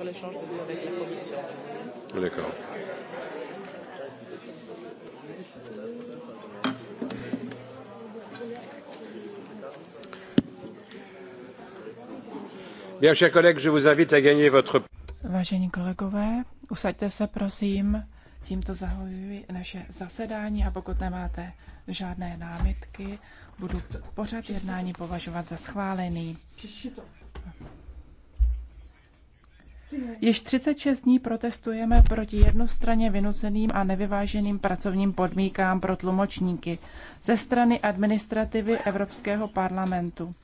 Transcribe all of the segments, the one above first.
sur l'échange de vues avec la Commission. D'accord. Bien, chers collègues, je vous invite à gagner votre... Vážení kolegové, usaďte se prosím. Tímto zahajuji naše zasedání a pokud nemáte žádné námitky, budu pořad jednání považovat za schválený. Již 36 dní protestujeme proti jednostranně vynuceným a nevyváženým pracovním podmínkám pro tlumočníky ze strany administrativy Evropského parlamentu.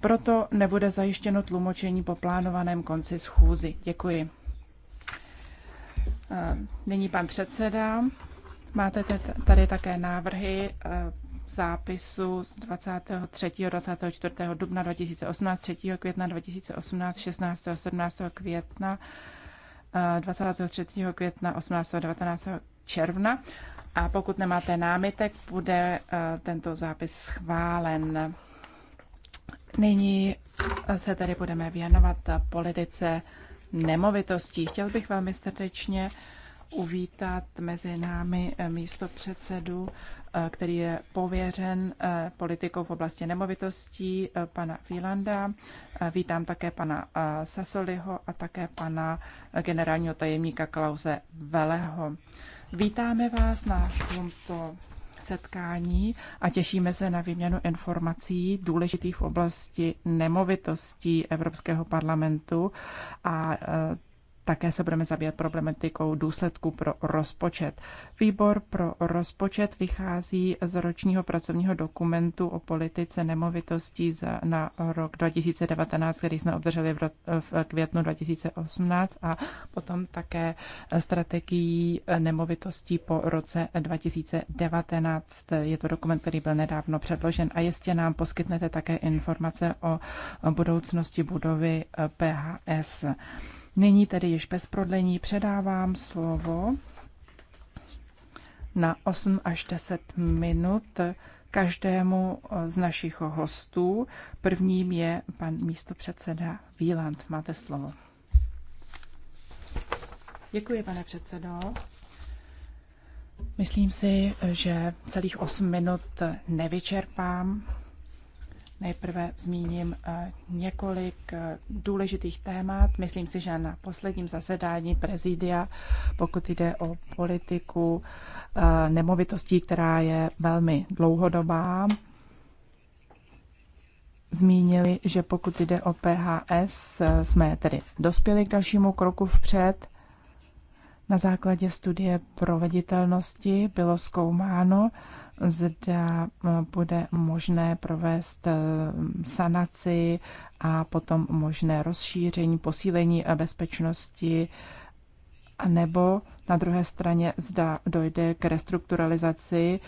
Proto nebude zajištěno tlumočení po plánovaném konci schůzy. Děkuji. Nyní pan předseda. Máte tady také návrhy eh, zápisu z 23. 24. dubna 2018, 3. května 2018, 16. 17. května, 23. Eh, května, 18. 19. června. A pokud nemáte námitek, bude eh, tento zápis schválen. Nyní eh, se tedy budeme věnovat politice nemovitostí. Chtěl bych velmi srdečně uvítat mezi námi místo předsedu Eh, který je pověřen eh, politikou v oblasti nemovitostí, eh, pana Výlanda. Vítám také pana Sasoliho a také pana generálního tajemníka Klause Veleho. Vítáme vás na tomto setkání a těšíme se na výměnu informací důležitých v oblasti nemovitostí Evropského parlamentu a také se budeme zabývat problematikou důsledků pro rozpočet. Výbor pro rozpočet vychází z ročního pracovního dokumentu o politice nemovitostí za, na rok 2019, který jsme obdrželi v, v květnu 2018 a potom také strategií nemovitostí po roce 2019. Je to dokument, který byl nedávno předložen a jistě nám poskytnete také informace o budoucnosti budovy PHS. Nyní tedy již bez prodlení předávám slovo na 8 až 10 minut každému z našich hostů. Prvním je pan místopředseda Víland. Máte slovo. Děkuji, pane předsedo. Myslím si, že celých 8 minut nevyčerpám Nejprve zmíním eh, několik eh, důležitých témat. Myslím si, že na posledním zasedání prezidia, pokud jde o politiku eh, nemovitostí, která je velmi dlouhodobá, zmínili, že pokud jde o PHS, jsme tedy dospěli k dalšímu kroku vpřed. Na základě studie proveditelnosti bylo zkoumáno, zda eh, bude možné provést eh, sanaci a potom možné rozšíření, posílení eh, bezpečnosti, nebo na druhé straně zda dojde k restrukturalizaci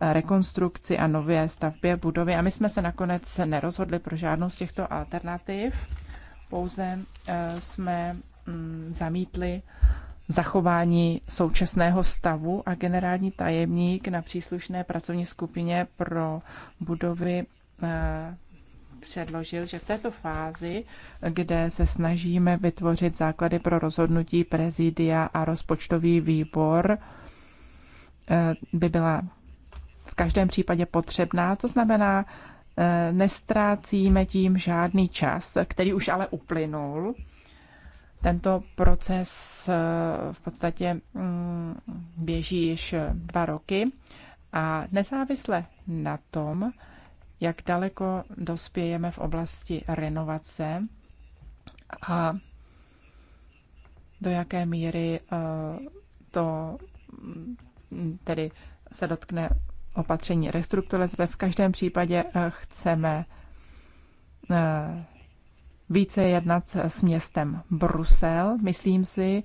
rekonstrukci a nové stavbě budovy. A my jsme se nakonec nerozhodli pro žádnou z těchto alternativ, pouze jsme mm, zamítli zachování současného stavu a generální tajemník na příslušné pracovní skupině pro budovy eh, předložil, že v této fázi, kde se snažíme vytvořit základy pro rozhodnutí prezidia a rozpočtový výbor, eh, by byla v každém případě potřebná. To znamená, eh, nestrácíme tím žádný čas, který už ale uplynul tento proces eh, v podstatě mm, běží již eh, dva roky a nezávisle na tom, jak daleko dospějeme v oblasti renovace a do jaké míry eh, to mm, tedy se dotkne opatření restrukturalizace. V každém případě chceme více jednat s městem Brusel. Myslím si,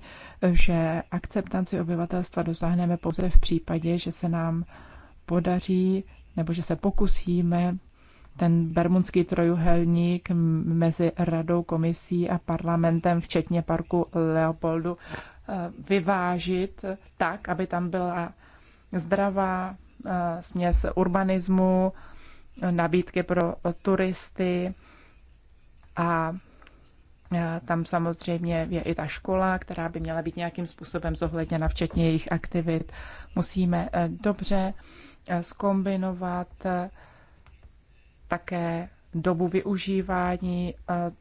že akceptanci obyvatelstva dosáhneme pouze v případě, že se nám podaří nebo že se pokusíme ten bermundský trojuhelník mezi radou, komisí a parlamentem, včetně parku Leopoldu, eh, vyvážit tak, aby tam byla zdravá eh, směs urbanismu, nabídky pro turisty, a tam samozřejmě je i ta škola, která by měla být nějakým způsobem zohledněna, včetně jejich aktivit. Musíme eh, dobře skombinovat eh, eh, také dobu využívání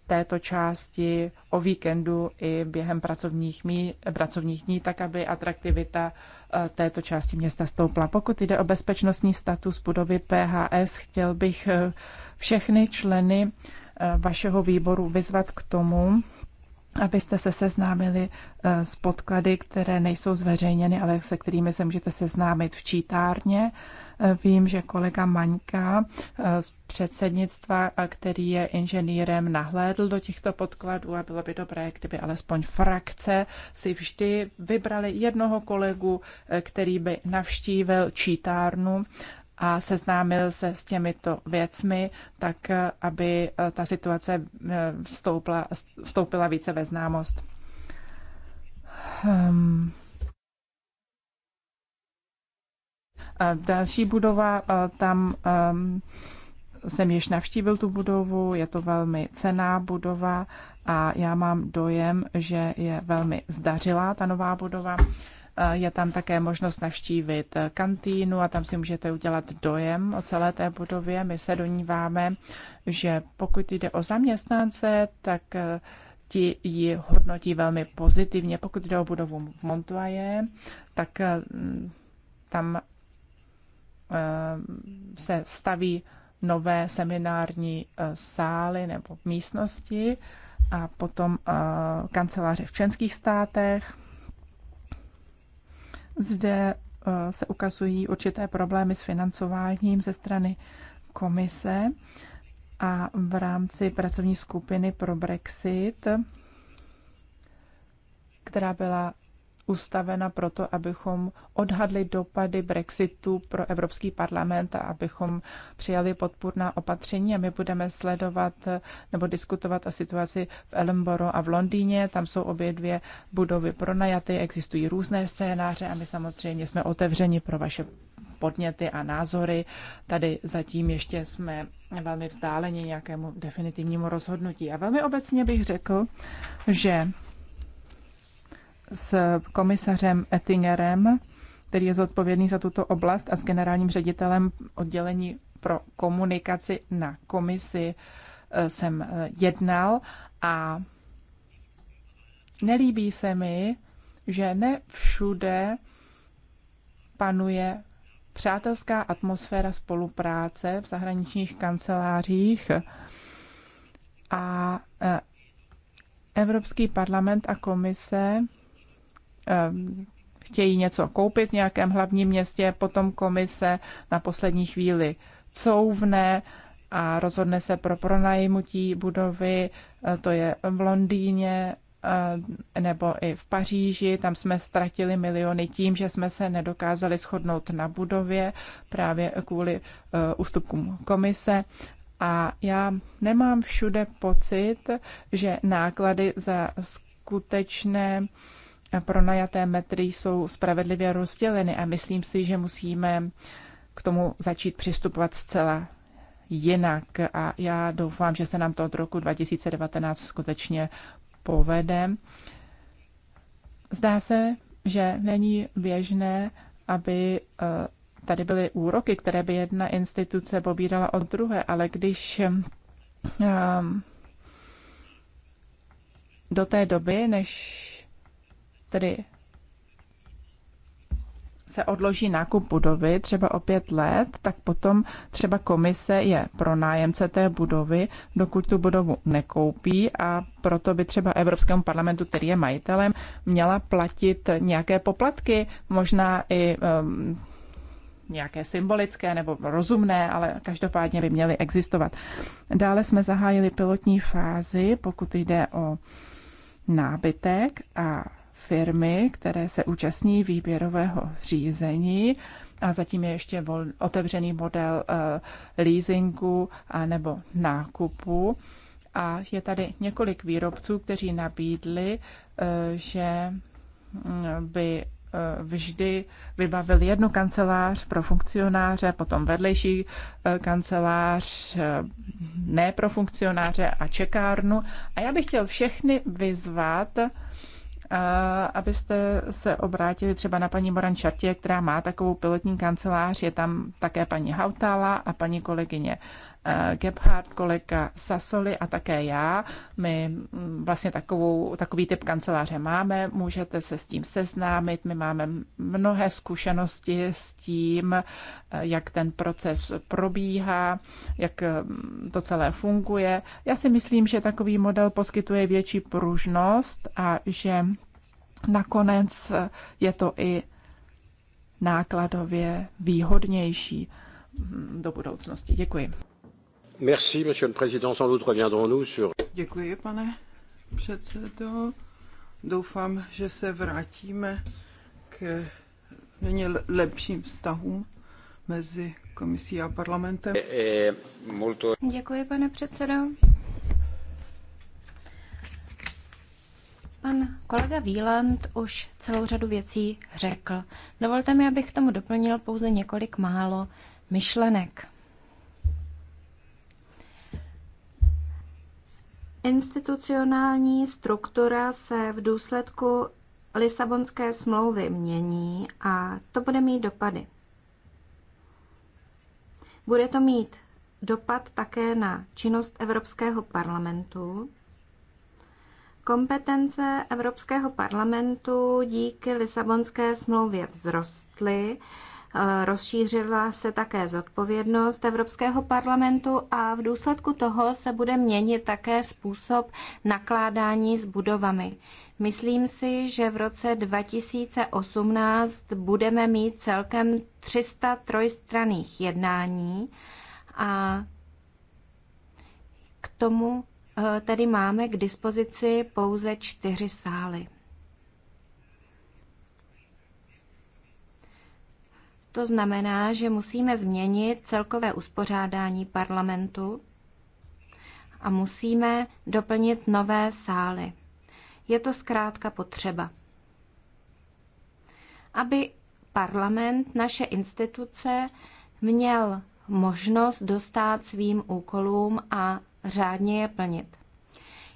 této části o víkendu i během pracovních, mí, pracovních dní, tak aby atraktivita této části města stoupla. Pokud jde o bezpečnostní status budovy PHS, chtěl bych všechny členy Eh, vašeho výboru vyzvat k tomu, abyste se seznámili eh, s podklady, které nejsou zveřejněny, ale se kterými se můžete seznámit v čítárně. Eh, vím, že kolega Maňka z předsednictva, který je inženýrem, nahlédl do těchto podkladů a bylo by dobré, kdyby alespoň frakce si vždy vybrali jednoho kolegu, který by navštívil čítárnu a seznámil se s těmito věcmi, tak eh, aby eh, ta situace eh, vstoupila, vstoupila více ve známost. Um. A další budova, tam um, jsem již navštívil tu budovu, je to velmi cená budova a já mám dojem, že je velmi zdařilá ta nová budova. Eh, je tam také možnost navštívit eh, kantýnu a tam si můžete udělat dojem o celé té budově. My se doníváme, že pokud jde o zaměstnance, tak eh, ti ji hodnotí velmi pozitivně. Pokud jde o budovu v Montoye, tak tam se staví nové seminární sály nebo místnosti a potom kanceláře v členských státech zde eh, se ukazují určité problémy s financováním ze strany komise a v rámci pracovní skupiny pro Brexit, která byla ustavena proto, abychom odhadli dopady Brexitu pro Evropský parlament a abychom přijali podpůrná opatření a my budeme sledovat eh, nebo diskutovat o situaci v Ellenboro a v Londýně. Tam jsou obě dvě budovy pronajaty, existují různé scénáře a my samozřejmě jsme otevřeni pro vaše podněty a názory. Tady zatím ještě jsme velmi vzdáleni nějakému definitivnímu rozhodnutí. A velmi obecně bych řekl, že s komisařem Ettingerem, který je zodpovědný za tuto oblast, a s generálním ředitelem oddělení pro komunikaci na komisi e, jsem e, jednal a nelíbí se mi, že ne všude panuje přátelská atmosféra spolupráce v zahraničních kancelářích a e, Evropský parlament a komise Ehm, chtějí něco koupit v nějakém hlavním městě, potom komise na poslední chvíli couvne a rozhodne se pro pronajmutí budovy, e, to je v Londýně e, nebo i v Paříži, tam jsme ztratili miliony tím, že jsme se nedokázali shodnout na budově právě kvůli e, ústupkům komise. A já nemám všude pocit, že náklady za skutečné uh, pronajaté metry jsou spravedlivě rozděleny a myslím si, že musíme k tomu začít přistupovat zcela jinak a já doufám, že se nám to od roku 2019 skutečně povede. Zdá se, že není běžné, aby eh, tady byly úroky, které by jedna instituce pobírala od druhé, ale když eh, do té doby, než tedy se odloží nákup budovy třeba o pět let, tak potom třeba komise je pro nájemce té budovy, dokud tu budovu nekoupí a proto by třeba Evropskému parlamentu, který je majitelem, měla platit nějaké poplatky, možná i um, nějaké symbolické nebo rozumné, ale každopádně by měly existovat. Dále jsme zahájili pilotní fázi, pokud jde o nábytek a firmy, které se účastní výběrového řízení a zatím je ještě vol, otevřený model uh, leasingu a nebo nákupu. A je tady několik výrobců, kteří nabídli, uh, že mm, by eh, vždy vybavil jednu kancelář pro funkcionáře, potom vedlejší kancelář ne pro funkcionáře a čekárnu. A já bych chtěl všechny vyzvat, abyste se obrátili třeba na paní Moran Čartě, která má takovou pilotní kancelář, je tam také paní Hautala a paní kolegyně Eh, Gebhardt, kolega Sasoli a také já. My mm, vlastně takovou, takový typ kanceláře máme, můžete se s tím seznámit. My máme mnohé zkušenosti s tím, eh, jak ten proces probíhá, jak mm, to celé funguje. Já si myslím, že takový model poskytuje větší pružnost a že nakonec eh, je to i nákladově výhodnější mm, do budoucnosti. Děkuji. Děkuji, pane předsedo. Doufám, že se vrátíme k nyní lepším vztahům mezi komisí a parlamentem. E, e, Děkuji, pane předsedo. Pan kolega Wieland už celou řadu věcí řekl. Dovolte mi, abych k tomu doplnil pouze několik málo myšlenek. Institucionální struktura se v důsledku Lisabonské smlouvy mění a to bude mít dopady. Bude to mít dopad také na činnost Evropského parlamentu. Kompetence Evropského parlamentu díky Lisabonské smlouvě vzrostly. Rozšířila se také zodpovědnost Evropského parlamentu a v důsledku toho se bude měnit také způsob nakládání s budovami. Myslím si, že v roce 2018 budeme mít celkem 300 trojstranných jednání a k tomu eh, tedy máme k dispozici pouze čtyři sály. To znamená, že musíme změnit celkové uspořádání parlamentu a musíme doplnit nové sály. Je to zkrátka potřeba. Aby parlament, naše instituce, měl možnost dostat svým úkolům a řádně je plnit.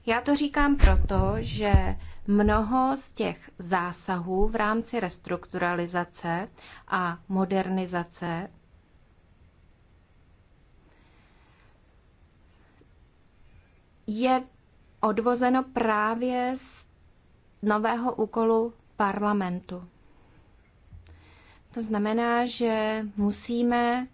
Já to říkám proto, že Mnoho z těch zásahů v rámci restrukturalizace a modernizace je odvozeno právě z nového úkolu parlamentu. To znamená, že musíme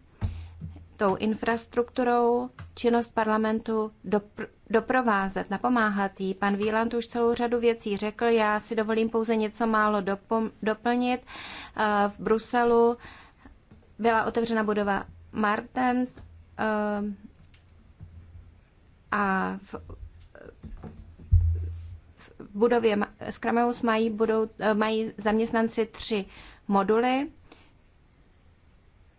tou infrastrukturou činnost parlamentu dopr- doprovázet, napomáhat jí. Pan Víland už celou řadu věcí řekl, já si dovolím pouze něco málo doplnit. Eh, v Bruselu byla otevřena budova Martens eh, a v v budově Skrameus mají, budou, eh, mají zaměstnanci tři moduly.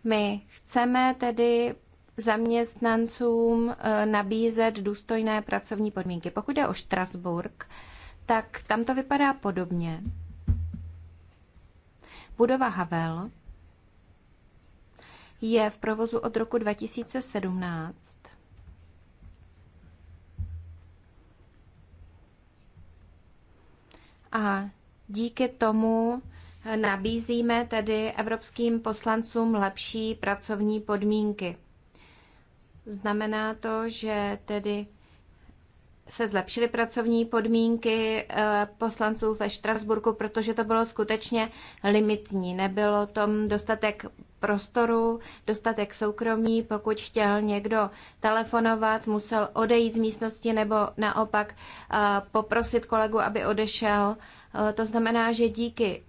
My chceme tedy zaměstnancům eh, nabízet důstojné pracovní podmínky. Pokud je o Štrasburg, tak tam to vypadá podobně. Budova Havel je v provozu od roku 2017. A díky tomu Nabízíme tedy evropským poslancům lepší pracovní podmínky. Znamená to, že tedy se zlepšily pracovní podmínky eh, poslanců ve Štrasburku, protože to bylo skutečně limitní. Nebylo tam dostatek prostoru, dostatek soukromí. Pokud chtěl někdo telefonovat, musel odejít z místnosti nebo naopak eh, poprosit kolegu, aby odešel. Eh, to znamená, že díky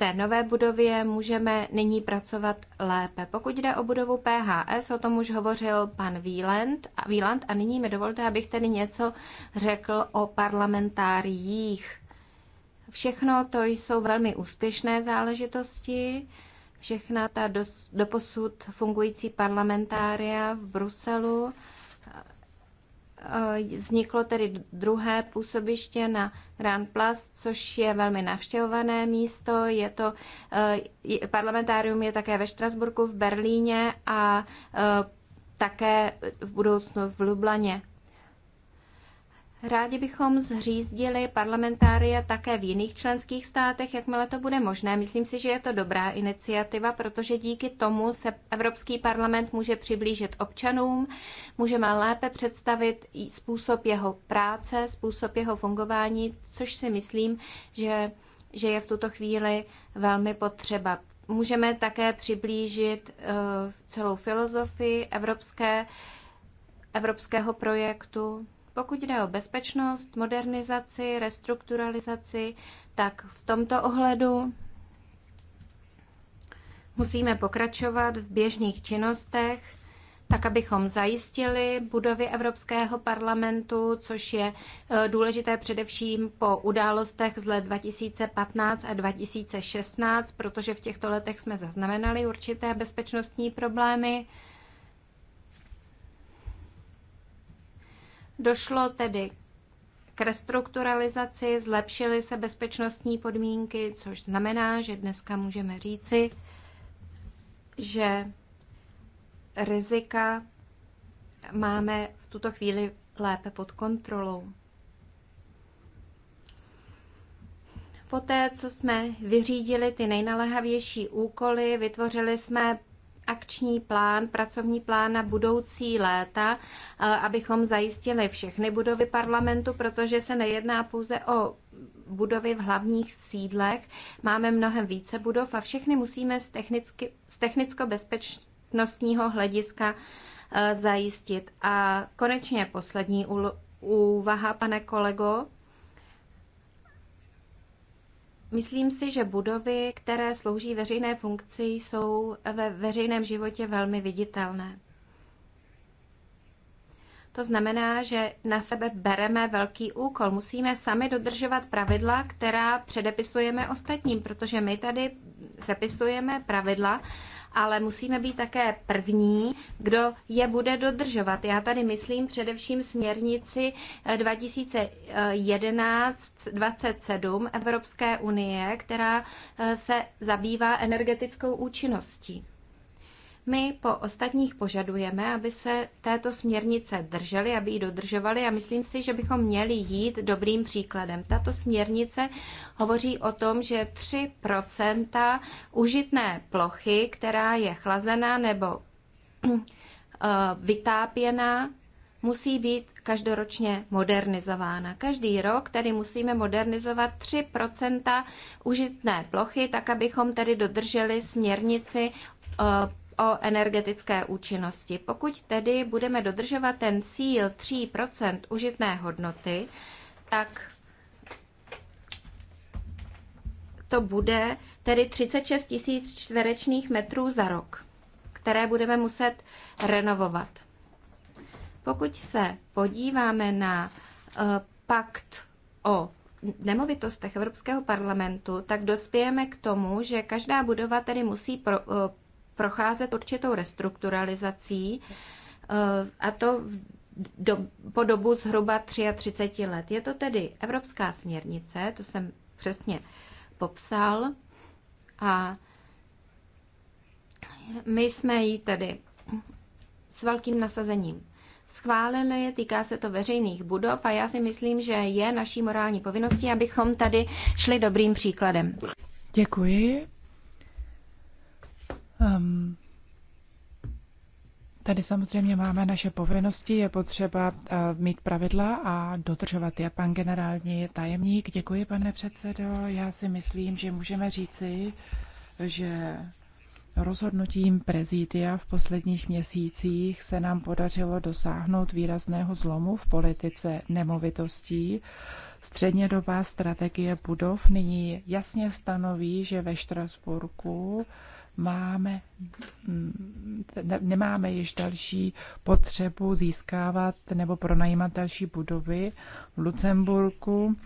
té nové budově můžeme nyní pracovat lépe. Pokud jde o budovu PHS, o tom už hovořil pan Wieland, Wieland a nyní mi dovolte, abych tedy něco řekl o parlamentáriích. Všechno to jsou velmi úspěšné záležitosti. Všechna ta dos, doposud fungující parlamentária v Bruselu Eh, vzniklo tedy druhé působiště na Grand Place, což je velmi navštěvované místo. Je to, eh, parlamentárium je také ve Štrasburku, v Berlíně a eh, také v budoucnu v Lublaně. Rádi bychom zřízdili parlamentária také v jiných členských státech, jakmile to bude možné. Myslím si, že je to dobrá iniciativa, protože díky tomu se Evropský parlament může přiblížit občanům, můžeme lépe představit způsob jeho práce, způsob jeho fungování, což si myslím, že, že je v tuto chvíli velmi potřeba. Můžeme také přiblížit uh, celou filozofii evropské, evropského projektu. Pokud jde o bezpečnost, modernizaci, restrukturalizaci, tak v tomto ohledu musíme pokračovat v běžných činnostech, tak abychom zajistili budovy Evropského parlamentu, což je e, důležité především po událostech z let 2015 a 2016, protože v těchto letech jsme zaznamenali určité bezpečnostní problémy. Došlo tedy k restrukturalizaci, zlepšily se bezpečnostní podmínky, což znamená, že dneska můžeme říci, že rizika máme v tuto chvíli lépe pod kontrolou. Poté, co jsme vyřídili ty nejnalehavější úkoly, vytvořili jsme akční plán, pracovní plán na budoucí léta, eh, abychom zajistili všechny budovy parlamentu, protože se nejedná pouze o budovy v hlavních sídlech. Máme mnohem více budov a všechny musíme z, technicky, z technicko-bezpečnostního hlediska eh, zajistit. A konečně poslední úvaha, pane kolego, Myslím si, že budovy, které slouží veřejné funkci, jsou ve veřejném životě velmi viditelné. To znamená, že na sebe bereme velký úkol. Musíme sami dodržovat pravidla, která předepisujeme ostatním, protože my tady sepisujeme pravidla, ale musíme být také první, kdo je bude dodržovat. Já tady myslím především směrnici 2011-27 eh, Evropské unie, která eh, se zabývá energetickou účinností. My po ostatních požadujeme, aby se této směrnice drželi, aby ji dodržovali a myslím si, že bychom měli jít dobrým příkladem. Tato směrnice hovoří o tom, že 3 užitné plochy, která je chlazená nebo eh, vytápěná, musí být každoročně modernizována. Každý rok tedy musíme modernizovat 3 užitné plochy, tak abychom tedy dodrželi směrnici eh, o energetické účinnosti. Pokud tedy budeme dodržovat ten cíl 3 užitné hodnoty, tak to bude tedy 36 tisíc čtverečních metrů za rok, které budeme muset renovovat. Pokud se podíváme na eh, pakt o nemovitostech Evropského parlamentu, tak dospějeme k tomu, že každá budova tedy musí pro, eh, procházet určitou restrukturalizací, eh, a to do, po dobu zhruba 33 let. Je to tedy evropská směrnice, to jsem přesně popsal, a my jsme ji tedy s velkým nasazením schválili, týká se to veřejných budov a já si myslím, že je naší morální povinností, abychom tady šli dobrým příkladem. Děkuji. Um, Tady samozřejmě máme naše povinnosti, je potřeba eh, mít pravidla a dodržovat je. Pan generální tajemník, děkuji, pane předsedo. Já si myslím, že můžeme říci, že rozhodnutím prezidia v posledních měsících se nám podařilo dosáhnout výrazného zlomu v politice nemovitostí. Střednědobá strategie budov nyní jasně stanoví, že ve Štrasburku máme, ne, nemáme již další potřebu získávat nebo pronajímat další budovy v Lucemburku.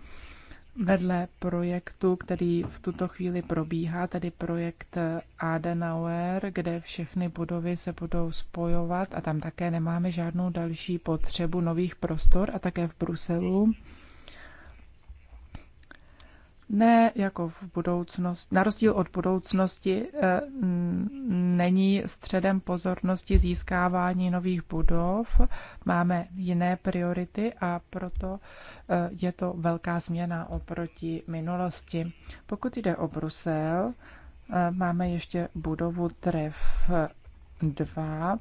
Vedle projektu, který v tuto chvíli probíhá, tedy projekt Adenauer, kde všechny budovy se budou spojovat a tam také nemáme žádnou další potřebu nových prostor a také v Bruselu ne jako v budoucnosti, na rozdíl od budoucnosti, eh, není středem pozornosti získávání nových budov. Máme jiné priority a proto eh, je to velká změna oproti minulosti. Pokud jde o Brusel, eh, máme ještě budovu TREF 2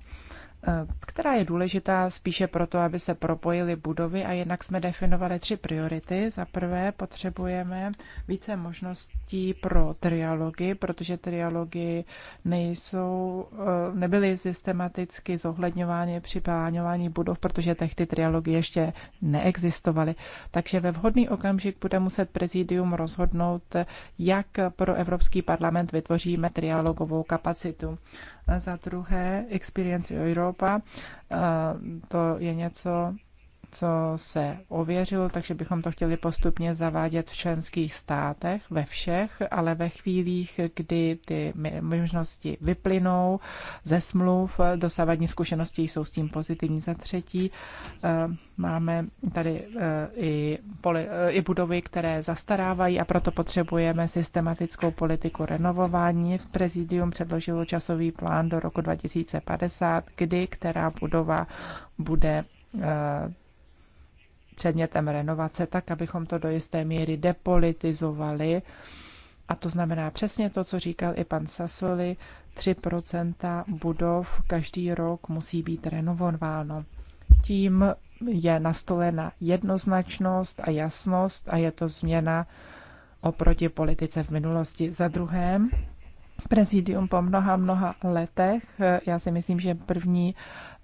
Eh, která je důležitá spíše proto, aby se propojily budovy a jednak jsme definovali tři priority. Za prvé potřebujeme více možností pro triálogy, protože triálogy nejsou, eh, nebyly systematicky zohledňovány při plánování budov, protože tehdy trialogy ještě neexistovaly. Takže ve vhodný okamžik bude muset prezidium rozhodnout, jak pro Evropský parlament vytvoříme triálogovou kapacitu. Za druhé, Experience Europa, to je něco, co se ověřilo, takže bychom to chtěli postupně zavádět v členských státech, ve všech, ale ve chvílích, kdy ty možnosti vyplynou ze smluv, dosavadní zkušenosti jsou s tím pozitivní za třetí. Eh, máme tady eh, i, poli, eh, i budovy, které zastarávají a proto potřebujeme systematickou politiku renovování. V prezidium předložilo časový plán do roku 2050, kdy která budova bude předmětem renovace, tak abychom to do jisté míry depolitizovali. A to znamená přesně to, co říkal i pan Sasoli, 3% budov každý rok musí být renovováno. Tím je nastolena jednoznačnost a jasnost a je to změna oproti politice v minulosti. Za druhém, prezidium po mnoha, mnoha letech, já si myslím, že první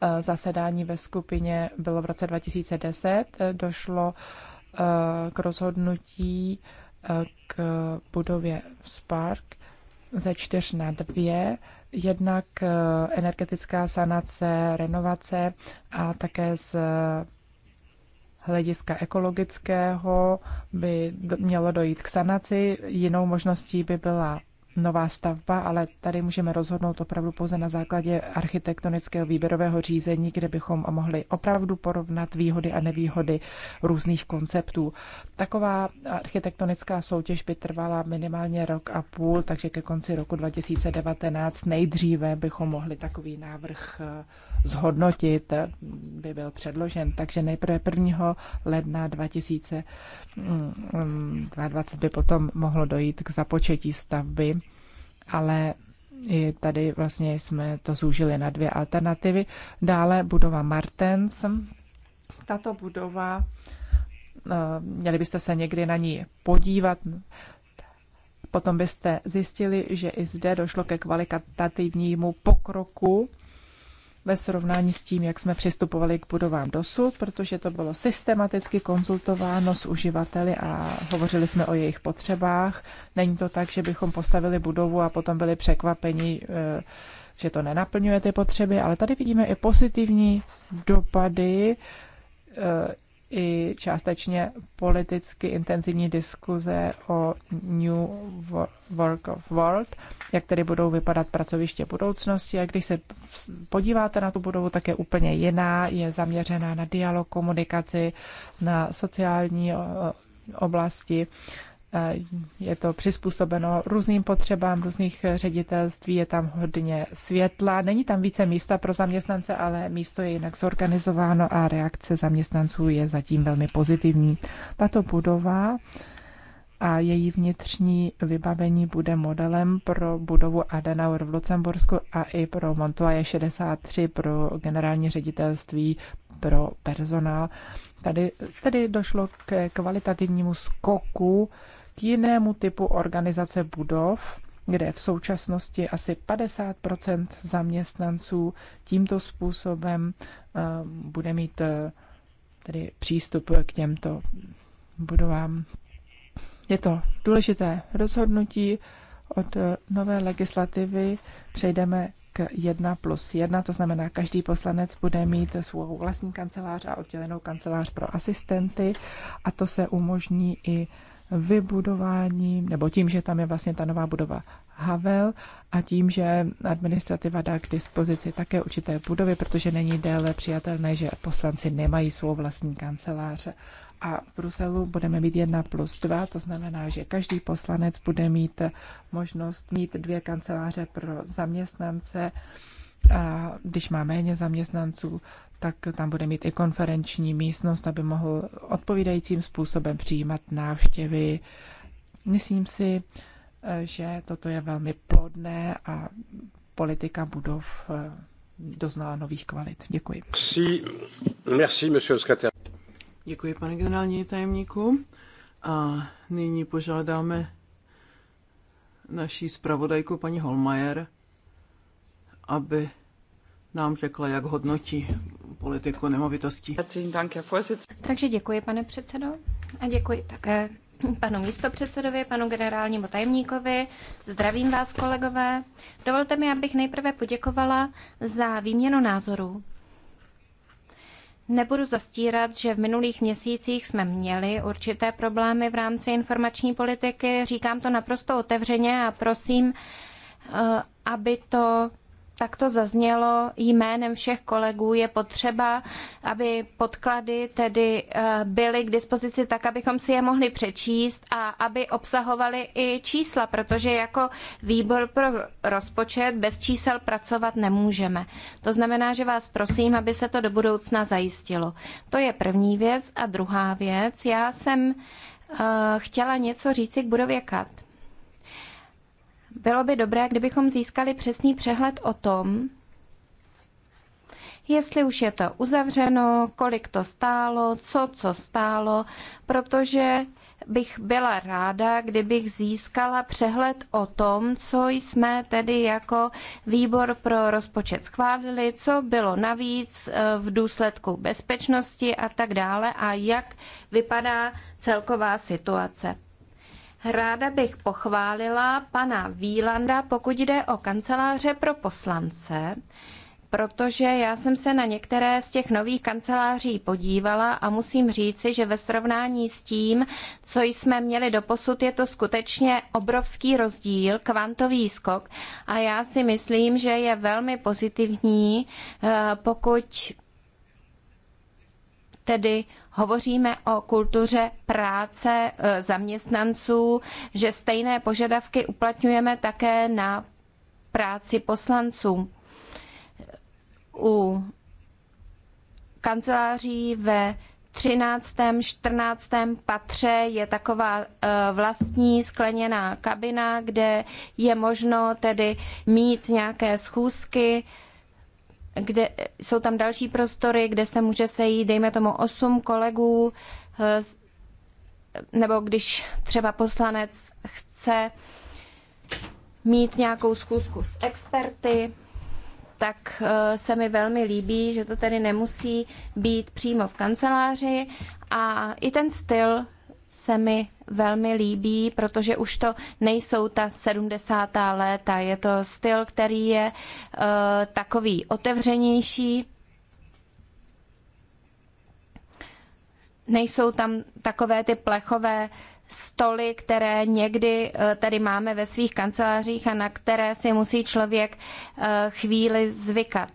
Eh, zasedání ve skupině bylo v roce 2010. Došlo eh, k rozhodnutí eh, k budově Spark ze čtyř na dvě, jednak energetická sanace, renovace a také z hlediska ekologického by mělo dojít k sanaci. Jinou možností by byla nová stavba, ale tady můžeme rozhodnout opravdu pouze na základě architektonického výběrového řízení, kde bychom mohli opravdu porovnat výhody a nevýhody různých konceptů. Taková architektonická soutěž by trvala minimálně rok a půl, takže ke konci roku 2019 nejdříve bychom mohli takový návrh eh, zhodnotit, eh, by byl předložen. Takže nejprve 1. ledna 2022 by potom mohlo dojít k započetí stavby, ale i tady vlastně jsme to zúžili na dvě alternativy. Dále budova Martens. Tato budova, eh, měli byste se někdy na ní podívat, Potom byste zjistili, že i zde došlo ke kvalitativnímu pokroku ve srovnání s tím, jak jsme přistupovali k budovám dosud, protože to bylo systematicky konzultováno s uživateli a hovořili jsme o jejich potřebách. Není to tak, že bychom postavili budovu a potom byli překvapeni, eh, že to nenaplňuje ty potřeby, ale tady vidíme i pozitivní dopady eh, i částečně politicky intenzivní diskuze o New Work of World, jak tedy budou vypadat pracoviště budoucnosti. A když se podíváte na tu budovu, tak je úplně jiná, je zaměřená na dialog, komunikaci, na sociální oblasti. Eh, je to přizpůsobeno různým potřebám různých ředitelství, je tam hodně světla, není tam více místa pro zaměstnance, ale místo je jinak zorganizováno a reakce zaměstnanců je zatím velmi pozitivní. Tato budova a její vnitřní vybavení bude modelem pro budovu Adenauer v Lucembursku a i pro Montoya 63 pro generální ředitelství pro personál. Tady, tady došlo k kvalitativnímu skoku jinému typu organizace budov, kde v současnosti asi 50 zaměstnanců tímto způsobem eh, bude mít eh, tedy přístup k těmto budovám. Je to důležité rozhodnutí. Od eh, nové legislativy přejdeme k 1 plus 1, to znamená, každý poslanec bude mít svou vlastní kancelář a oddělenou kancelář pro asistenty a to se umožní i vybudováním, nebo tím, že tam je vlastně ta nová budova Havel a tím, že administrativa dá k dispozici také určité budovy, protože není déle přijatelné, že poslanci nemají svou vlastní kanceláře. A v Bruselu budeme mít jedna plus dva. to znamená, že každý poslanec bude mít možnost mít dvě kanceláře pro zaměstnance, a když má méně zaměstnanců, tak tam bude mít i konferenční místnost, aby mohl odpovídajícím způsobem přijímat návštěvy. Myslím si, eh, že toto je velmi plodné a politika budov eh, doznala nových kvalit. Děkuji. Merci, merci monsieur Děkuji, pane generální tajemníku. A nyní požádáme naší zpravodajku paní Holmajer, aby nám řekla, jak hodnotí politiku nemovitostí. Takže děkuji, pane předsedo, a děkuji také panu místopředsedovi, panu generálnímu tajemníkovi. Zdravím vás, kolegové. Dovolte mi, abych nejprve poděkovala za výměnu názorů. Nebudu zastírat, že v minulých měsících jsme měli určité problémy v rámci informační politiky. Říkám to naprosto otevřeně a prosím, eh, aby to takto zaznělo jménem všech kolegů, je potřeba, aby podklady tedy eh, byly k dispozici tak, abychom si je mohli přečíst a aby obsahovaly i čísla, protože jako výbor pro rozpočet bez čísel pracovat nemůžeme. To znamená, že vás prosím, aby se to do budoucna zajistilo. To je první věc. A druhá věc, já jsem eh, chtěla něco říci k budově KAT. Bylo by dobré, kdybychom získali přesný přehled o tom, jestli už je to uzavřeno, kolik to stálo, co co stálo, protože bych byla ráda, kdybych získala přehled o tom, co jsme tedy jako výbor pro rozpočet schválili, co bylo navíc eh, v důsledku bezpečnosti a tak dále a jak vypadá celková situace. Ráda bych pochválila pana Výlanda, pokud jde o kanceláře pro poslance, protože já jsem se na některé z těch nových kanceláří podívala a musím říci, že ve srovnání s tím, co jsme měli doposud, je to skutečně obrovský rozdíl, kvantový skok a já si myslím, že je velmi pozitivní, eh, pokud tedy hovoříme o kultuře práce e, zaměstnanců, že stejné požadavky uplatňujeme také na práci poslanců. U kanceláří ve 13., 14. patře je taková e, vlastní skleněná kabina, kde je možno tedy mít nějaké schůzky, kde jsou tam další prostory, kde se může sejít, dejme tomu, osm kolegů, eh, nebo když třeba poslanec chce mít nějakou zkusku s experty, tak eh, se mi velmi líbí, že to tedy nemusí být přímo v kanceláři a i ten styl se mi velmi líbí, protože už to nejsou ta 70. léta. Je to styl, který je uh, takový otevřenější. Nejsou tam takové ty plechové stoly, které někdy eh, tady máme ve svých kancelářích a na které si musí člověk eh, chvíli zvykat.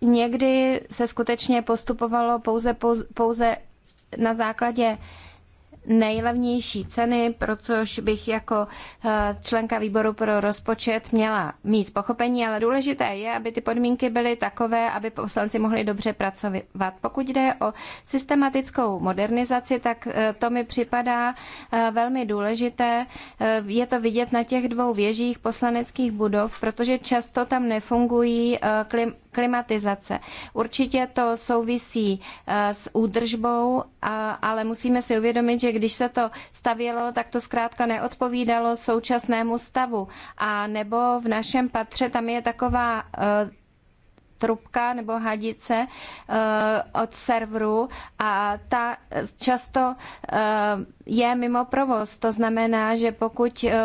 Někdy se skutečně postupovalo pouze, pouze na základě nejlevnější ceny, pro což bych jako eh, členka výboru pro rozpočet měla mít pochopení, ale důležité je, aby ty podmínky byly takové, aby poslanci mohli dobře pracovat. Pokud jde o systematickou modernizaci, tak eh, to mi připadá eh, velmi důležité. Je to vidět na těch dvou věžích poslaneckých budov, protože často tam nefungují klim klimatizace. Určitě to souvisí eh, s údržbou, ale musíme si uvědomit, že když se to stavělo, tak to zkrátka neodpovídalo současnému stavu. A nebo v našem patře tam je taková eh, trubka nebo hadice eh, od serveru a ta často eh, je mimo provoz. To znamená, že pokud eh,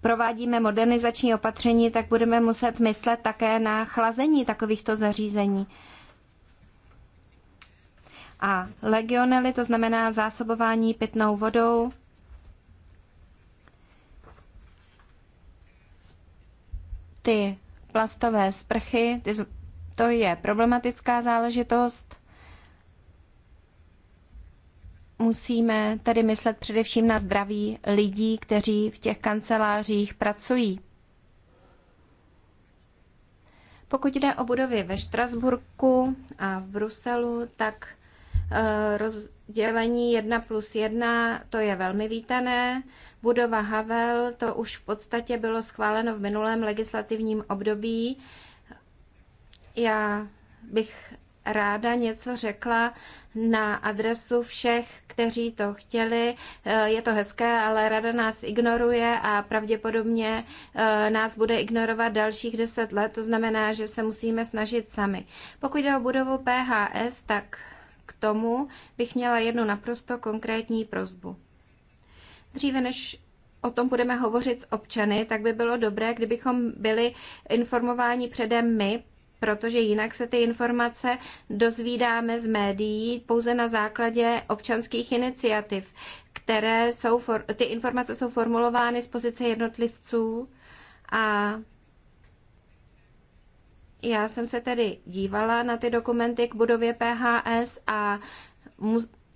provádíme modernizační opatření, tak budeme muset myslet také na chlazení takovýchto zařízení. A legionely, to znamená zásobování pitnou vodou, ty plastové sprchy. To je problematická záležitost. Musíme tedy myslet především na zdraví lidí, kteří v těch kancelářích pracují. Pokud jde o budovy ve Štrasburku a v Bruselu, tak eh, rozdělení 1 plus 1 to je velmi vítané. Budova Havel, to už v podstatě bylo schváleno v minulém legislativním období. Já bych ráda něco řekla na adresu všech, kteří to chtěli. Eh, je to hezké, ale rada nás ignoruje a pravděpodobně eh, nás bude ignorovat dalších deset let. To znamená, že se musíme snažit sami. Pokud jde o budovu PHS, tak k tomu bych měla jednu naprosto konkrétní prozbu. Dříve než o tom budeme hovořit s občany, tak by bylo dobré, kdybychom byli informováni předem my, protože jinak se ty informace dozvídáme z médií pouze na základě občanských iniciativ, které jsou, ty informace jsou formulovány z pozice jednotlivců a já jsem se tedy dívala na ty dokumenty k budově PHS a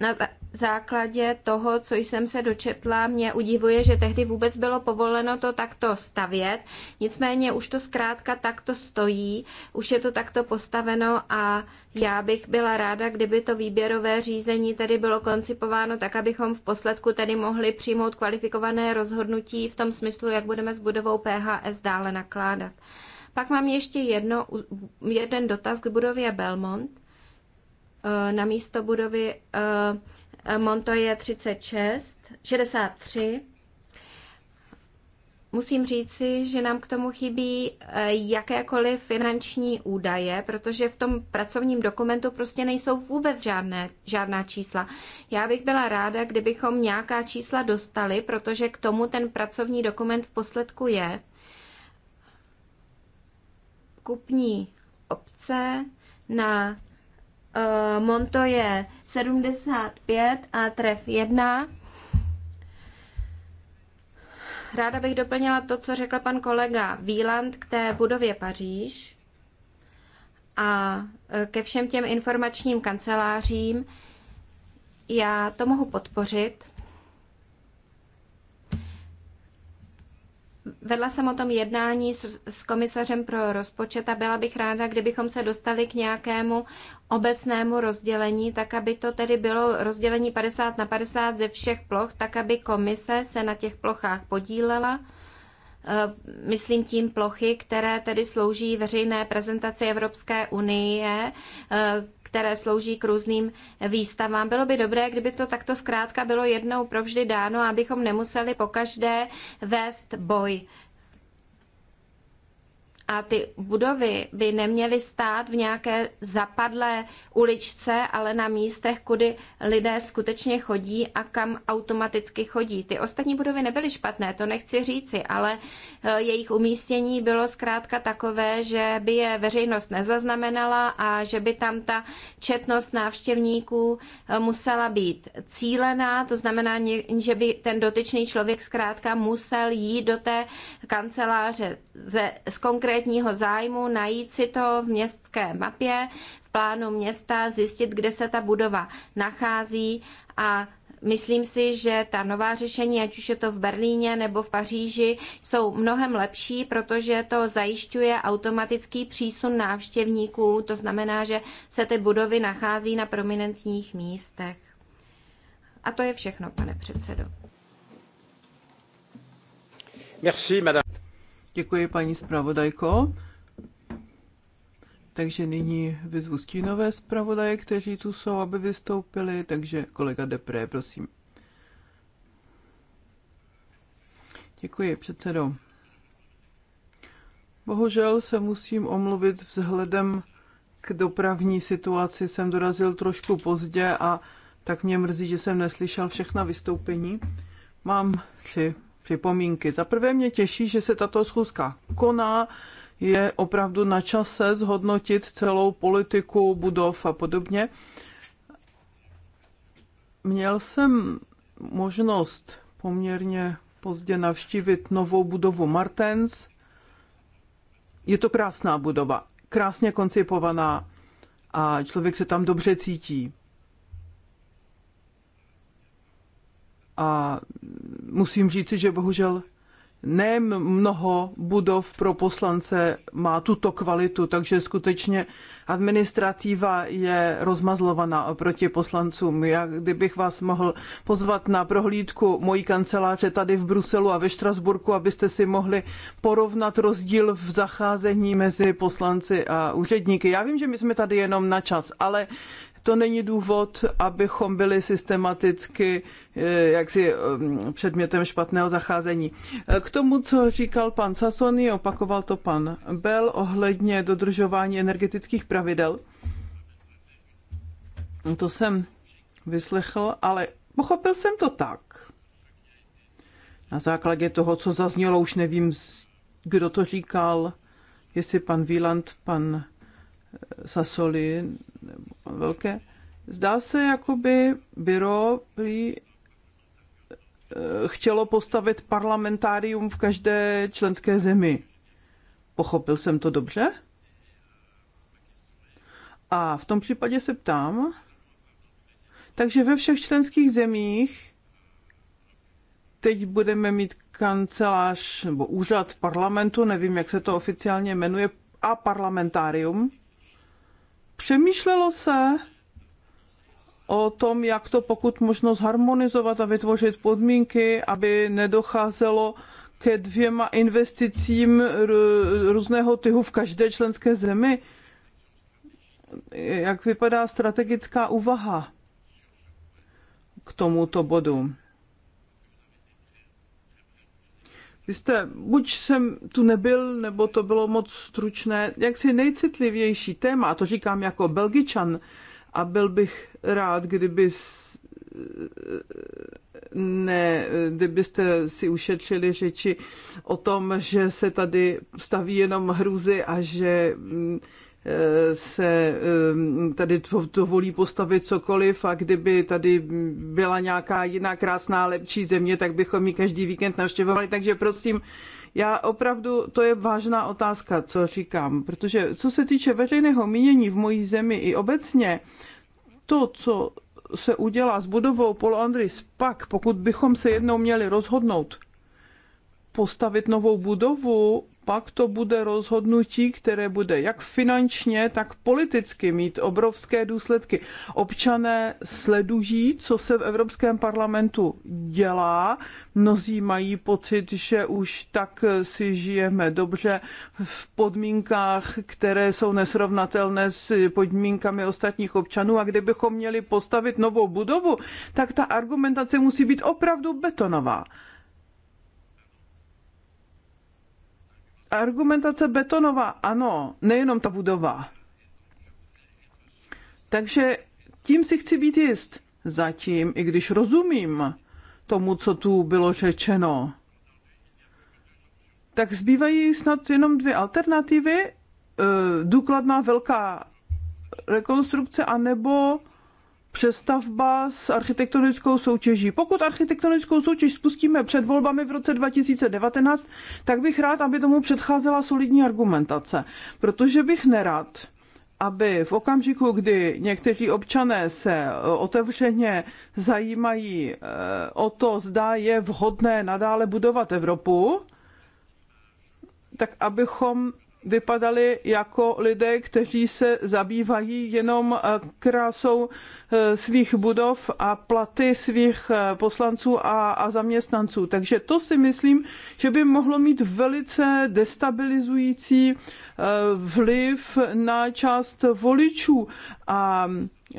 na základě toho, co jsem se dočetla, mě udivuje, že tehdy vůbec bylo povoleno to takto stavět. Nicméně už to zkrátka takto stojí, už je to takto postaveno a já bych byla ráda, kdyby to výběrové řízení tedy bylo koncipováno tak, abychom v posledku tedy mohli přijmout kvalifikované rozhodnutí v tom smyslu, jak budeme s budovou PHS dále nakládat. Pak mám ještě jedno, jeden dotaz k budově Belmont. Eh, na místo budovy eh, Montoje 36, 63. Musím říci, že nám k tomu chybí eh, jakékoliv finanční údaje, protože v tom pracovním dokumentu prostě nejsou vůbec žádné, žádná čísla. Já bych byla ráda, kdybychom nějaká čísla dostali, protože k tomu ten pracovní dokument v posledku je. Kupní obce na Eh, Monto je 75 a tref 1. Ráda bych doplnila to, co řekl pan kolega Výland k té budově Paříž a eh, ke všem těm informačním kancelářím. Já to mohu podpořit. Vedla jsem o tom jednání s, s komisařem pro rozpočet a byla bych ráda, kdybychom se dostali k nějakému obecnému rozdělení, tak aby to tedy bylo rozdělení 50 na 50 ze všech ploch, tak aby komise se na těch plochách podílela. Eh, myslím tím plochy, které tedy slouží veřejné prezentaci Evropské unie, eh, které slouží k různým výstavám. Bylo by dobré, kdyby to takto zkrátka bylo jednou provždy dáno, abychom nemuseli pokaždé vést boj a ty budovy by neměly stát v nějaké zapadlé uličce, ale na místech, kudy lidé skutečně chodí a kam automaticky chodí. Ty ostatní budovy nebyly špatné, to nechci říci, ale eh, jejich umístění bylo zkrátka takové, že by je veřejnost nezaznamenala a že by tam ta četnost návštěvníků eh, musela být cílená, to znamená, že by ten dotyčný člověk zkrátka musel jít do té kanceláře ze, z konkrétní konkrétního zájmu, najít si to v městské mapě, v plánu města, zjistit, kde se ta budova nachází a Myslím si, že ta nová řešení, ať už je to v Berlíně nebo v Paříži, jsou mnohem lepší, protože to zajišťuje automatický přísun návštěvníků. To znamená, že se ty budovy nachází na prominentních místech. A to je všechno, pane předsedo. Merci, madame. Děkuji, paní zpravodajko. Takže nyní vyzvu stínové zpravodaje, kteří tu jsou, aby vystoupili. Takže kolega Depré, prosím. Děkuji, předsedo. Bohužel se musím omluvit vzhledem k dopravní situaci. Jsem dorazil trošku pozdě a tak mě mrzí, že jsem neslyšel všechna vystoupení. Mám tři připomínky. Za prvé mě těší, že se tato schůzka koná, je opravdu na čase zhodnotit celou politiku budov a podobně. Měl jsem možnost poměrně pozdě navštívit novou budovu Martens. Je to krásná budova, krásně koncipovaná a člověk se tam dobře cítí. A musím říci, že bohužel ne mnoho budov pro poslance má tuto kvalitu, takže skutečně administrativa je rozmazlovaná oproti poslancům. Já kdybych vás mohl pozvat na prohlídku mojí kanceláře tady v Bruselu a ve Štrasburku, abyste si mohli porovnat rozdíl v zacházení mezi poslanci a úředníky. Já vím, že my jsme tady jenom na čas, ale to není důvod, abychom byli systematicky eh, jaksi mm, předmětem špatného zacházení. Eh, k tomu, co říkal pan Sassoni, opakoval to pan Bell ohledně dodržování energetických pravidel. To jsem vyslechl, ale pochopil jsem to tak. Na základě toho, co zaznělo, už nevím, kdo to říkal, jestli pan Wieland, pan Sasoli, nebo Velké, zdá se, jako by byro prý eh, chtělo postavit parlamentárium v každé členské zemi. Pochopil jsem to dobře? A v tom případě se ptám, takže ve všech členských zemích teď budeme mít kancelář nebo úřad parlamentu, nevím, jak se to oficiálně jmenuje, a parlamentárium. Přemýšlelo se o tom, jak to pokud možno zharmonizovat a vytvořit podmínky, aby nedocházelo ke dvěma investicím různého tyhu v každé členské zemi. Jak vypadá strategická úvaha k tomuto bodu? Vy jste, buď jsem tu nebyl, nebo to bylo moc stručné, jaksi nejcitlivější téma, a to říkám jako belgičan, a byl bych rád, kdyby ne, kdybyste si ušetřili řeči o tom, že se tady staví jenom hruzy a že mm, se ehm, tady to, volí postavit cokoliv a kdyby tady byla nějaká jiná krásná, lepší země, tak bychom ji každý víkend navštěvovali. Takže prosím, já opravdu, to je vážná otázka, co říkám, protože co se týče veřejného mínění v mojí zemi i obecně, to, co se udělá s budovou Polo Andris, pak, pokud bychom se jednou měli rozhodnout postavit novou budovu, pak to bude rozhodnutí, které bude jak finančně, tak politicky mít obrovské důsledky. Občané sledují, co se v Evropském parlamentu dělá. Mnozí mají pocit, že už tak si žijeme dobře v podmínkách, které jsou nesrovnatelné s podmínkami ostatních občanů. A kdybychom měli postavit novou budovu, tak ta argumentace musí být opravdu betonová. argumentace betonová, ano, nejenom ta budova. Takže tím si chci být jist. Zatím, i když rozumím tomu, co tu bylo řečeno, tak zbývají snad jenom dvě alternativy. E, důkladná velká rekonstrukce anebo přestavba s architektonickou soutěží. Pokud architektonickou soutěž spustíme před volbami v roce 2019, tak bych rád, aby tomu předcházela solidní argumentace, protože bych nerad, aby v okamžiku, kdy někteří občané se eh, otevřeně zajímají eh, o to, zda je vhodné nadále budovat Evropu, tak abychom vypadali jako lidé, kteří se zabývají jenom eh, krásou eh, svých budov a platy svých eh, poslanců a, a zaměstnanců. Takže to si myslím, že by mohlo mít velice destabilizující vliv na část voličů. A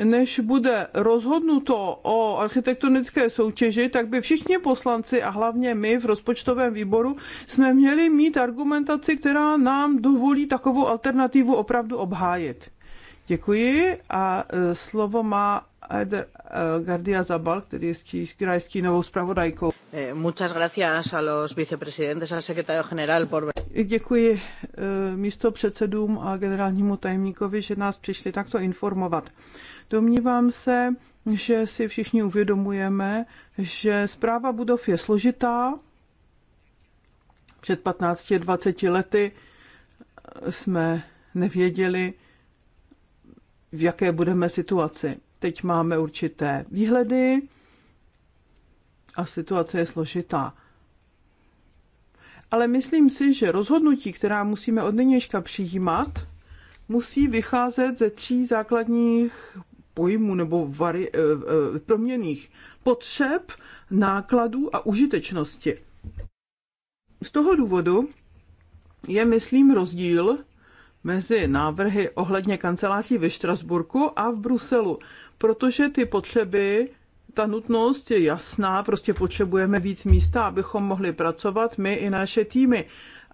než bude rozhodnuto o architektonické soutěži, tak by všichni poslanci a hlavně my v rozpočtovém výboru jsme měli mít argumentaci, která nám dovolí takovou alternativu opravdu obhájit. Děkuji a e, slovo má Eder Gardia Zabal, který je stí, krajský novou zpravodajkou. Eh, muchas gracias a los vicepresidentes, al secretario general por... Děkuji e, místo předsedům a generálnímu tajemníkovi, že nás přišli takto informovat. Domnívám se, že si všichni uvědomujeme, že zpráva budov je složitá. Před 15-20 lety jsme nevěděli, v jaké budeme situaci. Teď máme určité výhledy a situace je složitá. Ale myslím si, že rozhodnutí, která musíme od nynějška přijímat, musí vycházet ze tří základních pojmů nebo vari, eh, eh, proměných potřeb, nákladů a užitečnosti. Z toho důvodu je, myslím, rozdíl mezi návrhy ohledně kanceláří ve Štrasburku a v Bruselu, protože ty potřeby ta nutnost je jasná, prostě potřebujeme víc místa, abychom mohli pracovat my i naše týmy.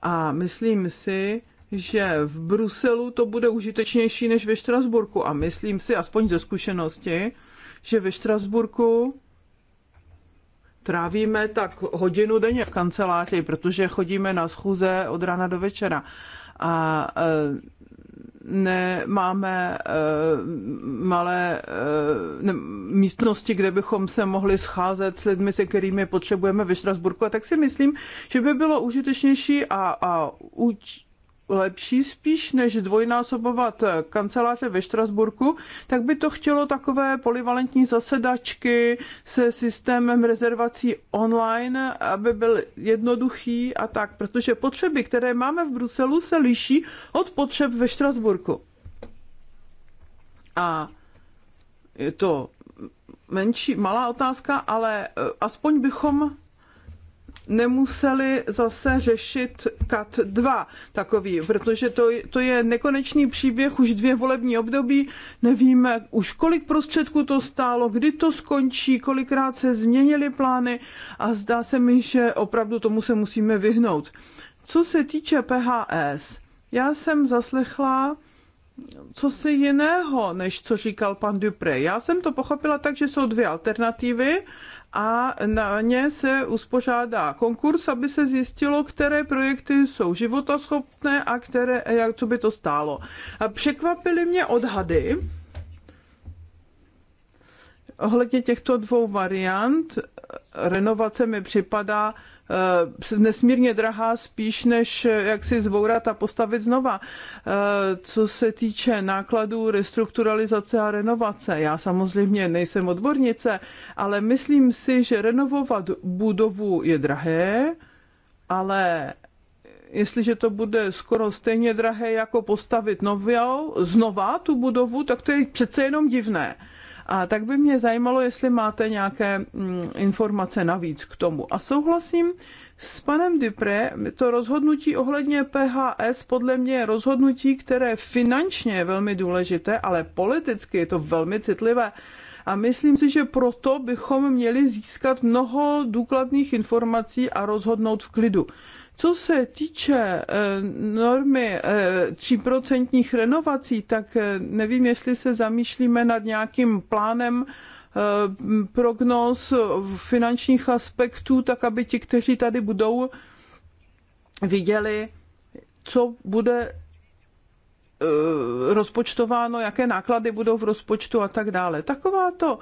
A myslím si, že v Bruselu to bude užitečnější než ve Štrasburku. A myslím si, aspoň ze zkušenosti, že ve Štrasburku trávíme tak hodinu denně v kanceláři, protože chodíme na schůze od rána do večera. A e, nemáme e, malé e, místnosti, kde bychom se mohli scházet s lidmi, se kterými potřebujeme ve Štrasburku. A tak si myslím, že by bylo užitečnější a, a uč, lepší, spíš než dvojnásobovat kanceláře ve Štrasburku, tak by to chtělo takové polivalentní zasedačky se systémem rezervací online, aby byl jednoduchý a tak, protože potřeby, které máme v Bruselu, se liší od potřeb ve Štrasburku. A je to menší, malá otázka, ale eh, aspoň bychom nemuseli zase řešit kat 2 takový, protože to, to je nekonečný příběh už dvě volební období, nevíme už kolik prostředků to stálo, kdy to skončí, kolikrát se změnily plány a zdá se mi, že opravdu tomu se musíme vyhnout. Co se týče PHS, já jsem zaslechla co se jiného, než co říkal pan Dupré. Já jsem to pochopila tak, že jsou dvě alternativy a na ně se uspořádá konkurs, aby se zjistilo, které projekty jsou životaschopné a které, jak, co by to stálo. A překvapily mě odhady ohledně těchto dvou variant. Renovace mi připadá Eh, nesmírně drahá spíš než eh, jak si zbourat a postavit znova. Eh, co se týče nákladů restrukturalizace a renovace, já samozřejmě nejsem odbornice, ale myslím si, že renovovat budovu je drahé, ale jestliže to bude skoro stejně drahé jako postavit novou, znova tu budovu, tak to je přece jenom divné. A tak by mě zajímalo, jestli máte nějaké mm, informace navíc k tomu. A souhlasím s panem Dupré, to rozhodnutí ohledně PHS podle mě je rozhodnutí, které finančně je velmi důležité, ale politicky je to velmi citlivé. A myslím si, že proto bychom měli získat mnoho důkladných informací a rozhodnout v klidu. Co se týče eh, normy 3% eh, renovací, tak eh, nevím, jestli se zamýšlíme nad nějakým plánem prognóz finančních aspektů, tak aby ti, kteří tady budou, viděli, co bude rozpočtováno, jaké náklady budou v rozpočtu a tak dále. Taková to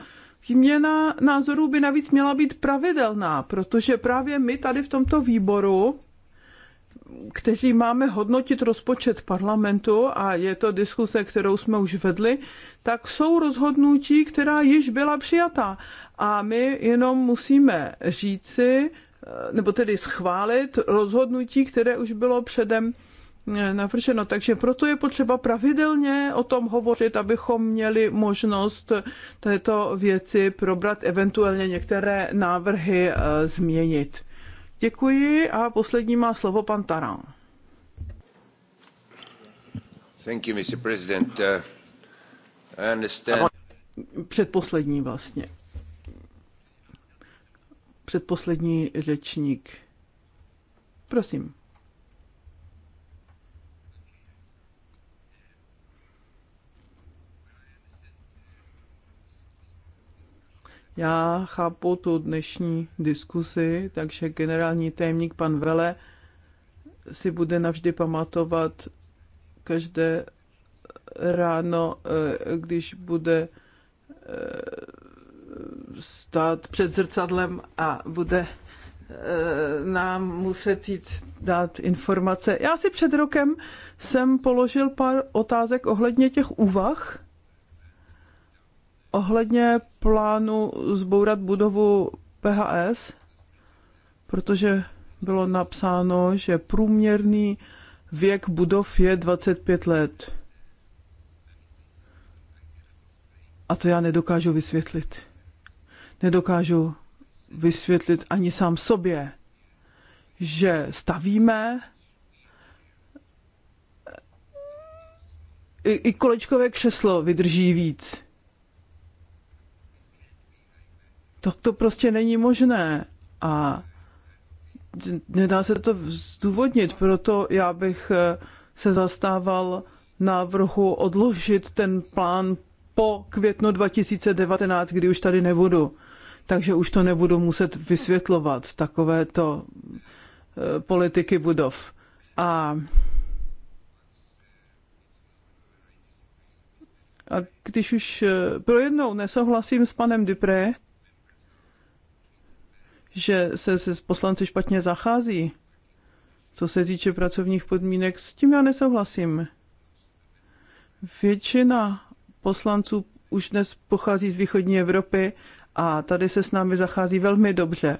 výměna názorů by navíc měla být pravidelná, protože právě my tady v tomto výboru kteří máme hodnotit rozpočet parlamentu, a je to diskuse, kterou jsme už vedli, tak jsou rozhodnutí, která již byla přijata. A my jenom musíme říci, nebo tedy schválit rozhodnutí, které už bylo předem eh, navrženo. Takže proto je potřeba pravidelně o tom hovořit, abychom měli možnost této věci probrat, eventuálně některé návrhy eh, změnit. Děkuji a poslední má slovo pan Taran. Thank you, Mr. President. Uh, I understand. Předposlední vlastně. Předposlední řečník. Prosím. Já chápu tu dnešní diskusi, takže generální tajemník pan Vele si bude navždy pamatovat každé ráno, eh, když bude eh, stát před zrcadlem a bude eh, nám muset jít dát informace. Já si před rokem jsem položil pár otázek ohledně těch úvah, Ohledně plánu zbourat budovu PHS, protože bylo napsáno, že průměrný věk budov je 25 let. A to já nedokážu vysvětlit. Nedokážu vysvětlit ani sám sobě, že stavíme i, i kolečkové křeslo vydrží víc. tak to prostě není možné. A nedá se to zdůvodnit, proto já bych eh, se zastával návrhu odložit ten plán po květnu 2019, kdy už tady nebudu. Takže už to nebudu muset vysvětlovat, takovéto eh, politiky budov. A, a když už eh, pro jednou nesouhlasím s panem Dupré, že se, se s poslanci špatně zachází. Co se týče pracovních podmínek, s tím já nesouhlasím. Většina poslanců už dnes pochází z východní Evropy a tady se s námi zachází velmi dobře.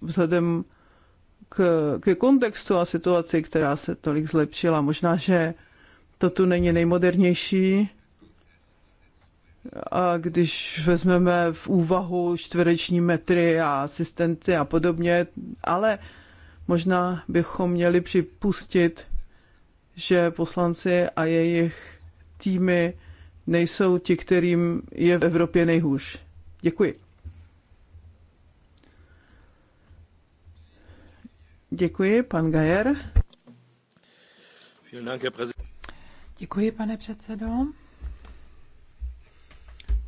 Vzhledem k, k kontextu a situaci, která se tolik zlepšila. Možná, že to tu není nejmodernější, a když vezmeme v úvahu čtvereční metry a asistenci a podobně, ale možná bychom měli připustit, že poslanci a jejich týmy nejsou ti, kterým je v Evropě nejhůř. Děkuji. Děkuji, pan Gajer. Děkuji, pane předsedo.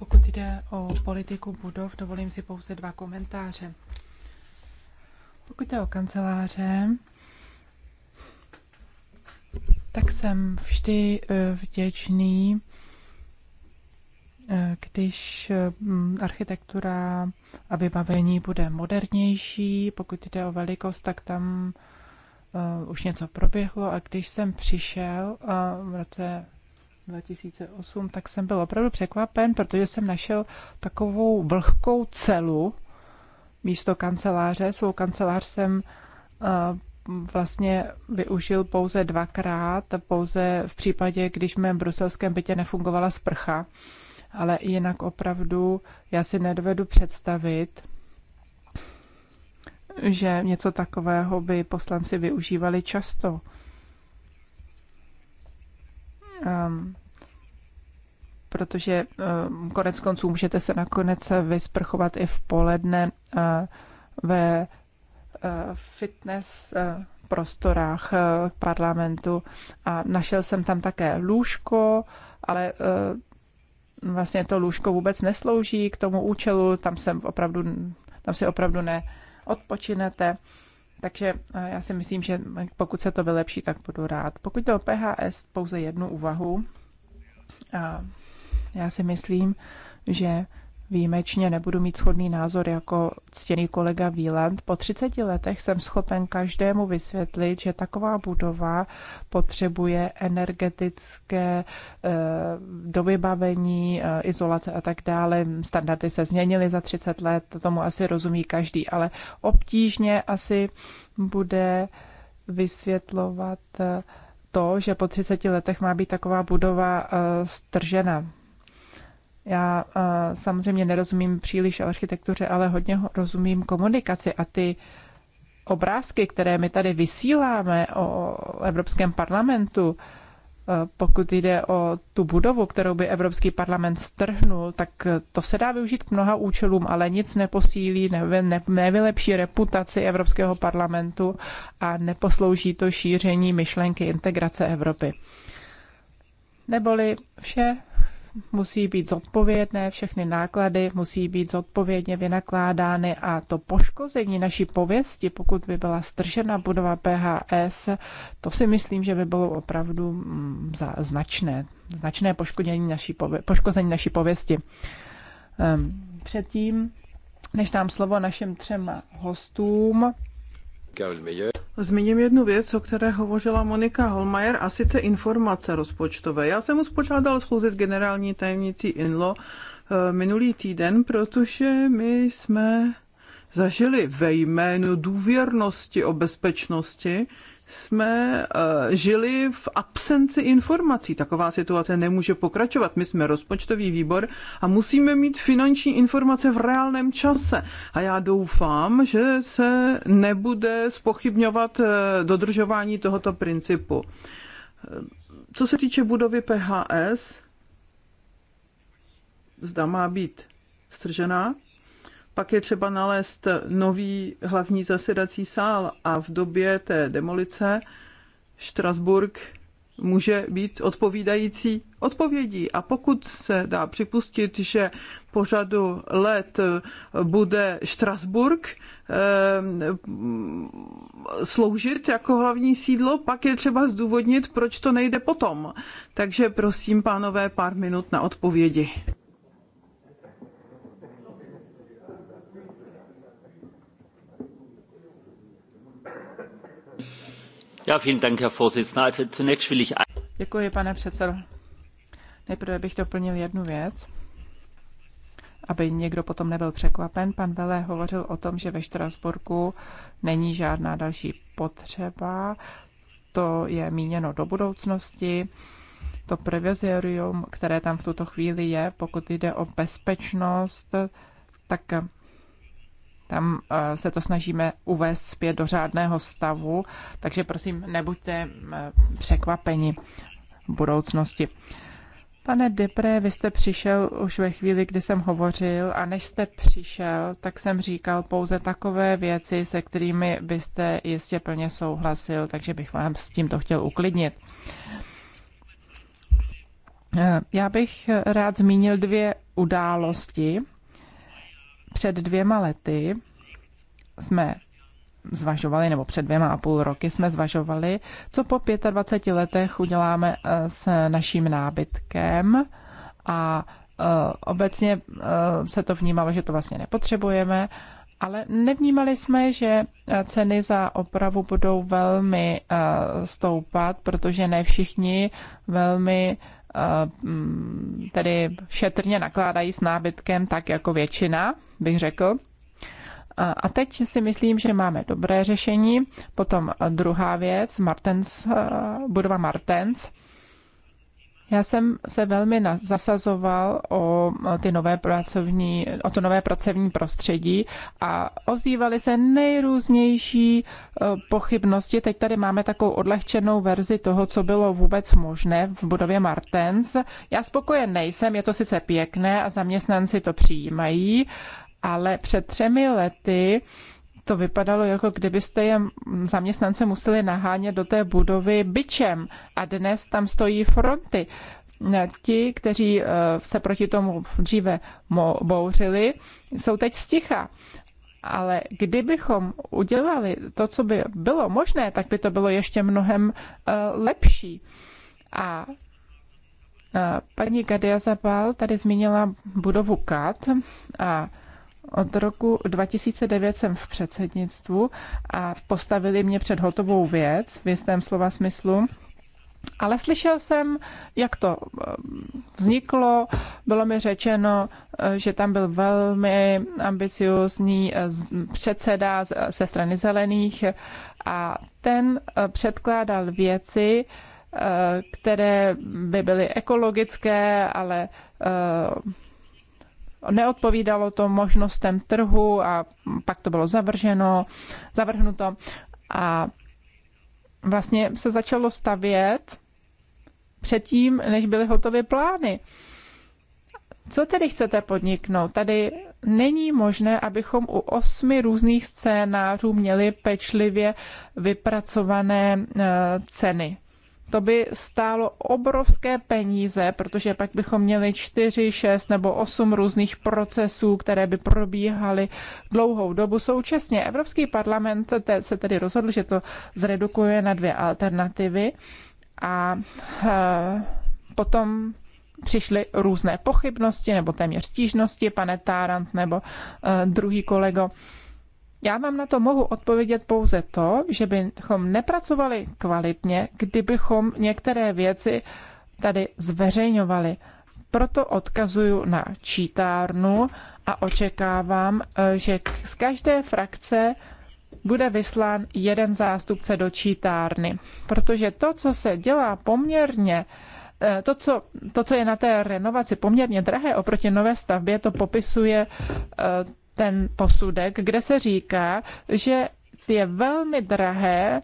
Pokud jde o politiku budov, dovolím si pouze dva komentáře. Pokud jde o kanceláře, tak jsem vždy e, vděčný, e, když e, architektura a vybavení bude modernější, pokud jde o velikost, tak tam už něco proběhlo a když jsem přišel v roce 2008, tak jsem byl opravdu překvapen, protože jsem našel takovou vlhkou celu místo kanceláře. Svou kancelář jsem eh, vlastně využil pouze dvakrát, pouze v případě, když v mém bruselském bytě nefungovala sprcha. Ale jinak opravdu já si nedovedu představit, že něco takového by poslanci využívali často. Ehm, protože ehm, konec konců můžete se nakonec vysprchovat i v poledne eh, ve eh, fitness eh, prostorách parlamentu a našel jsem tam také lůžko, ale vlastně to lůžko vůbec neslouží k tomu účelu, tam jsem opravdu, tam si opravdu neodpočinete. Takže eh, já si myslím, že pokud se to vylepší, tak budu rád. Pokud to o PHS, pouze jednu úvahu. Já si myslím, že výjimečně nebudu mít shodný názor jako ctěný kolega Wieland. Po 30 letech jsem schopen každému vysvětlit, že taková budova potřebuje energetické eh, dovybavení, eh, izolace a tak dále. Standardy se změnily za 30 let, tomu asi rozumí každý, ale obtížně asi bude vysvětlovat eh, to, že po 30 letech má být taková budova stržena já eh, samozřejmě nerozumím příliš architektuře, ale hodně rozumím komunikaci a ty obrázky, které my tady vysíláme o Evropském parlamentu, eh, pokud jde o tu budovu, kterou by Evropský parlament strhnul, tak eh, to se dá využít k mnoha účelům, ale nic neposílí, nevy, ne, nevylepší reputaci Evropského parlamentu a neposlouží to šíření myšlenky integrace Evropy. Neboli vše musí být zodpovědné, všechny náklady musí být zodpovědně vynakládány a to poškození naší pověsti, pokud by byla stržena budova PHS, to si myslím, že by bylo opravdu mm, značné, značné poškození naší, pově- poškození naší pověsti. Ehm, předtím, než dám slovo našim třem hostům, Zmíním jednu věc, o které hovořila Monika Holmajer, a sice informace rozpočtové. Já jsem uspořádal schůzi s generální tajemnicí INLO eh, minulý týden, protože my jsme zažili ve jménu důvěrnosti o bezpečnosti jsme eh, žili v absenci informací. Taková situace nemůže pokračovat. My jsme rozpočtový výbor a musíme mít finanční informace v reálném čase. A já doufám, že se nebude spochybňovat eh, dodržování tohoto principu. Eh, co se týče budovy PHS, zda má být stržená pak je třeba nalézt nový hlavní zasedací sál a v době té demolice Štrasburg může být odpovídající odpovědí. A pokud se dá připustit, že po řadu let bude Štrasburg eh, sloužit jako hlavní sídlo, pak je třeba zdůvodnit, proč to nejde potom. Takže prosím, pánové, pár minut na odpovědi. Děkuji, pane předsedo. Nejprve bych doplnil jednu věc, aby někdo potom nebyl překvapen. Pan Vele hovořil o tom, že ve Štrasburku není žádná další potřeba. To je míněno do budoucnosti. To previzorium, které tam v tuto chvíli je, pokud jde o bezpečnost, tak tam eh, se to snažíme uvést zpět do řádného stavu, takže prosím, nebuďte eh, překvapeni v budoucnosti. Pane Depré, vy jste přišel už ve chvíli, kdy jsem hovořil a než jste přišel, tak jsem říkal pouze takové věci, se kterými byste jistě plně souhlasil, takže bych vám s tímto chtěl uklidnit. Eh, já bych rád zmínil dvě události, před dvěma lety jsme zvažovali, nebo před dvěma a půl roky jsme zvažovali, co po 25 letech uděláme eh, s naším nábytkem a eh, obecně eh, se to vnímalo, že to vlastně nepotřebujeme, ale nevnímali jsme, že ceny za opravu budou velmi stoupat, protože ne všichni velmi Eh, tedy šetrně nakládají s nábytkem tak jako většina, bych řekl. A teď si myslím, že máme dobré řešení. Potom eh, druhá věc, Martens, eh, budova Martens. Já jsem se velmi zasazoval o ty nové pracovní, o to nové pracovní prostředí a ozývaly se nejrůznější e, pochybnosti. Teď tady máme takovou odlehčenou verzi toho, co bylo vůbec možné v budově Martens. Já spokojen nejsem, je to sice pěkné a zaměstnanci to přijímají, ale před třemi lety to vypadalo, jako kdybyste je zaměstnance museli nahánět do té budovy byčem a dnes tam stojí fronty. Ti, kteří eh, se proti tomu dříve bouřili, jsou teď sticha. Ale kdybychom udělali to, co by bylo možné, tak by to bylo ještě mnohem eh, lepší. A eh, paní zabal tady zmínila budovu KAT a od roku 2009 jsem v předsednictvu a postavili mě před hotovou věc v jistém slova smyslu. Ale slyšel jsem, jak to eh, vzniklo. Bylo mi řečeno, eh, že tam byl velmi ambiciozní eh, předseda ze strany zelených a ten předkládal věci, které by byly ekologické, ale neodpovídalo to možnostem trhu a pak to bylo zavrženo, zavrhnuto a vlastně se začalo stavět předtím, než byly hotové plány. Co tedy chcete podniknout? Tady není možné, abychom u osmi různých scénářů měli pečlivě vypracované eh, ceny to by stálo obrovské peníze, protože pak bychom měli 4, 6 nebo 8 různých procesů, které by probíhaly dlouhou dobu současně. Evropský parlament se tedy rozhodl, že to zredukuje na dvě alternativy a e, potom přišly různé pochybnosti nebo téměř stížnosti, pane Tárant nebo e, druhý kolego. Já vám na to mohu odpovědět pouze to, že bychom nepracovali kvalitně, kdybychom některé věci tady zveřejňovali. Proto odkazuju na čítárnu a očekávám, eh, že z každé frakce bude vyslán jeden zástupce do čítárny. Protože to, co se dělá poměrně, eh, to co, to, co je na té renovaci poměrně drahé oproti nové stavbě, to popisuje eh, ten posudek, kde se říká, že je velmi drahé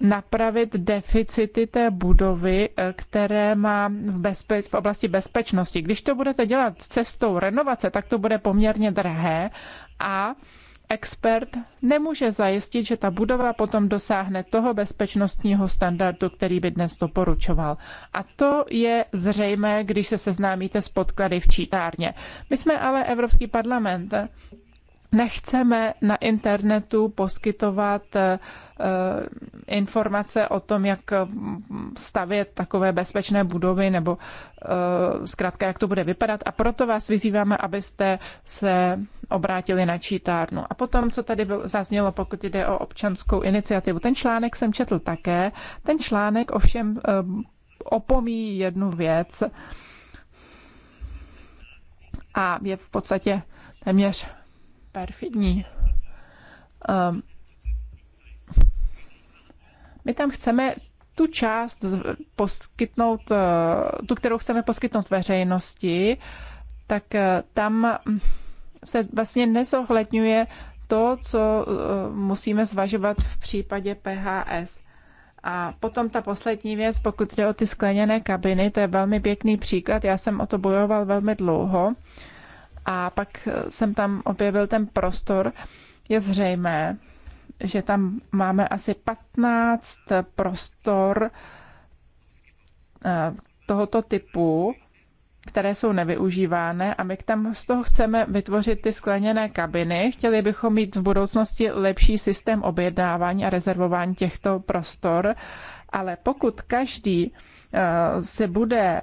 napravit deficity té budovy, eh, které má v, bezpe- v oblasti bezpečnosti. Když to budete dělat cestou renovace, tak to bude poměrně drahé a expert nemůže zajistit, že ta budova potom dosáhne toho bezpečnostního standardu, který by dnes doporučoval. A to je zřejmé, když se seznámíte s podklady v čítárně. My jsme ale Evropský parlament. Nechceme na internetu poskytovat eh, Eh, informace o tom, jak mm, stavět takové bezpečné budovy nebo eh, zkrátka, jak to bude vypadat. A proto vás vyzýváme, abyste se obrátili na čítárnu. A potom, co tady byl, zaznělo, pokud jde o občanskou iniciativu. Ten článek jsem četl také. Ten článek ovšem eh, opomíjí jednu věc a je v podstatě téměř perfidní. Um, my tam chceme tu část poskytnout, eh, tu, kterou chceme poskytnout veřejnosti, tak eh, tam hm, se vlastně nezohledňuje to, co eh, musíme zvažovat v případě PHS. A potom ta poslední věc, pokud jde o ty skleněné kabiny, to je velmi pěkný příklad. Já jsem o to bojoval velmi dlouho a pak jsem tam objevil ten prostor. Je zřejmé, že tam máme asi 15 prostor eh, tohoto typu, které jsou nevyužívány a my tam z toho chceme vytvořit ty skleněné kabiny. Chtěli bychom mít v budoucnosti lepší systém objednávání a rezervování těchto prostor, ale pokud každý Eh, se bude eh,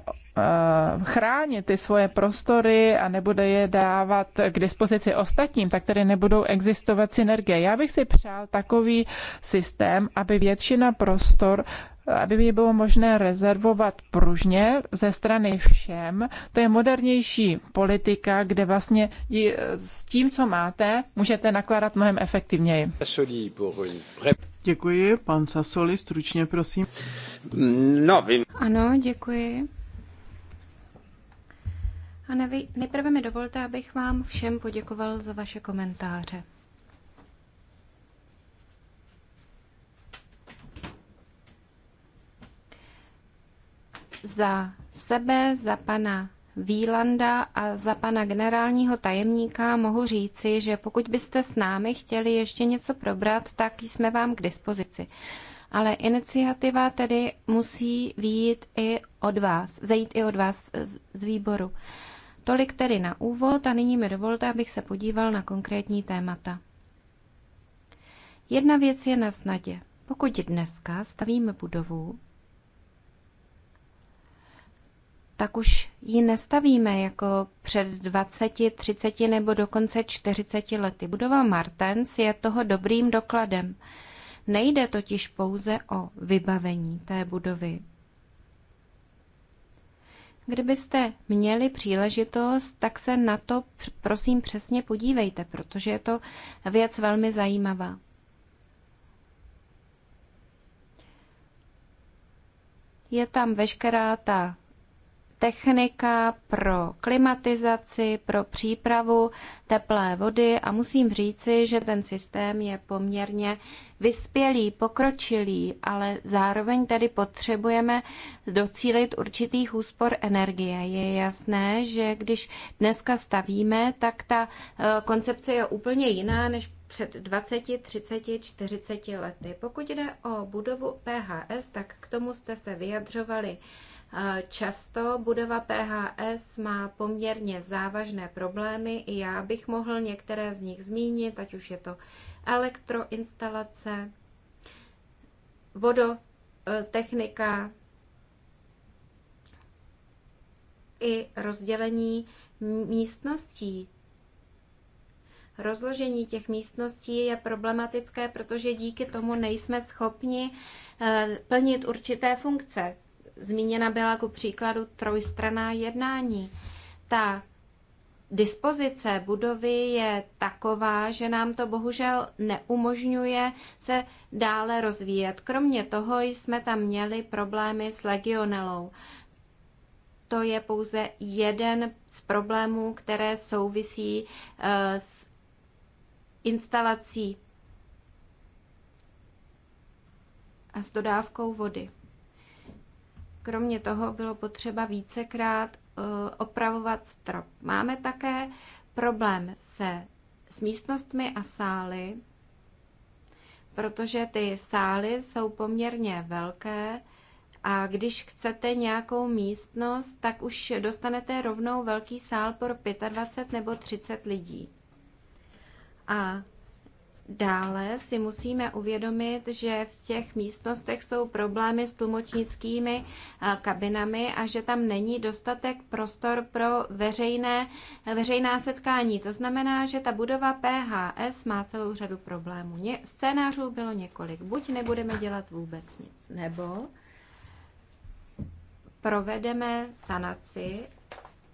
chránit ty svoje prostory a nebude je dávat k dispozici ostatním, tak tedy nebudou existovat synergie. Já bych si přál takový systém, aby většina prostor aby je bylo možné rezervovat pružně ze strany všem. To je modernější politika, kde vlastně e, s tím, co máte, můžete nakládat mnohem efektivněji. Děkuji. Pan Sasoli, stručně prosím. No, vím. Ano, děkuji. A nejprve mi dovolte, abych vám všem poděkoval za vaše komentáře. za sebe, za pana Výlanda a za pana generálního tajemníka mohu říci, že pokud byste s námi chtěli ještě něco probrat, tak jsme vám k dispozici. Ale iniciativa tedy musí výjít i od vás, zejít i od vás z výboru. Tolik tedy na úvod a nyní mi dovolte, abych se podíval na konkrétní témata. Jedna věc je na snadě. Pokud dneska stavíme budovu, tak už ji nestavíme jako před 20, 30 nebo dokonce 40 lety. Budova Martens je toho dobrým dokladem. Nejde totiž pouze o vybavení té budovy. Kdybyste měli příležitost, tak se na to prosím přesně podívejte, protože je to věc velmi zajímavá. Je tam veškerá ta technika pro klimatizaci, pro přípravu teplé vody a musím říci, že ten systém je poměrně vyspělý, pokročilý, ale zároveň tedy potřebujeme docílit určitých úspor energie. Je jasné, že když dneska stavíme, tak ta eh, koncepce je úplně jiná než před 20, 30, 40 lety. Pokud jde o budovu PHS, tak k tomu jste se vyjadřovali Často budova PHS má poměrně závažné problémy, i já bych mohl některé z nich zmínit, ať už je to elektroinstalace, vodotechnika eh, i rozdělení místností rozložení těch místností je problematické, protože díky tomu nejsme schopni eh, plnit určité funkce zmíněna byla ku příkladu trojstraná jednání. Ta dispozice budovy je taková, že nám to bohužel neumožňuje se dále rozvíjet. Kromě toho jsme tam měli problémy s legionelou. To je pouze jeden z problémů, které souvisí eh, s instalací a s dodávkou vody. Kromě toho bylo potřeba vícekrát eh, opravovat strop. Máme také problém se s místnostmi a sály, protože ty sály jsou poměrně velké a když chcete nějakou místnost, tak už dostanete rovnou velký sál pro 25 nebo 30 lidí. A Dále si musíme uvědomit, že v těch místnostech jsou problémy s tlumočnickými eh, kabinami a že tam není dostatek prostor pro veřejné, veřejná setkání. To znamená, že ta budova PHS má celou řadu problémů. scénářů bylo několik. Buď nebudeme dělat vůbec nic, nebo provedeme sanaci,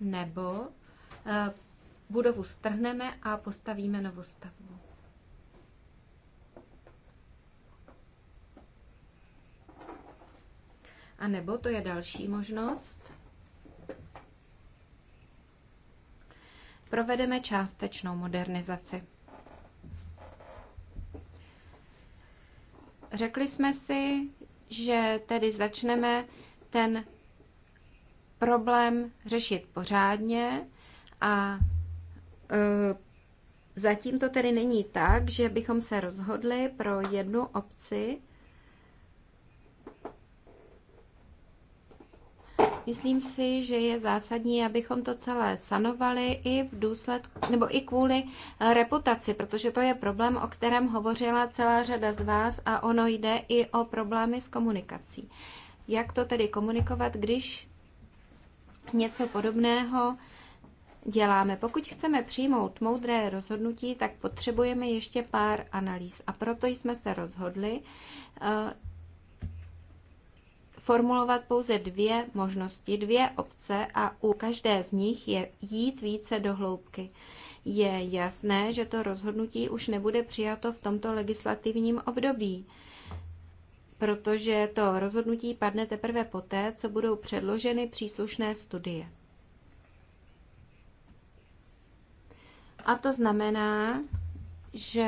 nebo eh, budovu strhneme a postavíme novou stavbu. A nebo to je další možnost. Provedeme částečnou modernizaci. Řekli jsme si, že tedy začneme ten problém řešit pořádně a e, Zatím to tedy není tak, že bychom se rozhodli pro jednu obci Myslím si, že je zásadní, abychom to celé sanovali i v důsledku, nebo i kvůli eh, reputaci, protože to je problém, o kterém hovořila celá řada z vás a ono jde i o problémy s komunikací. Jak to tedy komunikovat, když něco podobného děláme. Pokud chceme přijmout moudré rozhodnutí, tak potřebujeme ještě pár analýz. A proto jsme se rozhodli eh, formulovat pouze dvě možnosti, dvě obce a u každé z nich je jít více do hloubky. Je jasné, že to rozhodnutí už nebude přijato v tomto legislativním období, protože to rozhodnutí padne teprve poté, co budou předloženy příslušné studie. A to znamená, že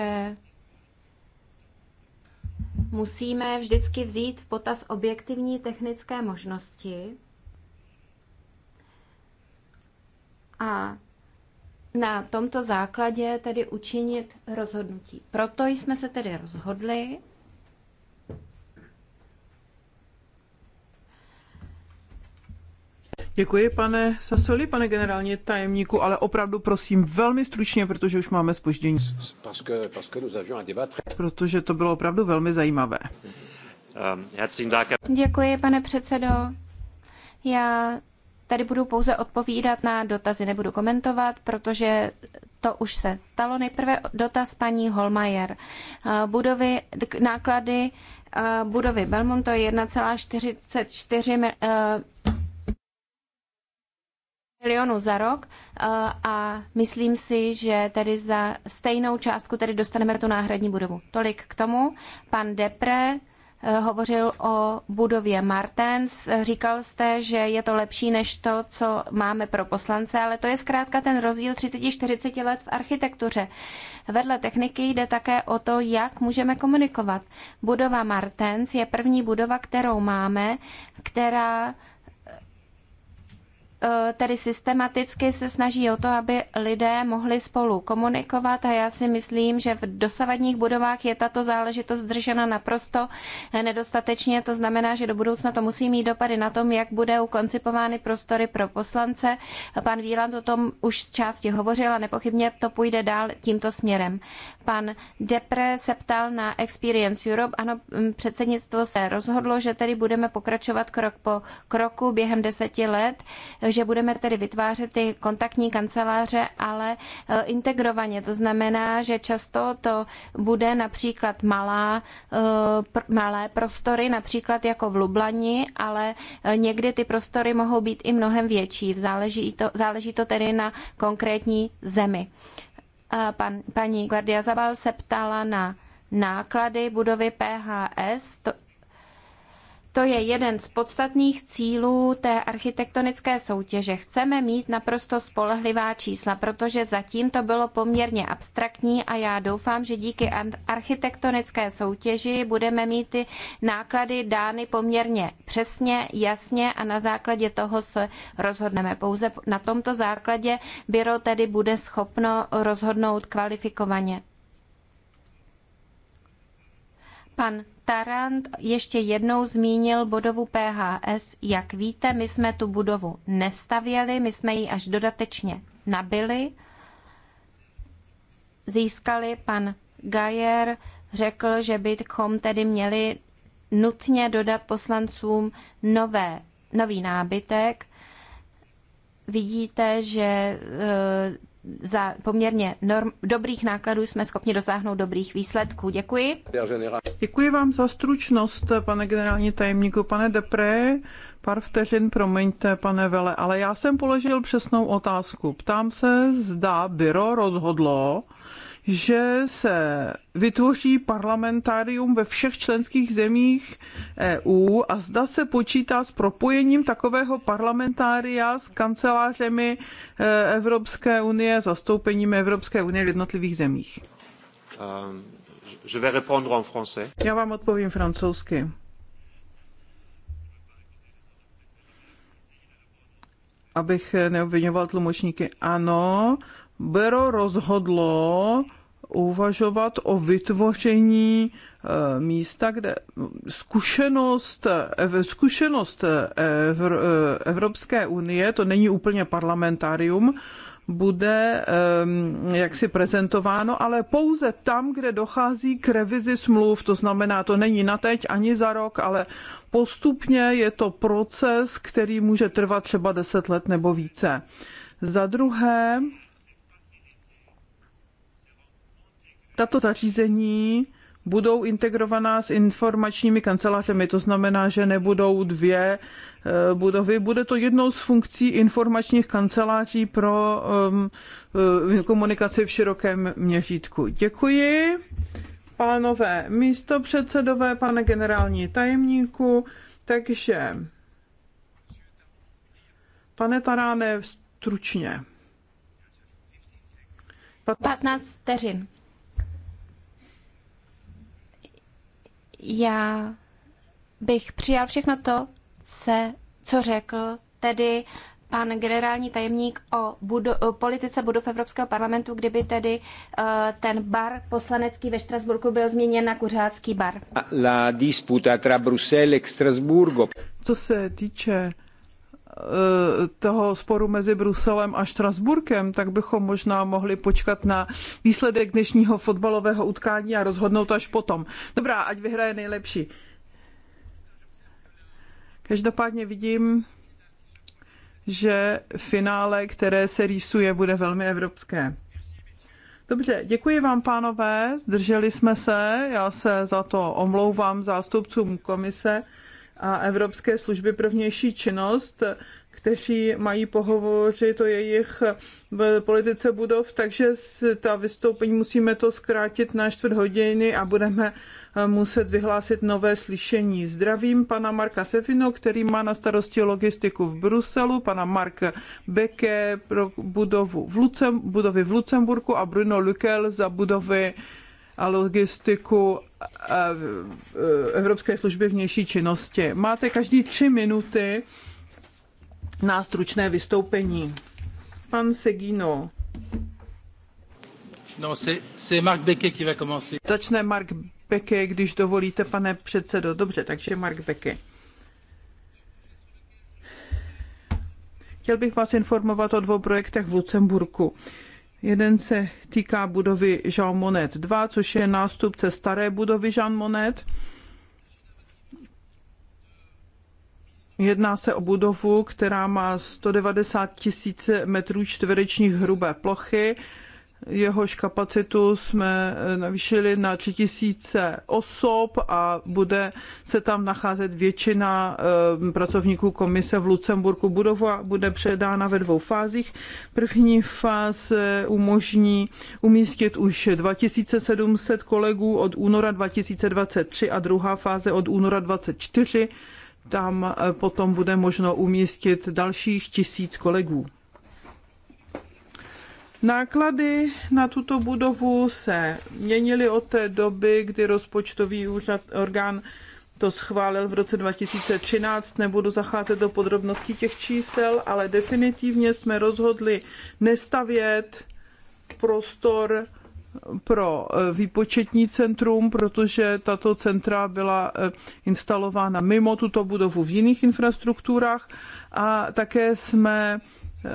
musíme vždycky vzít v potaz objektivní technické možnosti a na tomto základě tedy učinit rozhodnutí. Proto jsme se tedy rozhodli, Děkuji, pane Sasoli, pane generální tajemníku, ale opravdu prosím velmi stručně, protože už máme spoždění. Protože to bylo opravdu velmi zajímavé. Euh, Děkuji, pane předsedo. Já tady budu pouze odpovídat na dotazy, nebudu komentovat, protože to už se stalo. Nejprve dotaz paní Holmajer. Eh, budovy, náklady eh, budovy Belmont to je 1,44 milionů za rok eh, a myslím si, že tedy za stejnou částku tedy dostaneme tu náhradní budovu. Tolik k tomu. Pan Depre eh, hovořil o budově Martens. Říkal jste, že je to lepší než to, co máme pro poslance, ale to je zkrátka ten rozdíl 30-40 let v architektuře. Vedle techniky jde také o to, jak můžeme komunikovat. Budova Martens je první budova, kterou máme, která E, tedy systematicky se snaží o to, aby lidé mohli spolu komunikovat a já si myslím, že v dosavadních budovách je tato záležitost držena naprosto nedostatečně. To znamená, že do budoucna to musí mít dopady na tom, jak bude koncipovány prostory pro poslance. Pan Víland o tom už z části hovořil a nepochybně to půjde dál tímto směrem. Pan Depre se ptal na Experience Europe. Ano, předsednictvo se rozhodlo, že tedy budeme pokračovat krok po kroku během deseti let, že budeme tedy vytvářet ty kontaktní kanceláře, ale e, integrovaně. To znamená, že často to bude například malá, e, malé prostory, například jako v Lublani, ale e, někdy ty prostory mohou být i mnohem větší. Záleží to, záleží to tedy na konkrétní zemi. Pan, paní Guardia Zabal se ptala na náklady budovy PHS, to, to je jeden z podstatných cílů té architektonické soutěže. Chceme mít naprosto spolehlivá čísla, protože zatím to bylo poměrně abstraktní a já doufám, že díky architektonické soutěži budeme mít ty náklady dány poměrně přesně, jasně a na základě toho se rozhodneme. Pouze na tomto základě byro tedy bude schopno rozhodnout kvalifikovaně. Pan Tarant ještě jednou zmínil budovu PHS. Jak víte, my jsme tu budovu nestavěli, my jsme ji až dodatečně nabili. Získali pan Gajer, řekl, že bychom tedy měli nutně dodat poslancům nové, nový nábytek. Vidíte, že za poměrně norm, dobrých nákladů jsme schopni dosáhnout dobrých výsledků. Děkuji. Děkuji vám za stručnost, pane generální tajemníku. Pane Depré, pár vteřin, promiňte, pane Vele, ale já jsem položil přesnou otázku. Ptám se, zda byro rozhodlo, že se vytvoří parlamentárium ve všech členských zemích EU a zda se počítá s propojením takového parlamentária s kancelářemi e, Evropské unie, zastoupením Evropské unie v jednotlivých zemích. Um, Já vám odpovím francouzsky. abych neobvinoval tlumočníky. Ano, Bero rozhodlo uvažovat o vytvoření eh, místa, kde zkušenost, eh, zkušenost eh, Evropské unie, to není úplně parlamentárium, bude jaksi prezentováno, ale pouze tam, kde dochází k revizi smluv, to znamená, to není na teď ani za rok, ale postupně je to proces, který může trvat třeba deset let nebo více. Za druhé, tato zařízení budou integrovaná s informačními kancelářemi, to znamená, že nebudou dvě eh, budovy, bude to jednou z funkcí informačních kanceláří pro ehm, eh, komunikaci v širokém měřítku. Děkuji, pánové předsedové, pane generální tajemníku, takže pane Taráne, stručně. 15 vteřin. Já bych přijal všechno to, se, co řekl, tedy pan generální tajemník o, budu, o politice budov Evropského parlamentu, kdyby tedy uh, ten bar poslanecký ve Štrasburku byl změněn na kuřácký bar. La disputa tra Brusel e Strasburgo. Co se týče Eh, toho sporu mezi Bruselem a Štrasburkem, tak bychom možná mohli počkat na výsledek dnešního fotbalového utkání a rozhodnout až potom. Dobrá, ať vyhraje nejlepší. Každopádně vidím, že finále, které se rýsuje, bude velmi evropské. Dobře, děkuji vám, pánové, zdrželi jsme se, já se za to omlouvám zástupcům komise a Evropské služby pro vnější činnost, kteří mají pohovořit o jejich politice budov, takže ta vystoupení musíme to zkrátit na čtvrt hodiny a budeme eh, muset vyhlásit nové slyšení. Zdravím pana Marka Sefino, který má na starosti logistiku v Bruselu, pana Marka Beke pro budovu v Lucem, budovy v Lucemburku a Bruno Lukel za budovy a logistiku Evropské služby vnější činnosti. Máte každý tři minuty na stručné vystoupení. Pan Segino. No, c'est Marc Becquet qui va commencer. Začne Marc Becquet, když dovolíte, pane předsedo. Dobře, takže Marc Becquet. Chtěl bych vás informovat o dvou projektech v Lucemburku. Jeden se týká budovy Jean Monnet 2, což je nástupce staré budovy Jean Monnet. Jedná se o budovu, která má 190 tisíc metrů čtverečních hrubé plochy jehož kapacitu jsme eh, navýšili na 3000 osob a bude se tam nacházet většina eh, pracovníků komise v Lucemburku. Budova bude předána ve dvou fázích. První fáze umožní umístit už 2700 kolegů od února 2023 a druhá fáze od února 2024. Tam eh, potom bude možno umístit dalších tisíc kolegů. Náklady na tuto budovu se měnily od té doby, kdy rozpočtový úřad, orgán to schválil v roce 2013. Nebudu zacházet do podrobností těch čísel, ale definitivně jsme rozhodli nestavět prostor pro eh, výpočetní centrum, protože tato centra byla eh, instalována mimo tuto budovu v jiných infrastrukturách a také jsme Eh,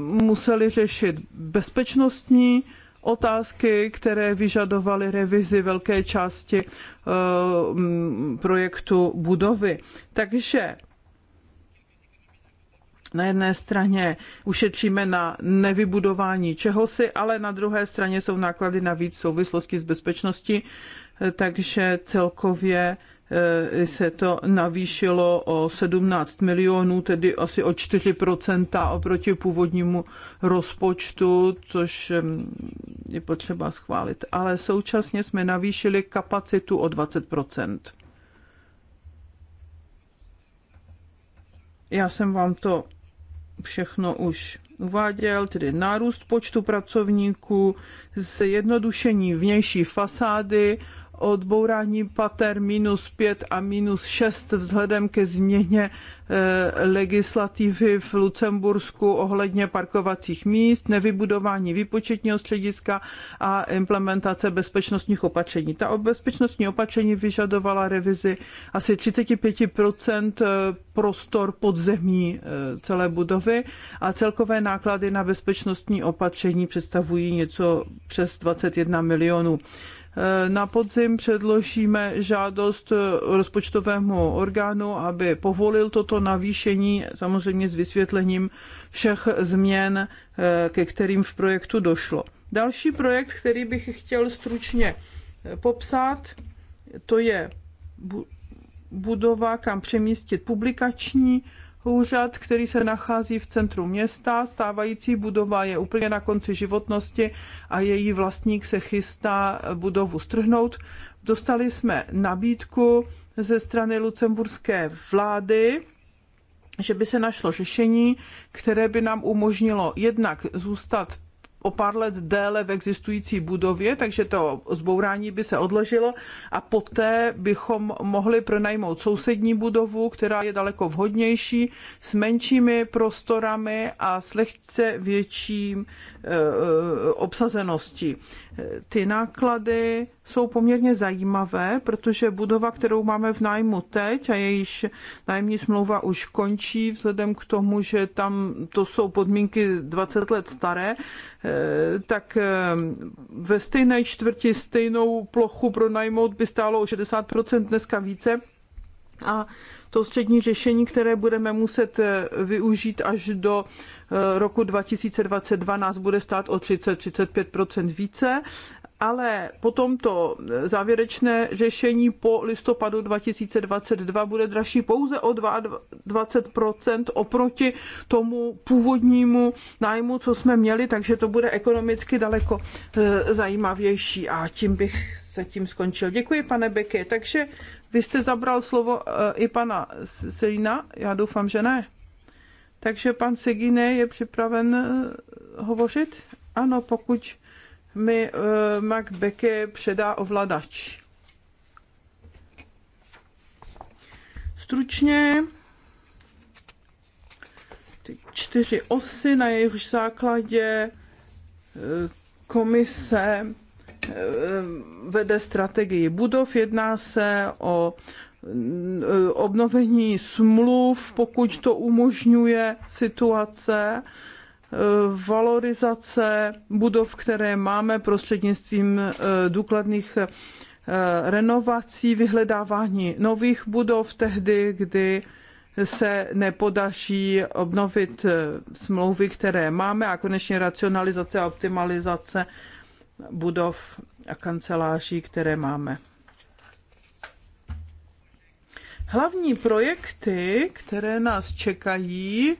museli řešit bezpečnostní otázky, které vyžadovaly revizi velké části eh, projektu budovy. Takže na jedné straně ušetříme na nevybudování čehosi, ale na druhé straně jsou náklady navíc v souvislosti s bezpečností, eh, takže celkově Eh, se to navýšilo o 17 milionů, tedy asi o 4 oproti původnímu rozpočtu, což je potřeba schválit. Ale současně jsme navýšili kapacitu o 20 Já jsem vám to všechno už uváděl, tedy nárůst počtu pracovníků, zjednodušení vnější fasády, odbourání pater minus 5 a minus 6 vzhledem ke změně eh, legislativy v Lucembursku ohledně parkovacích míst, nevybudování výpočetního střediska a implementace bezpečnostních opatření. Ta bezpečnostní opatření vyžadovala revizi asi 35 eh, prostor podzemí eh, celé budovy a celkové náklady na bezpečnostní opatření představují něco přes 21 milionů. Na podzim předložíme žádost rozpočtovému orgánu, aby povolil toto navýšení, samozřejmě s vysvětlením všech změn, eh, ke kterým v projektu došlo. Další projekt, který bych chtěl stručně eh, popsat, to je budova, kam přemístit publikační úřad, který se nachází v centru města. Stávající budova je úplně na konci životnosti a její vlastník se chystá budovu strhnout. Dostali jsme nabídku ze strany lucemburské vlády, že by se našlo řešení, které by nám umožnilo jednak zůstat o pár let déle v existující budově, takže to zbourání by se odložilo a poté bychom mohli pronajmout sousední budovu, která je daleko vhodnější, s menšími prostorami a s lehce větším eh, eh, obsazeností ty náklady jsou poměrně zajímavé, protože budova, kterou máme v nájmu teď a jejíž nájemní smlouva už končí vzhledem k tomu, že tam to jsou podmínky 20 let staré, eh, tak eh, ve stejné čtvrti stejnou plochu pro pronajmout by stálo o 60% dneska více a to střední řešení, které budeme muset eh, využít až do eh, roku 2022, nás bude stát o 30-35 více ale potom to eh, závěrečné řešení po listopadu 2022 bude dražší pouze o 22% oproti tomu původnímu nájmu, co jsme měli, takže to bude ekonomicky daleko zajímavější a tím bych se tím skončil. Děkuji, pane Beky. Takže vy jste zabral slovo eh, i pana Selina? Já doufám, že ne. Takže pan Segine je připraven eh, hovořit? Ano, pokud mi uh, Mac Beke předá ovladač. Stručně ty čtyři osy, na jejich základě komise Eh, vede strategii budov, jedná se o eh, obnovení smluv, pokud to umožňuje situace, eh, valorizace budov, které máme prostřednictvím důkladných renovací, vyhledávání nových budov tehdy, kdy se nepodaří obnovit smlouvy, které máme a konečně racionalizace a optimalizace budov a kanceláří, které máme. Hlavní projekty, které nás čekají,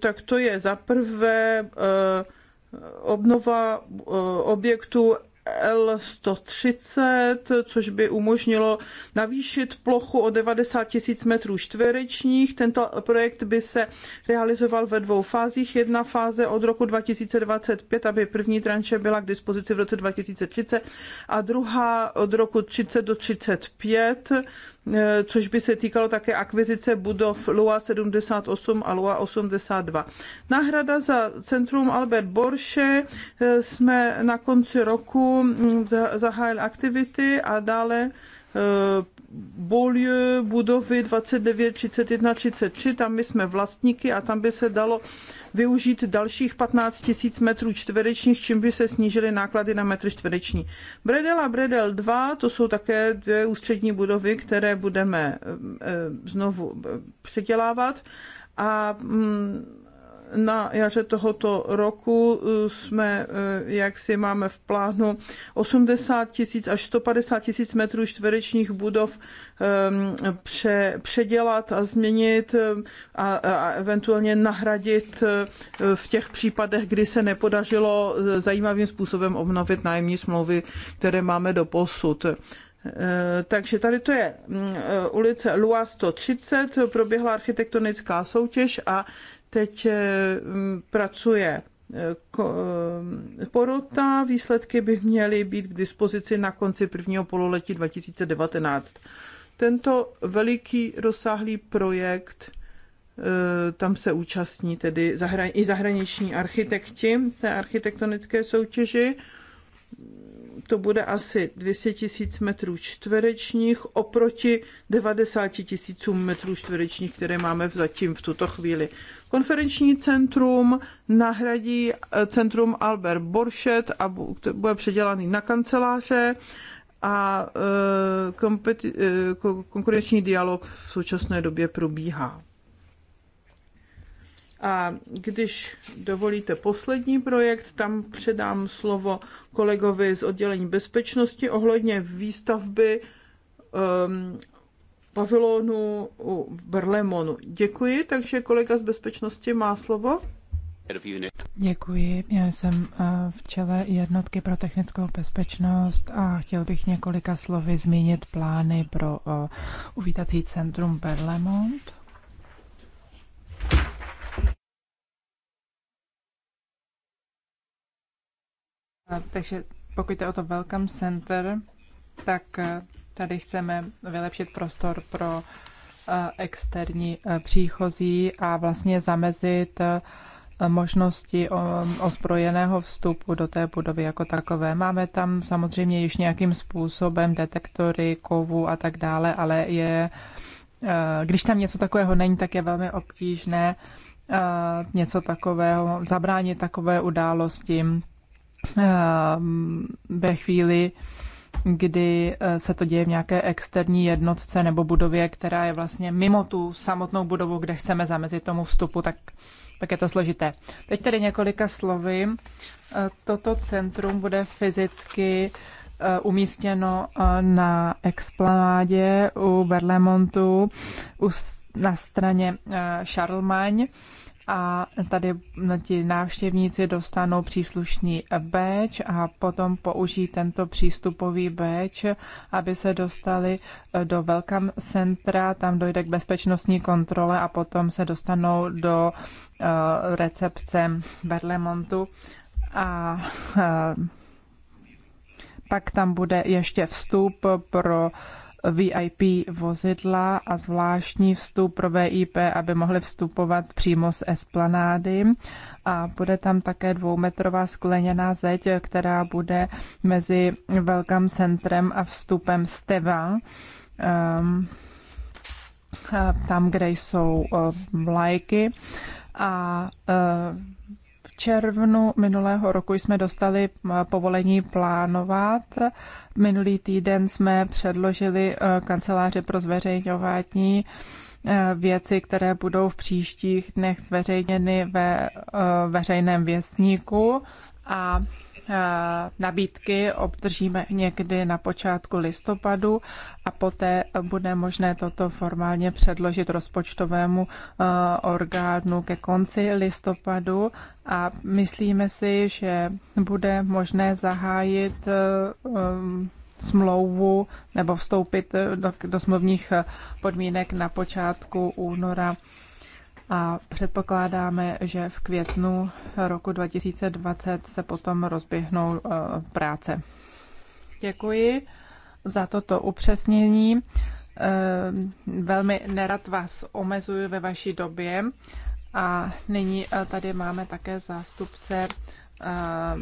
tak to je za prvé eh, obnova eh, objektu. L130, což by umožnilo navýšit plochu o 90 tisíc metrů čtverečních. Tento projekt by se realizoval ve dvou fázích. Jedna fáze od roku 2025, aby první tranše byla k dispozici v roce 2030 a druhá od roku 30 do 35 Eh, což by se týkalo také akvizice budov LUA 78 a LUA 82. Náhrada za centrum Albert Borše eh, jsme na konci roku mm, zahájili aktivity a dále Eh, Beaulieu budovy 29, 31, 33, tam my jsme vlastníky a tam by se dalo využít dalších 15 tisíc metrů čtverečních, čím by se snížily náklady na metr čtvereční. Bredel a Bredel 2, to jsou také dvě ústřední budovy, které budeme eh, eh, znovu předělávat a mm, na jaře tohoto roku eh, jsme, eh, jak si máme v plánu, 80 tisíc až 150 tisíc metrů čtverečních budov ehm, pře, předělat a změnit eh, a, a eventuálně nahradit v těch případech, kdy se nepodařilo zajímavým způsobem obnovit nájemní smlouvy, které máme do posud. Takže tady to je mm, ulice Lua 130, proběhla architektonická soutěž a Teď eh, pracuje eh, eh, porota. Výsledky by měly být k dispozici na konci prvního pololetí 2019. Tento veliký rozsáhlý projekt, tam se účastní tedy i zahraniční architekti té architektonické soutěži. To bude asi 200 tisíc metrů čtverečních oproti 90 tisícům metrů čtverečních, které máme zatím v tuto chvíli. Konferenční centrum nahradí eh, centrum Albert Borchet a bude předělaný na kanceláře a eh, eh, konkurenční dialog v současné době probíhá. A když dovolíte poslední projekt, tam předám slovo kolegovi z oddělení bezpečnosti ohledně výstavby um, pavilonu u Berlemonu. Děkuji, takže kolega z bezpečnosti má slovo. Děkuji, já jsem eh, v čele jednotky pro technickou bezpečnost a chtěl bych několika slovy zmínit plány pro eh, uvítací centrum Berlemont. Eh, takže pokud je o to Welcome Center, tak Tady chceme vylepšit prostor pro eh, externí eh, příchozí a vlastně zamezit eh, možnosti ozbrojeného vstupu do té budovy jako takové. Máme tam samozřejmě již nějakým způsobem detektory, kovu a tak dále, ale je, když tam něco takového není, tak je velmi obtížné něco takového, zabránit takové události ve chvíli, kdy eh, se to děje v nějaké externí jednotce nebo budově, která je vlastně mimo tu samotnou budovu, kde chceme zamezit tomu vstupu, tak, tak je to složité. Teď tedy několika slovy. Eh, toto centrum bude fyzicky eh, umístěno na explanádě u Berlemontu na straně Charlemagne a tady ti návštěvníci dostanou příslušný badge a potom použijí tento přístupový badge, aby se dostali eh, do welcome centra, tam dojde k bezpečnostní kontrole a potom se dostanou do uh, recepce Berlemontu a uh, pak tam bude ještě vstup pro uh, VIP vozidla a zvláštní vstup pro VIP, aby mohli vstupovat přímo z esplanády. A bude tam také dvoumetrová skleněná zeď, která bude mezi velkým centrem a vstupem Steva. Um, tam, kde jsou uh, vlajky. A uh, červnu minulého roku jsme dostali eh, povolení plánovat. Minulý týden jsme předložili eh, kanceláře pro zveřejňování eh, věci, které budou v příštích dnech zveřejněny ve veřejném věstníku a Eh, nabídky obdržíme někdy na počátku listopadu a poté bude možné toto formálně předložit rozpočtovému eh, orgánu ke konci listopadu a myslíme si, že bude možné zahájit eh, smlouvu nebo vstoupit do, do smluvních podmínek na počátku února a předpokládáme, že v květnu roku 2020 se potom rozběhnou eh, práce. Děkuji za toto upřesnění. Eh, velmi nerad vás omezuju ve vaší době. A nyní eh, tady máme také zástupce e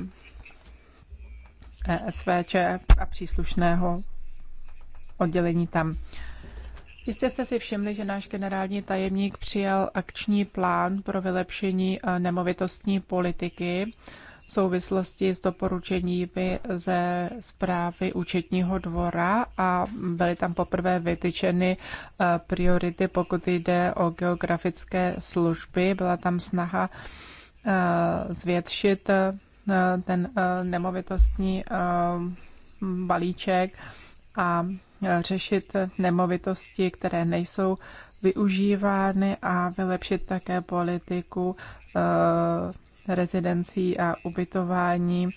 SVČ a příslušného oddělení tam. Jistě jste si všimli, že náš generální tajemník přijal akční plán pro vylepšení eh, nemovitostní politiky v souvislosti s doporučeními ze zprávy účetního dvora a byly tam poprvé vytyčeny eh, priority, pokud jde o geografické služby. Byla tam snaha eh, zvětšit ten nemovitostní balíček a řešit nemovitosti, které nejsou využívány a vylepšit také politiku eh, rezidencí a ubytování,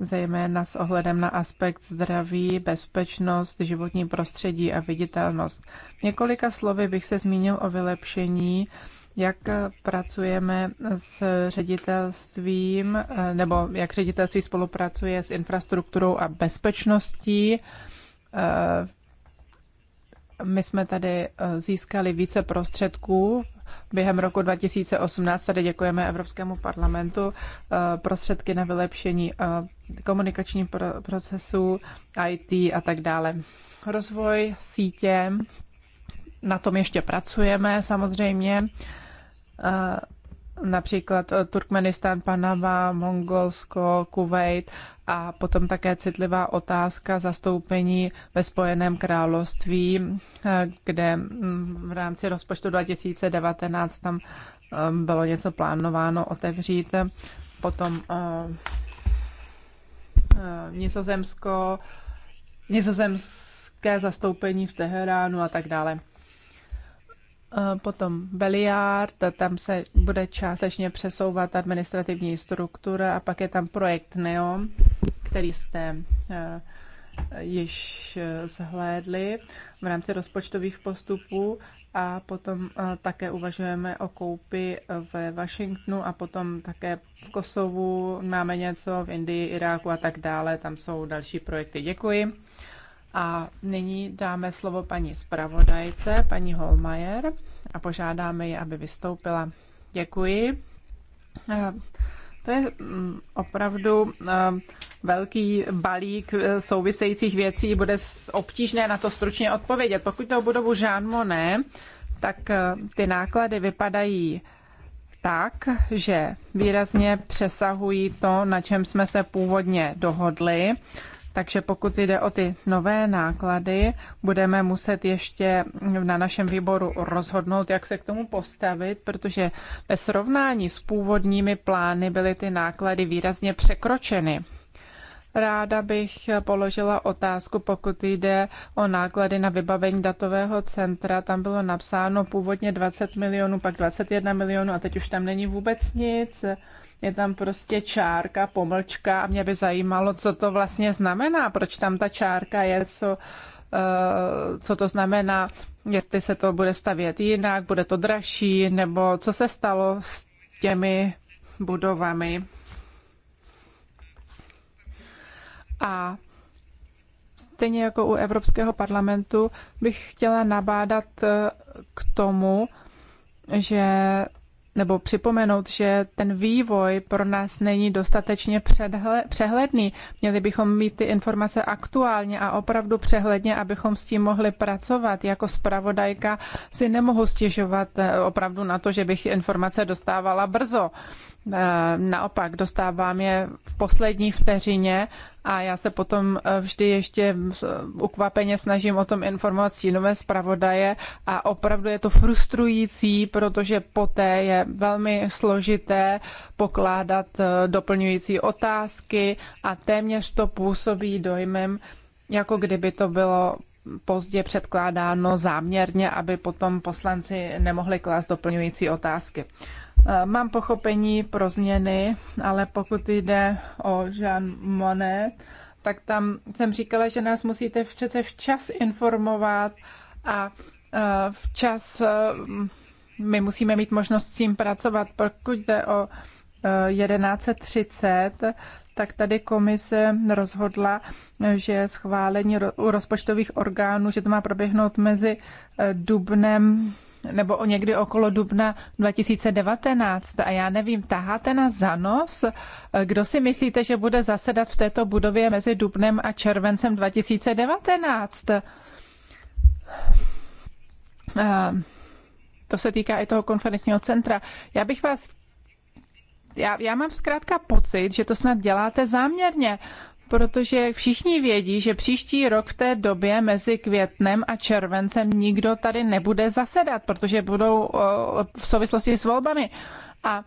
zejména s ohledem na aspekt zdraví, bezpečnost, životní prostředí a viditelnost. Několika slovy bych se zmínil o vylepšení jak pracujeme s ředitelstvím, eh, nebo jak ředitelství spolupracuje s infrastrukturou a bezpečností. Eh, my jsme tady eh, získali více prostředků během roku 2018. Tady děkujeme Evropskému parlamentu eh, prostředky na vylepšení eh, komunikačních procesů, IT a tak dále. Rozvoj sítě, na tom ještě pracujeme samozřejmě například eh, Turkmenistán, Panama, Mongolsko, Kuwait a potom také citlivá otázka zastoupení ve Spojeném království, eh, kde mm, v rámci rozpočtu 2019 tam eh, bylo něco plánováno otevřít. Potom Nizozemsko, nizozemské zastoupení v Teheránu a tak dále. Eh, potom Beliard, tam se bude částečně přesouvat administrativní struktura a pak je tam projekt NEOM, který jste eh, již eh, zhlédli v rámci rozpočtových postupů a potom také uvažujeme o koupi ve Washingtonu a potom také v Kosovu máme něco, v Indii, Iráku a tak dále. Tam jsou další projekty. Děkuji. A nyní dáme slovo paní zpravodajce, paní Holmajer, a požádáme ji, aby vystoupila. Děkuji. Eh, to je mm, opravdu eh, velký balík eh, souvisejících věcí. Bude obtížné na to stručně odpovědět. Pokud to budovu Jean Monnet, tak ty náklady vypadají tak, že výrazně přesahují to, na čem jsme se původně dohodli. Takže pokud jde o ty nové náklady, budeme muset ještě na našem výboru rozhodnout, jak se k tomu postavit, protože ve srovnání s původními plány byly ty náklady výrazně překročeny. Ráda bych položila otázku, pokud jde o náklady na vybavení datového centra. Tam bylo napsáno původně 20 milionů, pak 21 milionů a teď už tam není vůbec nic je tam prostě čárka, pomlčka a mě by zajímalo, co to vlastně znamená, proč tam ta čárka je, co, eh, co to znamená, jestli se to bude stavět jinak, bude to dražší, nebo co se stalo s těmi budovami. A stejně jako u Evropského parlamentu bych chtěla nabádat eh, k tomu, že nebo připomenout, že ten vývoj pro nás není dostatečně předhle, přehledný. Měli bychom mít ty informace aktuálně a opravdu přehledně, abychom s tím mohli pracovat. Jako zpravodajka si nemohu stěžovat eh, opravdu na to, že bych informace dostávala brzo. Eh, naopak, dostávám je v poslední vteřině a já se potom eh, vždy ještě ukvapeně snažím o tom informovat nové zpravodaje a opravdu je to frustrující, protože poté je velmi složité pokládat eh, doplňující otázky a téměř to působí dojmem, jako kdyby to bylo pozdě předkládáno záměrně, aby potom poslanci nemohli klást doplňující otázky. Eh, mám pochopení pro změny, ale pokud jde o Jean Monnet, tak tam jsem říkala, že nás musíte přece včas informovat a eh, včas eh, my musíme mít možnost s tím pracovat. Pokud jde o 1130, tak tady komise rozhodla, že schválení rozpočtových orgánů, že to má proběhnout mezi dubnem nebo o někdy okolo dubna 2019. A já nevím, taháte nás za nos? Kdo si myslíte, že bude zasedat v této budově mezi dubnem a červencem 2019? Eh, to se týká i toho konferenčního centra. Já bych vás já, já mám zkrátka pocit, že to snad děláte záměrně protože všichni vědí, že příští rok v té době mezi květnem a červencem nikdo tady nebude zasedat, protože budou eh, v souvislosti s volbami. A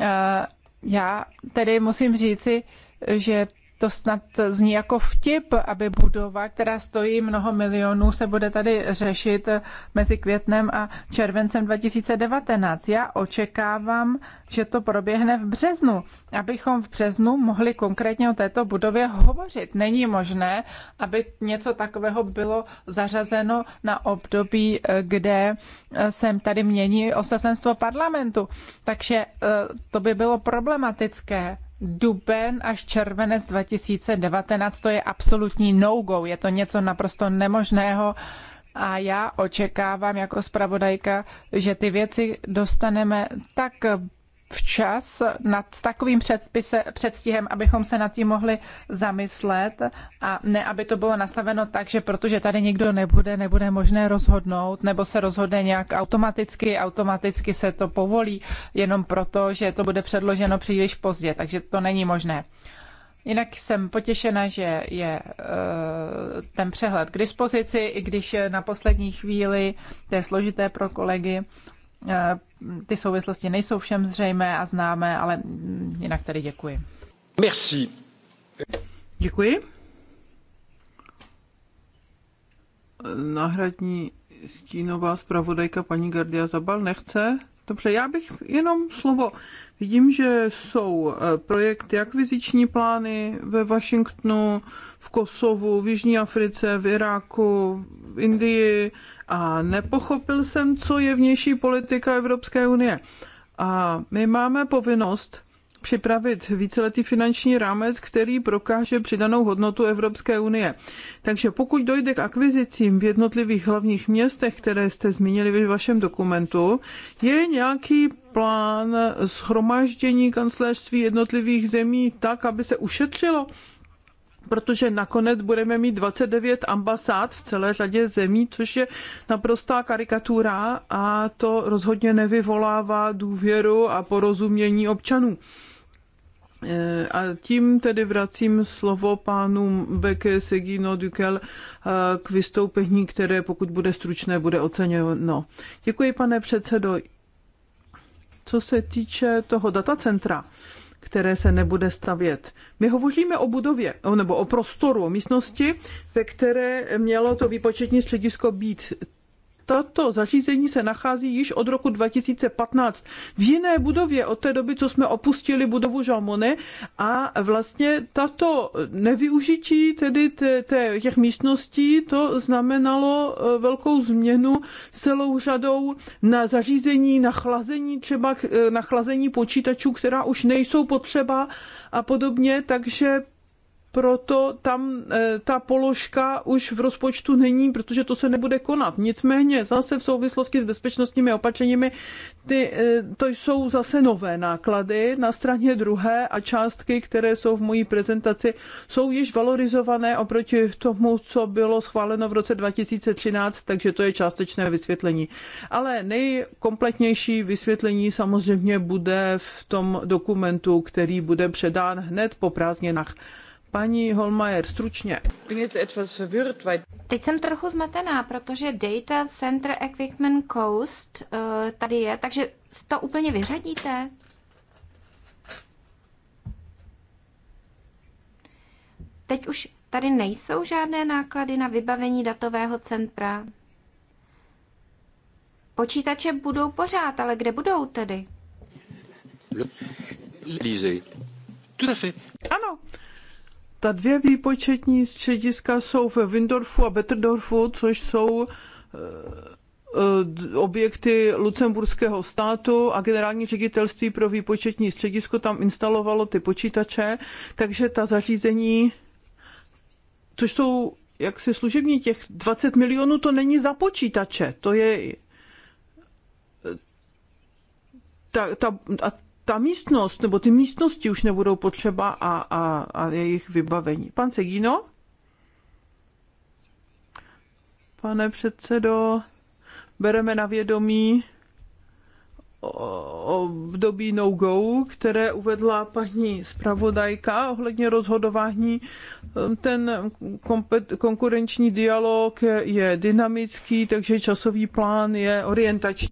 eh, já tedy musím říci, že to snad zní jako vtip, aby budova, která stojí mnoho milionů, se bude tady řešit mezi květnem a červencem 2019. Já očekávám, že to proběhne v březnu, abychom v březnu mohli konkrétně o této budově hovořit. Není možné, aby něco takového bylo zařazeno na období, kde eh, se tady mění osazenstvo parlamentu. Takže eh, to by bylo problematické duben až červenec 2019, to je absolutní no-go, je to něco naprosto nemožného a já očekávám jako zpravodajka, že ty věci dostaneme tak včas nad takovým předpise, předstihem, abychom se nad tím mohli zamyslet a ne, aby to bylo nastaveno tak, že protože tady nikdo nebude, nebude možné rozhodnout, nebo se rozhodne nějak automaticky, automaticky se to povolí jenom proto, že to bude předloženo příliš pozdě, takže to není možné. Jinak jsem potěšena, že je e, ten přehled k dispozici, i když na poslední chvíli to je složité pro kolegy, Eh, ty souvislosti nejsou všem zřejmé a známé, ale jinak tady děkuji. Merci. Děkuji. Náhradní stínová zpravodajka paní Gardia Zabal nechce? Dobře, já bych jenom slovo. Vidím, že jsou eh, projekty, akviziční plány ve Washingtonu, v Kosovu, v Jižní Africe, v Iráku, v Indii a nepochopil jsem, co je vnější politika Evropské unie. A my máme povinnost připravit víceletý finanční rámec, který prokáže přidanou hodnotu Evropské unie. Takže pokud dojde k akvizicím v jednotlivých hlavních městech, které jste zmínili ve vašem dokumentu, je nějaký plán schromáždění kancelářství jednotlivých zemí tak, aby se ušetřilo? protože nakonec budeme mít 29 ambasád v celé řadě zemí, což je naprostá karikatura a to rozhodně nevyvolává důvěru a porozumění občanů. A tím tedy vracím slovo pánu Beke Segino Dukel eh, k vystoupení, které pokud bude stručné, bude oceněno. Děkuji, pane předsedo. Co se týče toho datacentra, které se nebude stavět. My hovoříme o budově, nebo o prostoru, o místnosti, ve které mělo to výpočetní středisko být tato zařízení se nachází již od roku 2015 v jiné budově od té doby, co jsme opustili budovu Žalmone a vlastně tato nevyužití tedy těch místností, to znamenalo e, velkou změnu celou řadou na zařízení, na chlazení třeba, e, na chlazení počítačů, která už nejsou potřeba a podobně, takže proto tam eh, ta položka už v rozpočtu není, protože to se nebude konat. Nicméně zase v souvislosti s bezpečnostními opatřeními ty, eh, to jsou zase nové náklady na straně druhé a částky, které jsou v mojí prezentaci, jsou již valorizované oproti tomu, co bylo schváleno v roce 2013, takže to je částečné vysvětlení. Ale nejkompletnější vysvětlení samozřejmě bude v tom dokumentu, který bude předán hned po prázdninách. Paní Holmajer, stručně. Teď jsem trochu zmatená, protože Data Center Equipment Coast eh, tady je, takže to úplně vyřadíte? Teď už tady nejsou žádné náklady na vybavení datového centra. Počítače budou pořád, ale kde budou tedy? Lízy. Ano, ta dvě výpočetní střediska jsou ve Windorfu a Betterdorfu, což jsou eh, eh, objekty lucemburského státu a generální ředitelství pro výpočetní středisko tam instalovalo ty počítače, takže ta zařízení, což jsou jak si služební těch 20 milionů, to není za počítače, to je eh, ta, ta, a ta místnost nebo ty místnosti už nebudou potřeba a, a, a jejich vybavení. Pan Segino? Pane předsedo, bereme na vědomí období no-go, které uvedla paní zpravodajka ohledně rozhodování. Ten konkurenční dialog je dynamický, takže časový plán je orientační.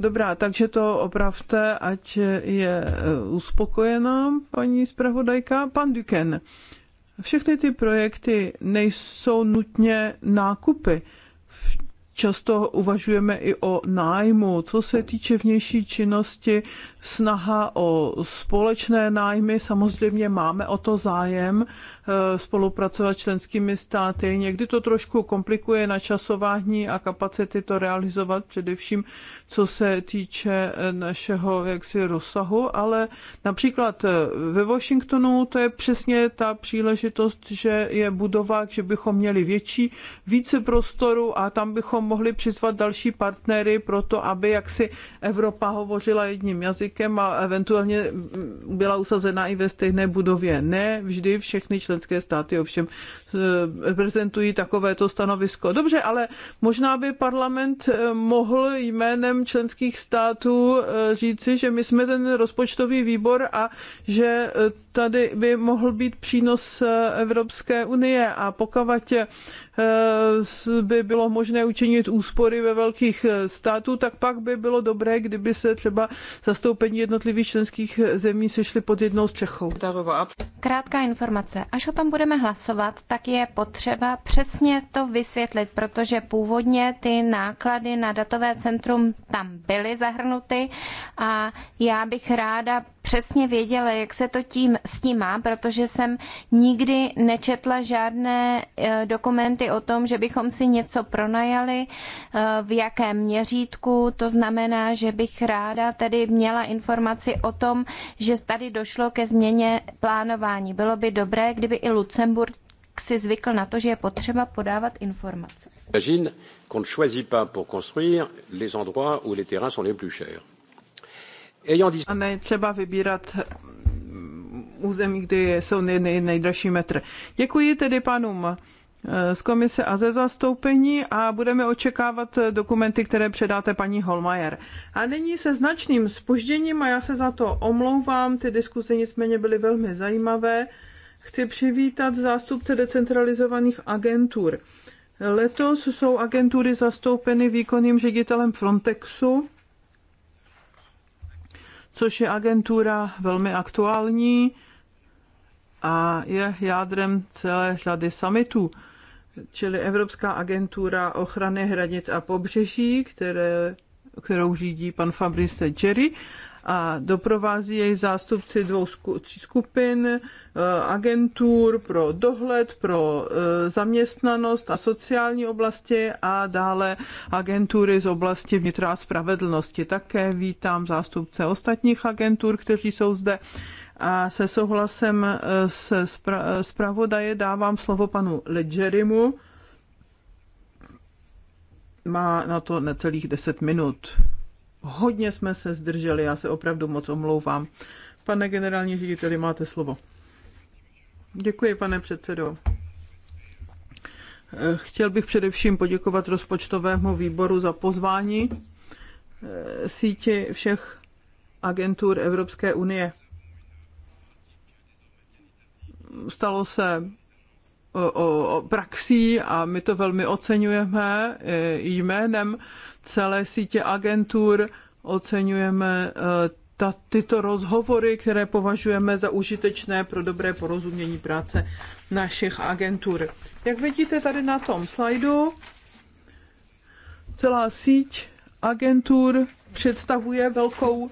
Dobrá, takže to opravte, ať je eh, uspokojená paní zpravodajka. Pan Duken, všechny ty projekty nejsou nutně nákupy. Často uvažujeme i o nájmu. Co se týče vnější činnosti, snaha o společné nájmy, samozřejmě máme o to zájem eh, spolupracovat členskými státy. Někdy to trošku komplikuje načasování a kapacity to realizovat, především co se týče eh, našeho jaksi rozsahu, ale například eh, ve Washingtonu to je přesně ta příležitost, že je budova, že bychom měli větší, více prostoru a tam bychom mohli přizvat další partnery pro to, aby jaksi Evropa hovořila jedním jazykem a eventuálně mm, byla usazena i ve stejné budově. Ne vždy všechny členské státy ovšem eh, prezentují takovéto stanovisko. Dobře, ale možná by parlament mohl jménem zájmem členských států eh, říci, že my jsme ten rozpočtový výbor a že eh, tady by mohl být přínos eh, Evropské unie a pokavať Eh, by bylo možné učinit úspory ve velkých eh, států, tak pak by bylo dobré, kdyby se třeba zastoupení jednotlivých členských eh, zemí sešly pod jednou střechou. Krátká informace. Až o tom budeme hlasovat, tak je potřeba přesně to vysvětlit, protože původně ty náklady na datové centrum tam byly zahrnuty a já bych ráda přesně věděla, jak se to tím s tím má, protože jsem nikdy nečetla žádné eh, dokumenty o tom, že bychom si něco pronajali, eh, v jakém měřítku. To znamená, že bych ráda tedy měla informaci o tom, že tady došlo ke změně plánování. Bylo by dobré, kdyby i Lucemburg si zvykl na to, že je potřeba podávat informace. Imagine qu'on ne choisit pas pour construire les endroits où les terrains sont les plus chers. A ne třeba vybírat území, kde jsou nej, nej, nejdražší metr. Děkuji tedy panům eh, z komise a ze zastoupení a budeme očekávat dokumenty, které předáte paní Holmajer. A nyní se značným spožděním, a já se za to omlouvám, ty diskuse nicméně byly velmi zajímavé, chci přivítat zástupce decentralizovaných agentur. Letos jsou agentury zastoupeny výkonným ředitelem Frontexu, což je agentura velmi aktuální a je jádrem celé řady summitů, čili Evropská agentura ochrany hranic a pobřeží, které, kterou řídí pan Fabrice Jerry a doprovází jej zástupci dvou tří skupin, eh, agentur pro dohled, pro eh, zaměstnanost a sociální oblasti a dále agentury z oblasti vnitra a spravedlnosti. Také vítám zástupce ostatních agentur, kteří jsou zde a se souhlasem eh, se zpravodaje dávám slovo panu Ledgerimu. Má na to necelých 10 minut. Hodně jsme se zdrželi, já se opravdu moc omlouvám. Pane generální řediteli, máte slovo. Děkuji, pane předsedo. Chtěl bych především poděkovat rozpočtovému výboru za pozvání eh, síti všech agentur Evropské unie. Stalo se o, o praxí a my to velmi oceňujeme eh, jménem celé sítě agentur. Oceňujeme eh, ta, tyto rozhovory, které považujeme za užitečné pro dobré porozumění práce našich agentur. Jak vidíte tady na tom slajdu, celá síť agentur představuje velkou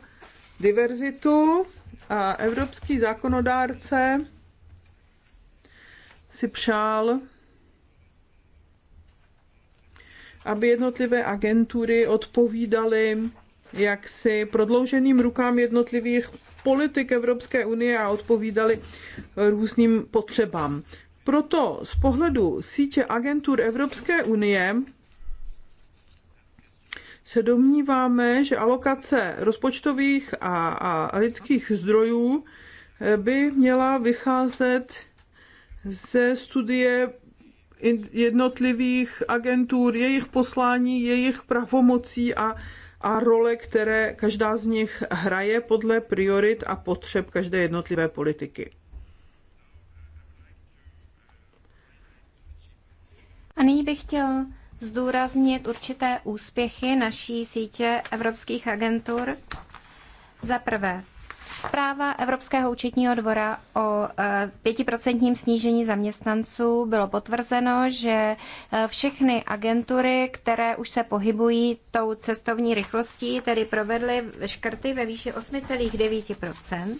diverzitu a evropský zákonodárce si přál aby jednotlivé agentury odpovídaly jaksi prodlouženým rukám jednotlivých politik Evropské unie a odpovídaly různým potřebám. Proto z pohledu sítě agentur Evropské unie se domníváme, že alokace rozpočtových a, a lidských zdrojů eh, by měla vycházet ze studie jednotlivých agentur, jejich poslání, jejich pravomocí a, a role, které každá z nich hraje podle priorit a potřeb každé jednotlivé politiky. A nyní bych chtěl zdůraznit určité úspěchy naší sítě evropských agentur. Za prvé, Zpráva Evropského účetního dvora o eh, pětiprocentním snížení zaměstnanců bylo potvrzeno, že eh, všechny agentury, které už se pohybují tou cestovní rychlostí, tedy provedly škrty ve výši 8,9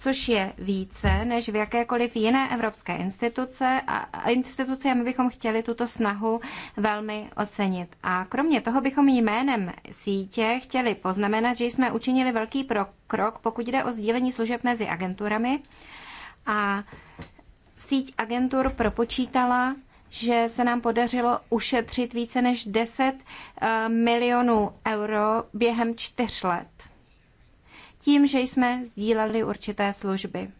což je více než v jakékoliv jiné evropské instituce a instituce, a my bychom chtěli tuto snahu velmi ocenit. A kromě toho bychom jménem sítě chtěli poznamenat, že jsme učinili velký krok, pokud jde o sdílení služeb mezi agenturami a síť agentur propočítala, že se nám podařilo ušetřit více než 10 eh, milionů euro během čtyř let tím, že jsme sdíleli určité služby.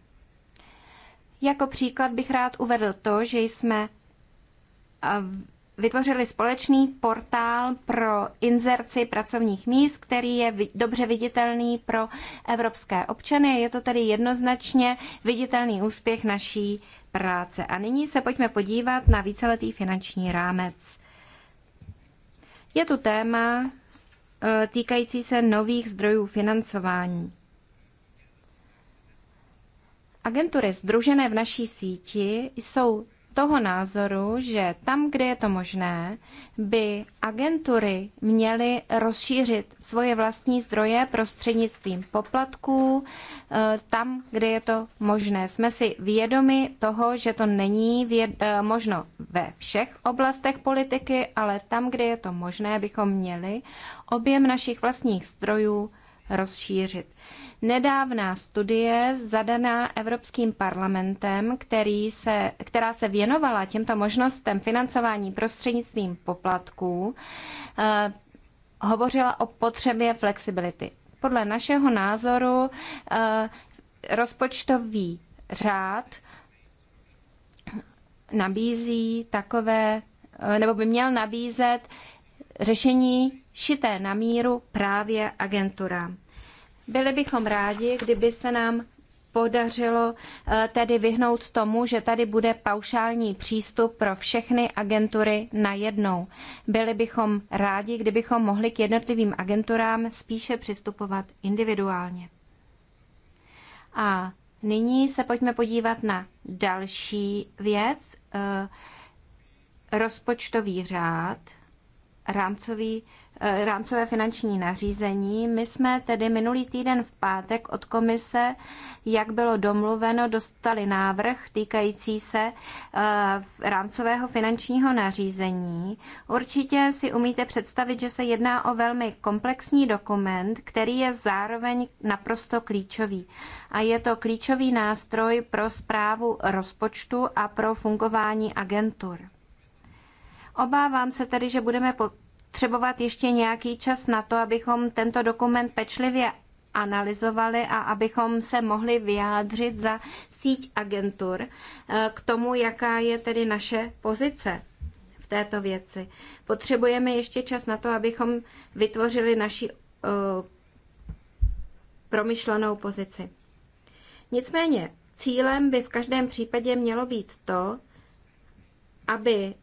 Jako příklad bych rád uvedl to, že jsme vytvořili společný portál pro inzerci pracovních míst, který je dobře viditelný pro evropské občany. Je to tedy jednoznačně viditelný úspěch naší práce. A nyní se pojďme podívat na víceletý finanční rámec. Je tu téma, Eh, týkající se nových zdrojů financování. Agentury združené v naší síti jsou toho názoru, že tam, kde je to možné, by agentury měly rozšířit svoje vlastní zdroje prostřednictvím poplatků, e, tam, kde je to možné. Jsme si vědomi toho, že to není věd, e, možno ve všech oblastech politiky, ale tam, kde je to možné, bychom měli objem našich vlastních zdrojů rozšířit. Nedávná studie zadaná Evropským parlamentem, který se, která se věnovala těmto možnostem financování prostřednictvím poplatků, eh, hovořila o potřebě flexibility. Podle našeho názoru eh, rozpočtový řád nabízí takové, eh, nebo by měl nabízet řešení šité na míru právě agenturám. Byli bychom rádi, kdyby se nám podařilo eh, tedy vyhnout tomu, že tady bude paušální přístup pro všechny agentury najednou. Byli bychom rádi, kdybychom mohli k jednotlivým agenturám spíše přistupovat individuálně. A nyní se pojďme podívat na další věc, eh, rozpočtový řád, rámcový Eh, rámcové finanční nařízení. My jsme tedy minulý týden v pátek od komise, jak bylo domluveno, dostali návrh týkající se eh, rámcového finančního nařízení. Určitě si umíte představit, že se jedná o velmi komplexní dokument, který je zároveň naprosto klíčový. A je to klíčový nástroj pro zprávu rozpočtu a pro fungování agentur. Obávám se tedy, že budeme potřebovat ještě nějaký čas na to, abychom tento dokument pečlivě analyzovali a abychom se mohli vyjádřit za síť agentur eh, k tomu, jaká je tedy naše pozice v této věci. Potřebujeme ještě čas na to, abychom vytvořili naši eh, promyšlenou pozici. Nicméně cílem by v každém případě mělo být to, aby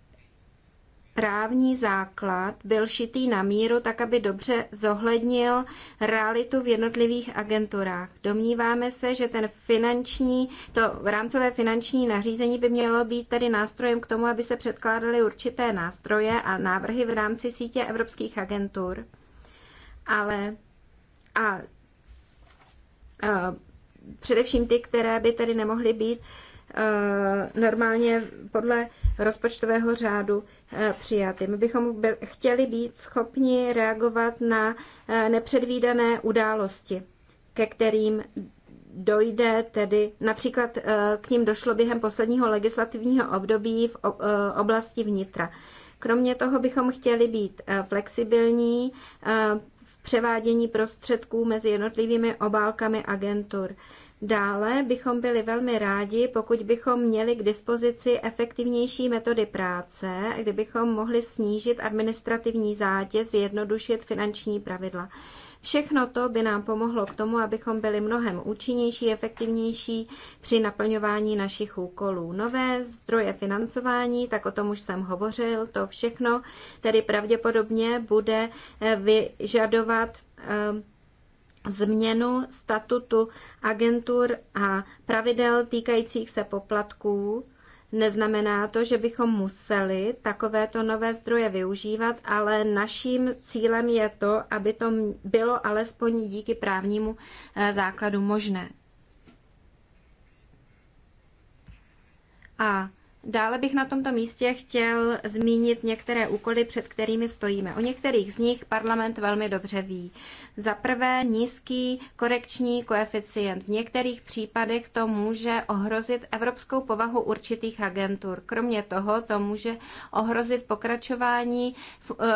právní základ byl šitý na míru, tak aby dobře zohlednil realitu v jednotlivých agenturách. Domníváme se, že ten finanční, to rámcové finanční nařízení by mělo být tedy nástrojem k tomu, aby se předkládaly určité nástroje a návrhy v rámci sítě evropských agentur. Ale a, a především ty, které by tedy nemohly být Eh, normálně podle rozpočtového řádu eh, přijaty. My bychom chtěli být schopni reagovat na eh, nepředvídané události, ke kterým dojde tedy, například k ním došlo během posledního legislativního období v oblasti vnitra. Kromě toho bychom chtěli být flexibilní v převádění prostředků mezi jednotlivými obálkami agentur. Dále bychom byli velmi rádi, pokud bychom měli k dispozici efektivnější metody práce, kdybychom mohli snížit administrativní zátěž, zjednodušit finanční pravidla. Všechno to by nám pomohlo k tomu, abychom byli mnohem účinnější, efektivnější při naplňování našich úkolů. Nové zdroje financování, tak o tom už jsem hovořil, to všechno tedy pravděpodobně bude eh, vyžadovat eh, změnu statutu agentur a pravidel týkajících se poplatků. Neznamená to, že bychom museli takovéto nové zdroje využívat, ale naším cílem je to, aby to bylo alespoň díky právnímu eh, základu možné. A Dále bych na tomto místě chtěl zmínit některé úkoly, před kterými stojíme. O některých z nich parlament velmi dobře ví. Za prvé nízký korekční koeficient. V některých případech to může ohrozit evropskou povahu určitých agentur. Kromě toho to může ohrozit pokračování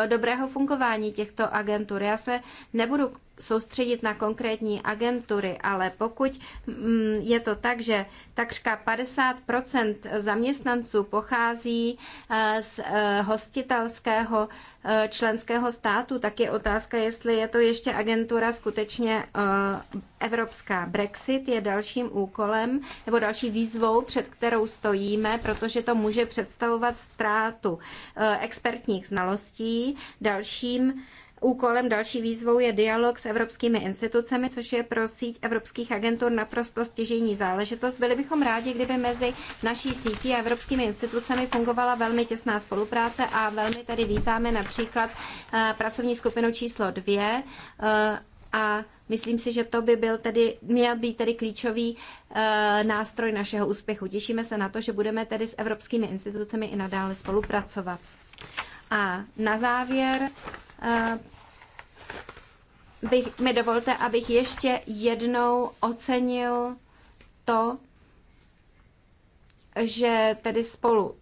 eh, dobrého fungování těchto agentur. Já se nebudu soustředit na konkrétní agentury, ale pokud mm, je to tak, že takřka 50 zaměstnanců pochází eh, z eh, hostitelského eh, členského státu, tak je otázka, jestli je to ještě agentura skutečně evropská. Brexit je dalším úkolem nebo další výzvou, před kterou stojíme, protože to může představovat ztrátu expertních znalostí. Dalším úkolem, další výzvou je dialog s evropskými institucemi, což je pro síť evropských agentur naprosto stěžení záležitost. Byli bychom rádi, kdyby mezi naší sítí a evropskými institucemi fungovala velmi těsná spolupráce a velmi tady vítáme například eh, pracovní skupinu číslo dvě eh, a myslím si, že to by byl tedy, měl být tedy klíčový eh, nástroj našeho úspěchu. Těšíme se na to, že budeme tedy s evropskými institucemi i nadále spolupracovat. A na závěr bych, mi dovolte, abych ještě jednou ocenil to, že tedy spolu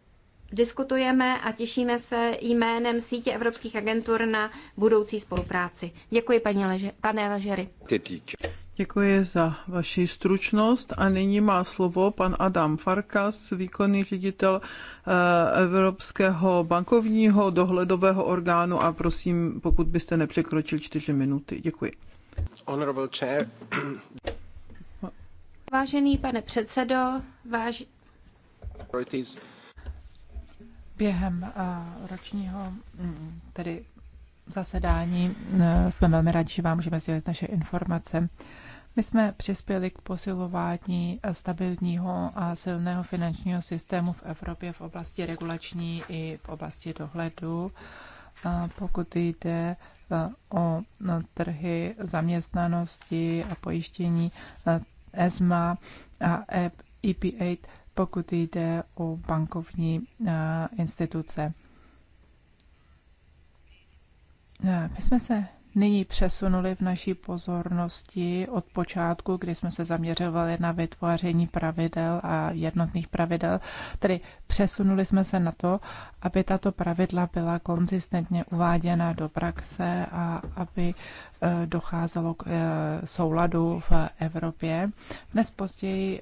diskutujeme a těšíme se jménem sítě evropských agentur na budoucí spolupráci. Děkuji, paní Leže, pane Ležery. Děkuji za vaši stručnost a nyní má slovo pan Adam Farkas, výkonný ředitel eh, Evropského bankovního dohledového orgánu a prosím, pokud byste nepřekročil čtyři minuty. Děkuji. Honorable chair. Vážený pane předsedo, váž... Během eh, ročního mm, tedy zasedání eh, jsme velmi rádi, že vám můžeme sdělit naše informace. My jsme přispěli k posilování stabilního a silného finančního systému v Evropě v oblasti regulační i v oblasti dohledu. Pokud jde o trhy zaměstnanosti a pojištění ESMA a EP8, e pokud jde o bankovní instituce. My jsme se nyní přesunuli v naší pozornosti od počátku, kdy jsme se zaměřovali na vytváření pravidel a jednotných pravidel, tedy přesunuli jsme se na to, aby tato pravidla byla konzistentně uváděna do praxe a aby e, docházelo k e, souladu v Evropě. Dnes později e,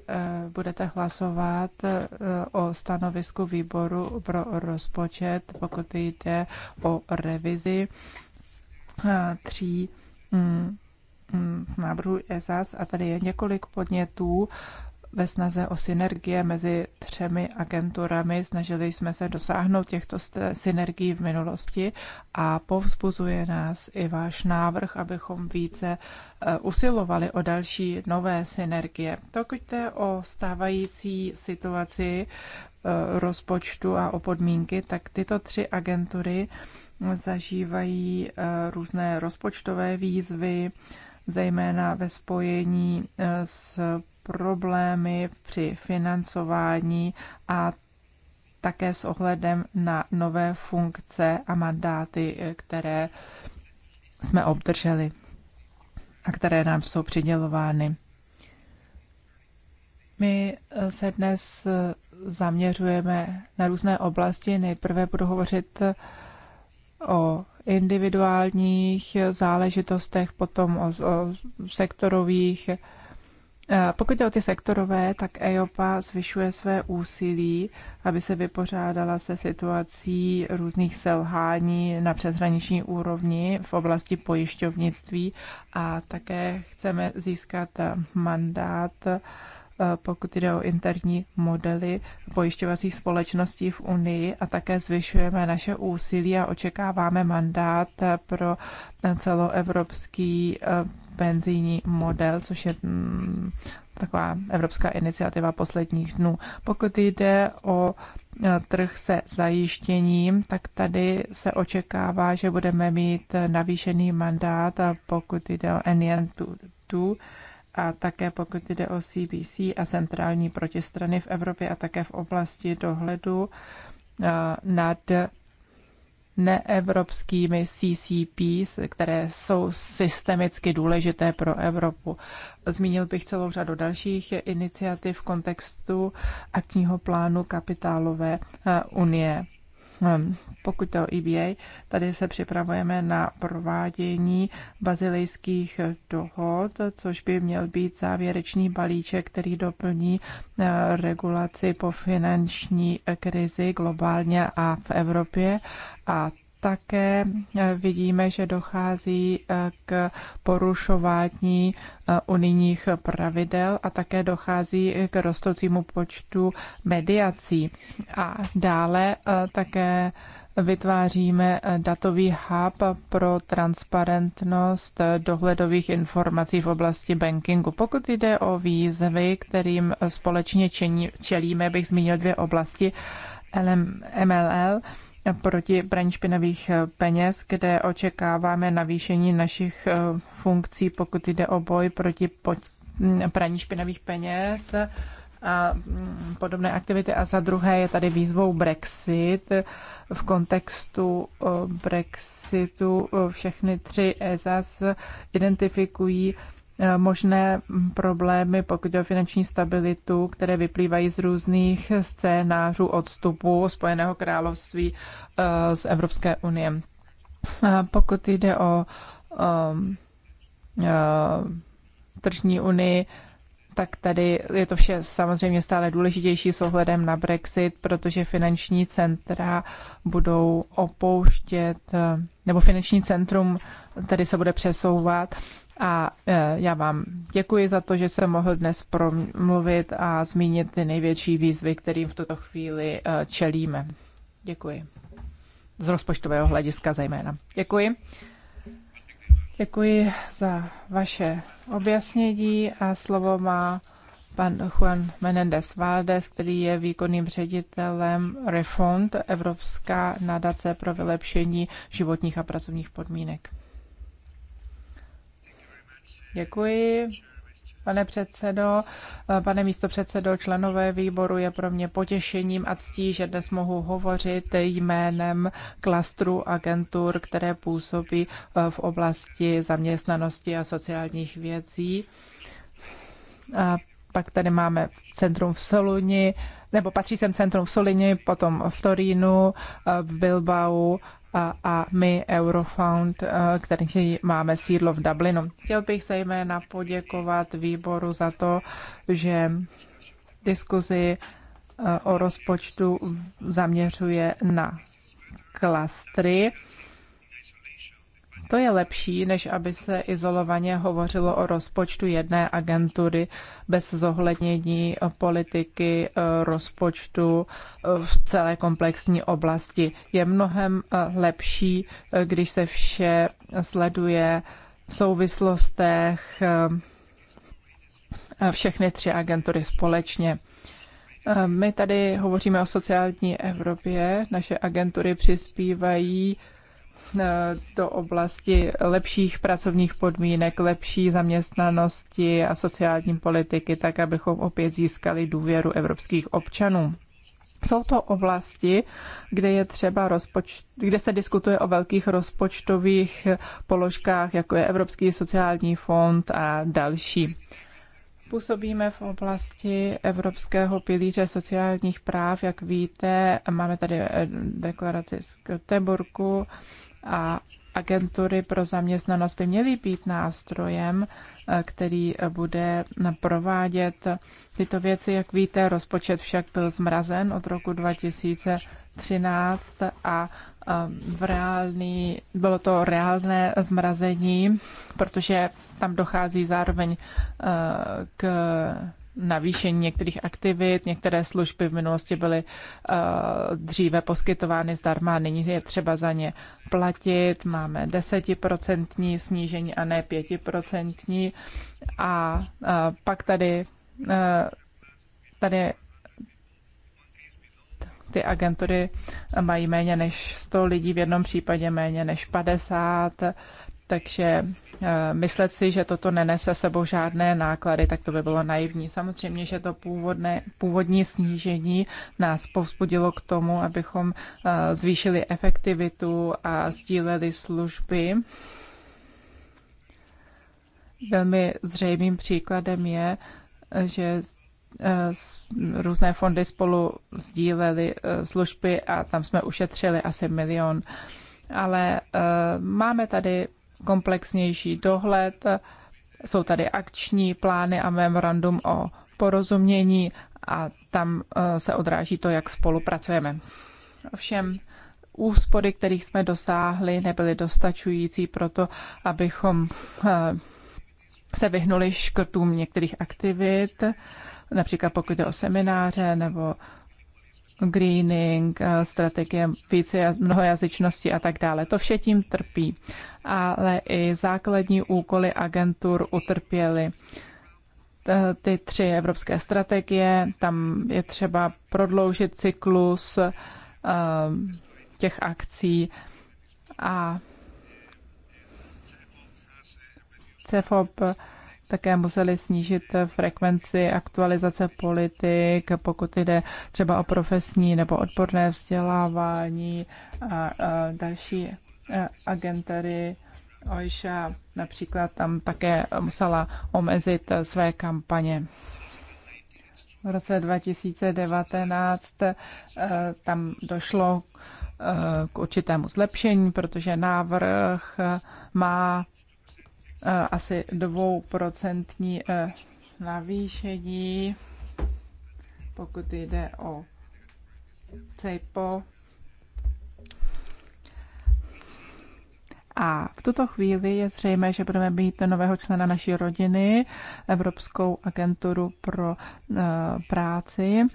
budete hlasovat o stanovisku výboru pro rozpočet, pokud jde o revizi tří mm, mm, návrhů ESAS a tady je několik podnětů ve snaze o synergie mezi třemi agenturami. Snažili jsme se dosáhnout těchto synergií v minulosti a povzbuzuje nás i váš návrh, abychom více e, usilovali o další nové synergie. Pokud jde o stávající situaci e, rozpočtu a o podmínky, tak tyto tři agentury zažívají eh, různé rozpočtové výzvy, zejména ve spojení eh, s problémy při financování a také s ohledem na nové funkce a mandáty, eh, které jsme obdrželi a které nám jsou přidělovány. My se dnes zaměřujeme na různé oblasti. Nejprve budu hovořit o individuálních záležitostech, potom o, o sektorových. E, pokud jde o ty sektorové, tak EOPA zvyšuje své úsilí, aby se vypořádala se situací různých selhání na přeshraniční úrovni v oblasti pojišťovnictví a také chceme získat mandát Eh, pokud jde o interní modely pojišťovacích společností v Unii a také zvyšujeme naše úsilí a očekáváme mandát eh, pro eh, celoevropský penzijní model, což je mm, taková evropská iniciativa posledních dnů. Pokud jde o trh se zajištěním, tak tady se očekává, že budeme mít navýšený mandát, pokud jde o NN2, a také pokud jde o CBC a centrální protistrany v Evropě a také v oblasti dohledu eh, nad neevropskými CCP, které jsou systemicky důležité pro Evropu. Zmínil bych celou řadu dalších iniciativ v kontextu akčního plánu kapitálové eh, unie. Ehm, pokud to EBA, tady se připravujeme na provádění bazilejských dohod, což by měl být závěrečný balíček, který doplní eh, regulaci po finanční eh, krizi globálně a v Evropě. A také eh, vidíme, že dochází eh, k porušování eh, unijních pravidel a také dochází k rostoucímu počtu mediací. A dále také vytváříme datový hub pro transparentnost dohledových informací v oblasti bankingu. Pokud jde o výzvy, kterým společně čelíme, bych zmínil dvě oblasti. MLL proti praní špinavých eh, peněz, kde očekáváme navýšení našich eh, funkcí, pokud jde o boj proti mm, praní špinavých peněz a mm, podobné aktivity. A za druhé je tady výzvou Brexit. V kontextu eh, Brexitu všechny tři ESAS identifikují možné mm, problémy, pokud o finanční stabilitu, které vyplývají z různých scénářů odstupu Spojeného království eh, z Evropské unie. pokud jde o um, uh, tržní unii, tak tady je to vše samozřejmě stále důležitější s ohledem na Brexit, protože finanční centra budou opouštět, eh, nebo finanční centrum tady se bude přesouvat a e, já vám děkuji za to, že jsem mohl dnes promluvit a zmínit ty největší výzvy, kterým v tuto chvíli e, čelíme. Děkuji. Z rozpočtového hlediska zejména. Děkuji. Děkuji za vaše objasnění a slovo má pan Juan Menendez Valdez, který je výkonným ředitelem Refond, Evropská nadace pro vylepšení životních a pracovních podmínek. Děkuji. Pane předsedo, pane místopředsedo, členové výboru, je pro mě potěšením a ctí, že dnes mohu hovořit jménem klastru agentur, které působí eh, v oblasti zaměstnanosti a sociálních věcí. A pak tady máme centrum v Soluni, nebo patří sem centrum v Solini, potom v Torínu, eh, v Bilbao a my Eurofound, eh, který máme sídlo v Dublinu. Chtěl bych jména poděkovat výboru za to, že diskuzi eh, o rozpočtu zaměřuje na klastry to je lepší, než aby se izolovaně hovořilo o rozpočtu jedné agentury bez zohlednění politiky eh, rozpočtu eh, v celé komplexní oblasti. Je mnohem eh, lepší, když se vše sleduje v souvislostech všechny tři agentury společně. My tady hovoříme o sociální Evropě. Naše agentury přispívají Eh, do oblasti lepších pracovních podmínek, lepší zaměstnanosti a sociální politiky, tak abychom opět získali důvěru evropských občanů. Jsou to oblasti, kde je třeba rozpoč- kde se diskutuje o velkých rozpočtových položkách, jako je Evropský sociální fond a další. Působíme v oblasti Evropského pilíře sociálních práv, jak víte. Máme tady eh, deklaraci z Göteborgu a agentury pro zaměstnanost by měly být nástrojem, eh, který bude provádět tyto věci. Jak víte, rozpočet však byl zmrazen od roku 2013 a eh, v reálný, bylo to reálné zmrazení, protože tam dochází zároveň eh, k navýšení některých aktivit, některé služby v minulosti byly uh, dříve poskytovány zdarma, nyní je třeba za ně platit, máme desetiprocentní snížení a ne pětiprocentní a uh, pak tady, uh, tady ty agentury mají méně než 100 lidí, v jednom případě méně než 50, takže Eh, myslet si, že toto nenese sebou žádné náklady, tak to by bylo naivní. Samozřejmě, že to původné, původní snížení nás povzbudilo k tomu, abychom eh, zvýšili efektivitu a sdíleli služby. Velmi zřejmým příkladem je, eh, že různé fondy spolu sdílely služby a tam jsme ušetřili asi milion. Ale máme tady komplexnější dohled, jsou tady akční plány a memorandum o porozumění a tam eh, se odráží to, jak spolupracujeme. Ovšem, úspory, kterých jsme dosáhli, nebyly dostačující to, abychom eh, se vyhnuli škrtům některých aktivit, například pokud jde o semináře nebo greening, eh, strategie více mnohojazyčnosti a tak dále. To vše tím trpí ale i základní úkoly agentur utrpěly ty tři evropské strategie, tam je třeba prodloužit cyklus ehm, těch akcí a CFOP také museli snížit frekvenci aktualizace politik, pokud jde třeba o profesní nebo odborné vzdělávání a další agentury Ojša například tam také musela omezit své kampaně. V roce 2019 eh, tam došlo eh, k určitému zlepšení, protože návrh eh, má asi dvouprocentní navýšení, pokud jde o CEPO A v tuto chvíli je zřejmé, že budeme mít nového člena naší rodiny, Evropskou agenturu pro eh, práci.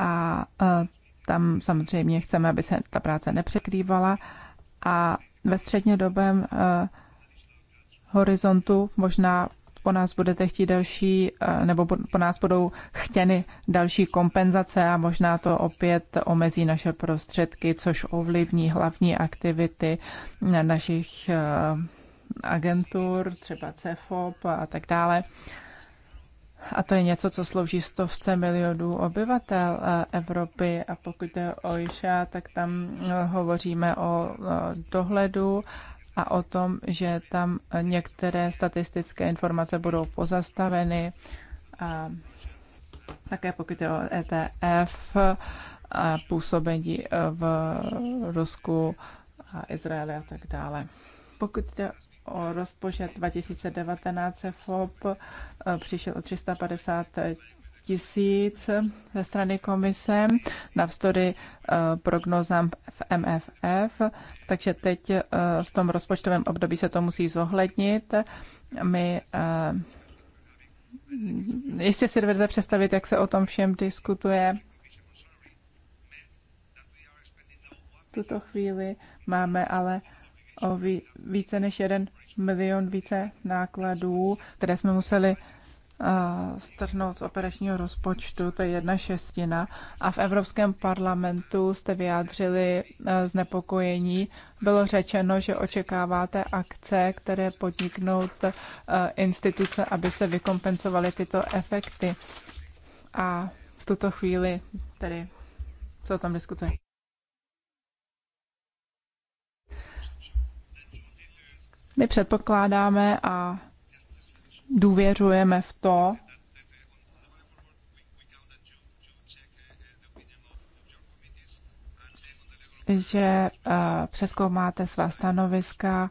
A eh, tam samozřejmě chceme, aby se ta práce nepřekrývala. A ve střednědobém eh, horizontu možná po nás budete chtít další, eh, nebo po nás budou chtěny další kompenzace a možná to opět omezí naše prostředky, což ovlivní hlavní aktivity našich eh, agentur, třeba CEFOP a tak dále. A to je něco, co slouží stovce milionů obyvatel eh, Evropy. A pokud je o IŠA, tak tam hovoříme o dohledu a o tom, že tam některé statistické informace budou pozastaveny. A také pokud je o ETF a působení v Rusku a Izraeli a tak dále. Pokud jde o rozpočet 2019, FOP e, přišel o 350 tisíc ze strany komise navzdory eh, prognozám v MFF, takže teď eh, v tom rozpočtovém období se to musí zohlednit. My eh, jistě si dovedete představit, jak se o tom všem diskutuje. V tuto chvíli máme ale o více než jeden milion více nákladů, které jsme museli strhnout z operačního rozpočtu, to je jedna šestina. A v Evropském parlamentu jste vyjádřili znepokojení. Bylo řečeno, že očekáváte akce, které podniknout instituce, aby se vykompenzovaly tyto efekty. A v tuto chvíli tedy co tam diskutuje? My předpokládáme a důvěřujeme v to, že eh, přeskoumáte svá stanoviska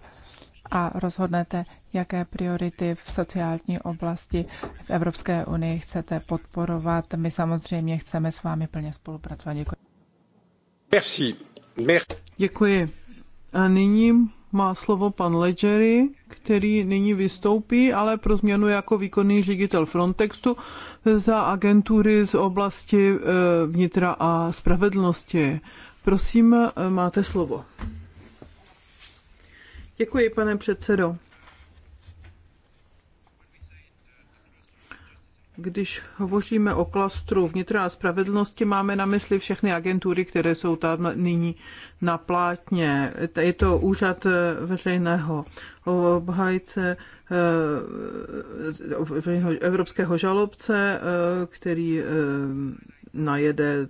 a rozhodnete, jaké priority v sociální oblasti v Evropské unii chcete podporovat. My samozřejmě chceme s vámi plně spolupracovat. Děkuji. Merci. Merci. Děkuji. A nyní má slovo pan Ledgery který nyní vystoupí, ale pro změnu jako výkonný ředitel Frontextu za agentury z oblasti eh, vnitra a spravedlnosti. Prosím, eh, máte slovo. Děkuji, pane předsedo. když hovoříme o klastru vnitra a spravedlnosti, máme na mysli všechny agentury, které jsou tam nyní na plátně. Je to úřad eh, veřejného obhajce, eh, evropského žalobce, eh, který najede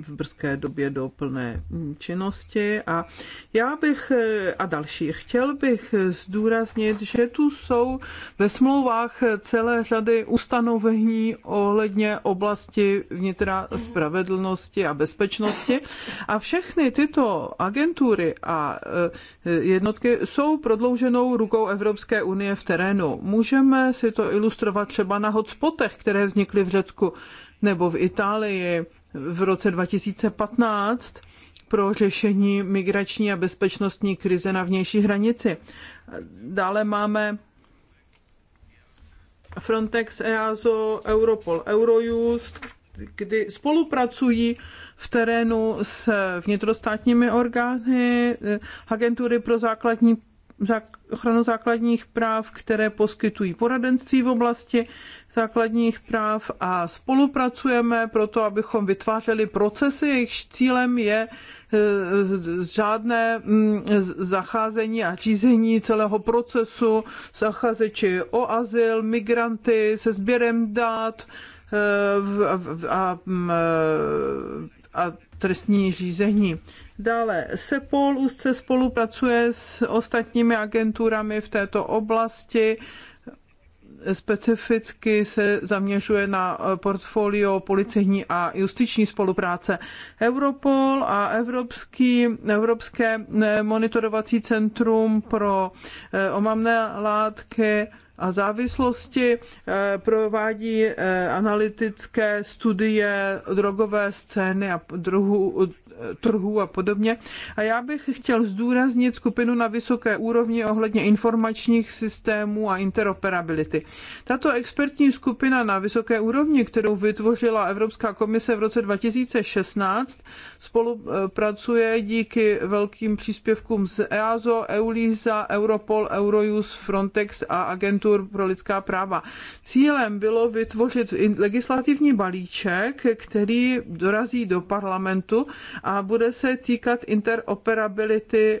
v brzké době do plné činnosti. A já bych, a další, chtěl bych zdůraznit, že tu jsou ve smlouvách celé řady ustanovení ohledně oblasti vnitra spravedlnosti a bezpečnosti. A všechny tyto agentury a eh, jednotky jsou prodlouženou rukou Evropské unie v terénu. Můžeme si to ilustrovat třeba na hotspotech, které vznikly v Řecku nebo v Itálii v roce 2015 pro řešení migrační a bezpečnostní krize na vnější hranici. Dále máme Frontex, EASO, Europol, Eurojust, kdy spolupracují v terénu s vnitrostátními orgány, eh, agentury pro základní ochranu základních práv, které poskytují poradenství v oblasti základních práv a spolupracujeme proto, abychom vytvářeli procesy, jejichž cílem je eh, žádné mm, zacházení a řízení celého procesu zachazeči o azyl, migranty se sběrem dát eh, a, mm, eh, a trestní řízení. Dále SEPOL úzce spolupracuje s ostatními agenturami v této oblasti specificky se zaměřuje na eh, portfolio policejní a justiční spolupráce. Europol a Evropský, Evropské eh, monitorovací centrum pro eh, omamné látky a závislosti provádí analytické studie drogové scény a druhu, trhů a podobně. A já bych chtěl zdůraznit skupinu na vysoké úrovni ohledně informačních systémů a interoperability. Tato expertní skupina na vysoké úrovni, kterou vytvořila Evropská komise v roce 2016, spolupracuje díky velkým příspěvkům z EASO, EULISA, Europol, Eurojust, Frontex a agentur pro lidská práva. Cílem bylo vytvořit legislativní balíček, který dorazí do parlamentu a a bude se týkat interoperability eh,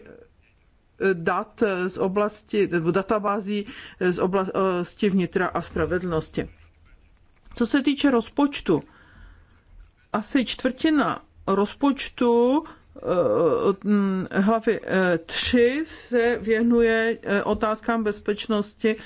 dat z oblasti, nebo databází eh, z oblasti eh, vnitra a spravedlnosti. Co se týče rozpočtu, asi čtvrtina rozpočtu mm, hlavy 3 se věnuje otázkám bezpečnosti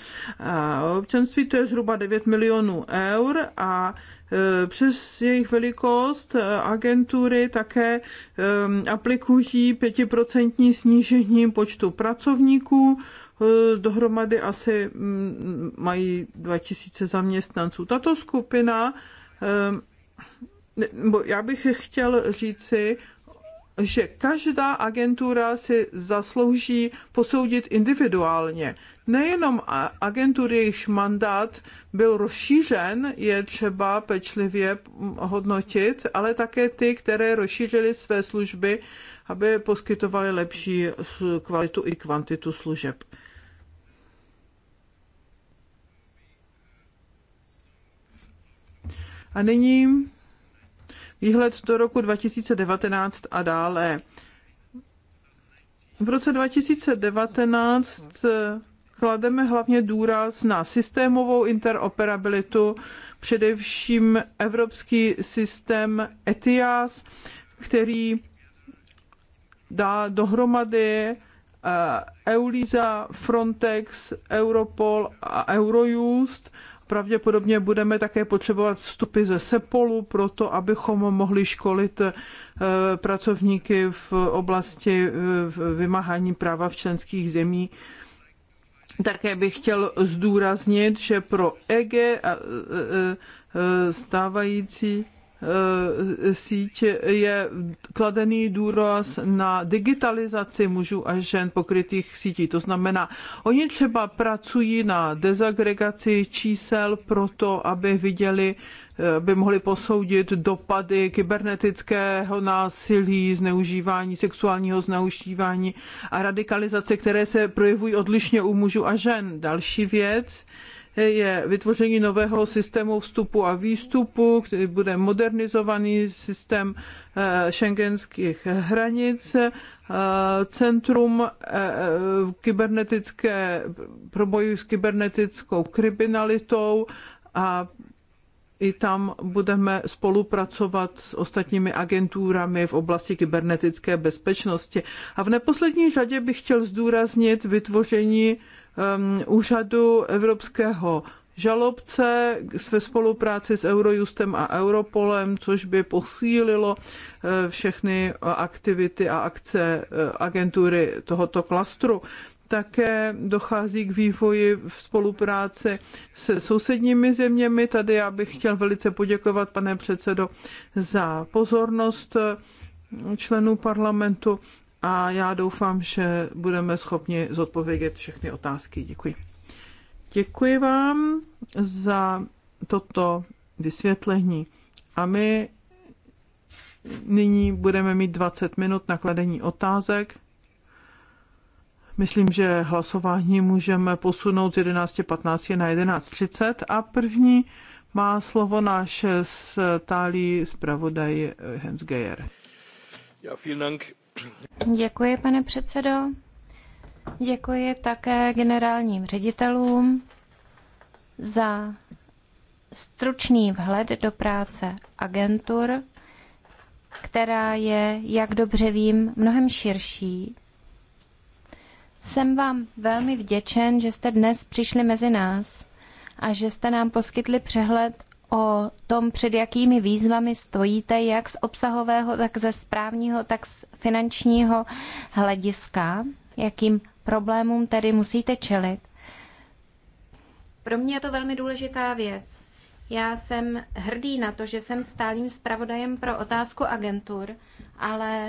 občanství, to je zhruba 9 milionů eur a Eh, přes jejich velikost eh, agentury také ehm, aplikují pětiprocentní snížení počtu pracovníků, eh, dohromady asi mm, mají 2000 zaměstnanců. Tato skupina, ehm, já bych chtěl říci, že každá agentura si zaslouží posoudit individuálně. Nejenom agentury, jejichž mandát byl rozšířen, je třeba pečlivě hodnotit, ale také ty, které rozšířily své služby, aby poskytovaly lepší kvalitu i kvantitu služeb. A nyní výhled do roku 2019 a dále. V roce 2019 klademe hlavně důraz na systémovou interoperabilitu, především evropský systém ETIAS, který dá dohromady eh, EULISA, Frontex, Europol a Eurojust. Pravděpodobně budeme také potřebovat vstupy ze SEPOLu pro to, abychom mohli školit eh, pracovníky v oblasti eh, vymáhání práva v členských zemí také bych chtěl zdůraznit, že pro EG a e, e, stávající e, síť je kladený důraz na digitalizaci mužů a žen pokrytých sítí. To znamená, oni třeba pracují na dezagregaci čísel proto, aby viděli, Eh, by mohli posoudit dopady kybernetického násilí, zneužívání, sexuálního zneužívání a radikalizace, které se projevují odlišně u mužů a žen. Další věc je vytvoření nového systému vstupu a výstupu, který bude modernizovaný systém šengenských eh, hranic, eh, centrum kybernetické, pro boj s kybernetickou kriminalitou a i tam budeme spolupracovat s ostatními agenturami v oblasti kybernetické bezpečnosti. A v neposlední řadě bych chtěl zdůraznit vytvoření um, úřadu evropského žalobce ve spolupráci s Eurojustem a Europolem, což by posílilo uh, všechny aktivity a akce uh, agentury tohoto klastru. Také dochází k vývoji v spolupráci se sousedními zeměmi. Tady já bych chtěl velice poděkovat, pane předsedo, za pozornost členů parlamentu a já doufám, že budeme schopni zodpovědět všechny otázky. Děkuji. Děkuji vám za toto vysvětlení. A my nyní budeme mít 20 minut na kladení otázek. Myslím, že hlasování můžeme posunout z 11.15 na 11.30 a první má slovo náš stálý zpravodaj Hans Geier. Děkuji, pane předsedo. Děkuji také generálním ředitelům za stručný vhled do práce agentur, která je, jak dobře vím, mnohem širší jsem vám velmi vděčen, že jste dnes přišli mezi nás a že jste nám poskytli přehled o tom, před jakými výzvami stojíte, jak z obsahového, tak ze správního, tak z finančního hlediska, jakým problémům tedy musíte čelit. Pro mě je to velmi důležitá věc. Já jsem hrdý na to, že jsem stálým zpravodajem pro otázku agentur, ale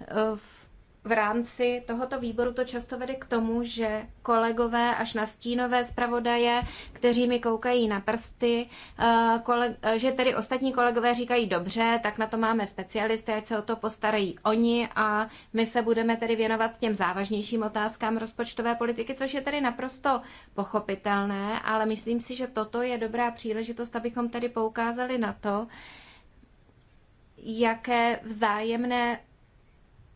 eh, v v rámci tohoto výboru to často vede k tomu, že kolegové až na stínové zpravodaje, kteří mi koukají na prsty, eh, koleg, eh, že tedy ostatní kolegové říkají dobře, tak na to máme specialisty, ať se o to postarají oni a my se budeme tedy věnovat těm závažnějším otázkám rozpočtové politiky, což je tedy naprosto pochopitelné, ale myslím si, že toto je dobrá příležitost, abychom tedy poukázali na to, jaké vzájemné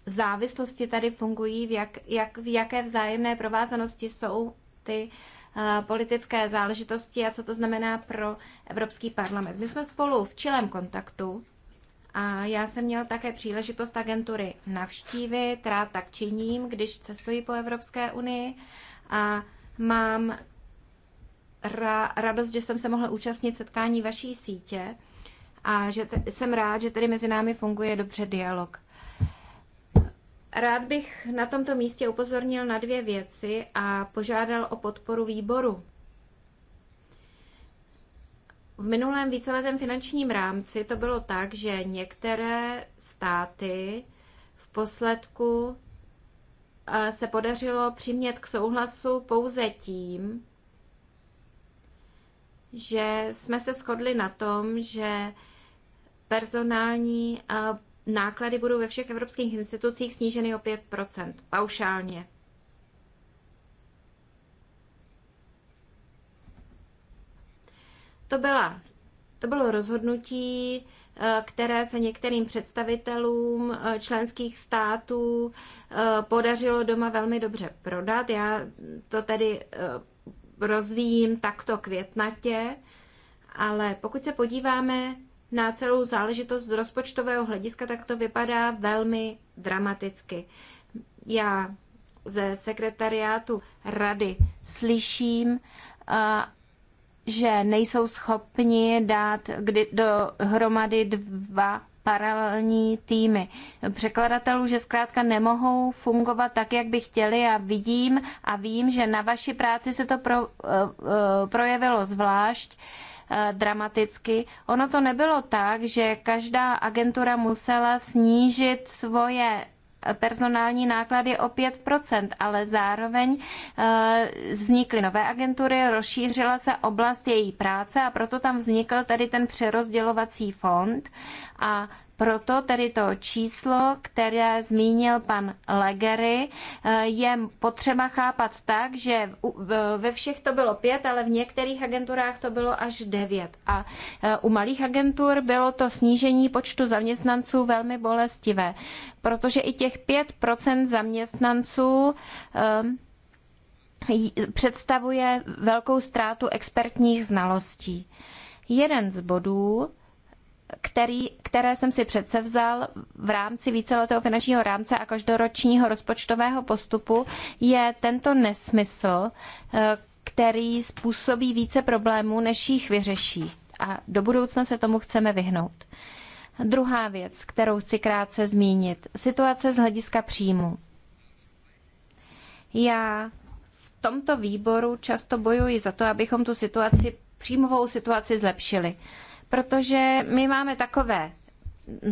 závislosti tady fungují, v, jak, jak, v jaké vzájemné provázanosti jsou ty eh, politické záležitosti a co to znamená pro Evropský parlament. My jsme spolu v čilém kontaktu a já jsem měl také příležitost agentury navštívit, rád tak činím, když cestuji po Evropské unii a mám ra- radost, že jsem se mohla účastnit setkání vaší sítě a že jsem rád, že tedy mezi námi funguje dobře dialog. Rád bych na tomto místě upozornil na dvě věci a požádal o podporu výboru. V minulém víceletém finančním rámci to bylo tak, že některé státy v posledku eh, se podařilo přimět k souhlasu pouze tím, že jsme se shodli na tom, že personální eh, náklady budou ve všech evropských institucích sníženy o 5 paušálně. To, byla, to bylo rozhodnutí, eh, které se některým představitelům eh, členských států eh, podařilo doma velmi dobře prodat. Já to tedy rozvíjím takto květnatě, ale pokud se podíváme na celou záležitost z rozpočtového hlediska, tak to vypadá velmi dramaticky. Já ze sekretariátu rady slyším, že nejsou schopni dát kdy, dohromady dva paralelní týmy překladatelů, že zkrátka nemohou fungovat tak, jak by chtěli a vidím a vím, že na vaší práci se to pro, e, e, projevilo zvlášť. Uh, Eh, dramaticky. Ono to nebylo tak, že každá agentura musela snížit svoje personální náklady o 5%, ale zároveň eh, vznikly nové agentury, rozšířila se oblast její práce a proto tam vznikl tady ten přerozdělovací fond a proto tedy to číslo, které zmínil pan Legery, eh, je potřeba chápat tak, že ve všech to bylo pět, ale v některých agenturách to bylo až devět. A eh, u malých agentur bylo to snížení počtu zaměstnanců velmi bolestivé, protože i těch pět procent zaměstnanců eh, představuje velkou ztrátu expertních znalostí. Jeden z bodů, který, které jsem si předsevzal v rámci víceletého finančního rámce a každoročního rozpočtového postupu, je tento nesmysl, eh, který způsobí více problémů, než jich vyřeší. A do budoucna se tomu chceme vyhnout. Druhá věc, kterou chci krátce zmínit, situace z hlediska příjmu. Já v tomto výboru často bojuji za to, abychom tu situaci, příjmovou situaci zlepšili protože my máme takové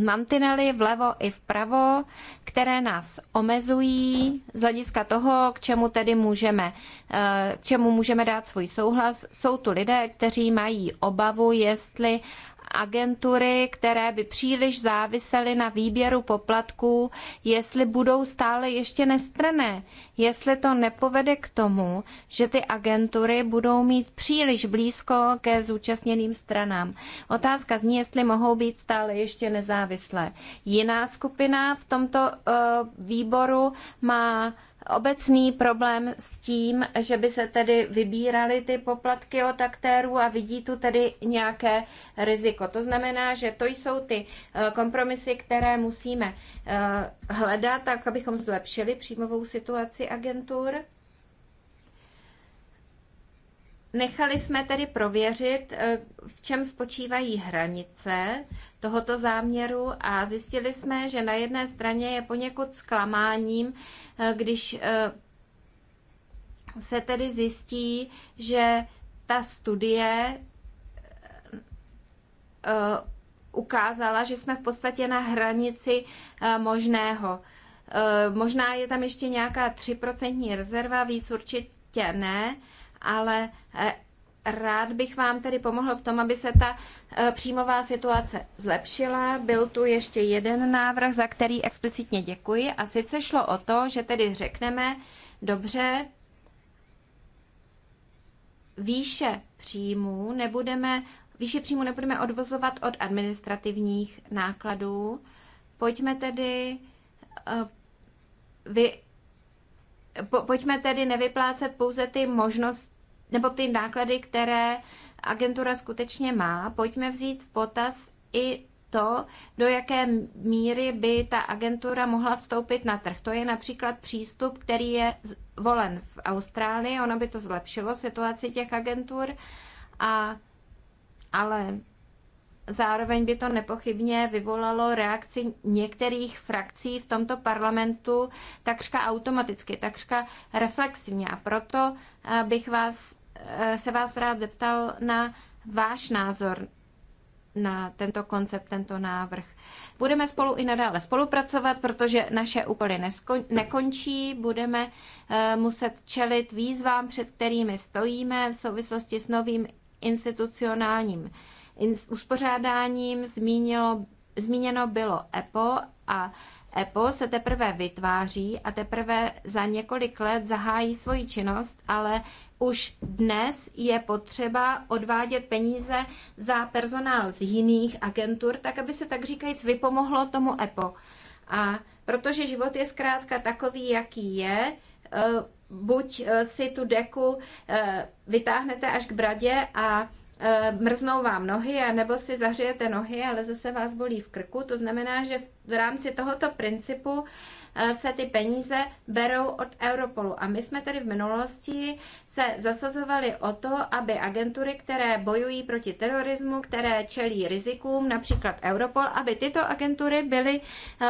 mantinely vlevo i vpravo, které nás omezují z hlediska toho, k čemu tedy můžeme, eh, k čemu můžeme dát svůj souhlas. Jsou tu lidé, kteří mají obavu, jestli agentury, které by příliš závisely na výběru poplatků, jestli budou stále ještě nestrané, jestli to nepovede k tomu, že ty agentury budou mít příliš blízko ke zúčastněným stranám. Otázka zní, jestli mohou být stále ještě nezávislé. Jiná skupina v tomto eh, výboru má obecný problém s tím, že by se tedy vybíraly ty poplatky od aktérů a vidí tu tedy nějaké riziko. To znamená, že to jsou ty eh, kompromisy, které musíme eh, hledat, tak abychom zlepšili příjmovou situaci agentur. Nechali jsme tedy prověřit, eh, v čem spočívají hranice tohoto záměru a zjistili jsme, že na jedné straně je poněkud zklamáním, eh, když eh, se tedy zjistí, že ta studie ukázala, že jsme v podstatě na hranici možného. Možná je tam ještě nějaká 3% rezerva, víc určitě ne ale eh, rád bych vám tedy pomohl v tom, aby se ta eh, příjmová situace zlepšila. Byl tu ještě jeden návrh, za který explicitně děkuji, a sice šlo o to, že tedy řekneme, dobře, výše příjmů nebudeme, výše příjmu nebudeme odvozovat od administrativních nákladů. Pojďme tedy eh, vy, po, pojďme tedy nevyplácet pouze ty možnost, nebo ty náklady, které agentura skutečně má, pojďme vzít v potaz i to, do jaké míry by ta agentura mohla vstoupit na trh. To je například přístup, který je volen v Austrálii, ono by to zlepšilo situaci těch agentur, a, ale zároveň by to nepochybně vyvolalo reakci některých frakcí v tomto parlamentu takřka automaticky, takřka reflexivně. A proto eh, bych vás Eh, se vás rád zeptal na váš názor na tento koncept, tento návrh. Budeme spolu i nadále spolupracovat, protože naše úkoly nekončí. Budeme eh, muset čelit výzvám, před kterými stojíme v souvislosti s novým institucionálním uspořádáním. Zmínilo, zmíněno bylo EPO a EPO se teprve vytváří a teprve za několik let zahájí svoji činnost, ale už dnes je potřeba odvádět peníze za personál z jiných agentur, tak aby se tak říkajíc vypomohlo tomu EPO. A protože život je zkrátka takový, jaký je, eh, buď eh, si tu deku eh, vytáhnete až k bradě a mrznou vám nohy, nebo si zahřejete nohy, ale zase vás bolí v krku. To znamená, že v rámci tohoto principu Eh, se ty peníze berou od Europolu. A my jsme tedy v minulosti se zasazovali o to, aby agentury, které bojují proti terorismu, které čelí rizikům, například Europol, aby tyto agentury byly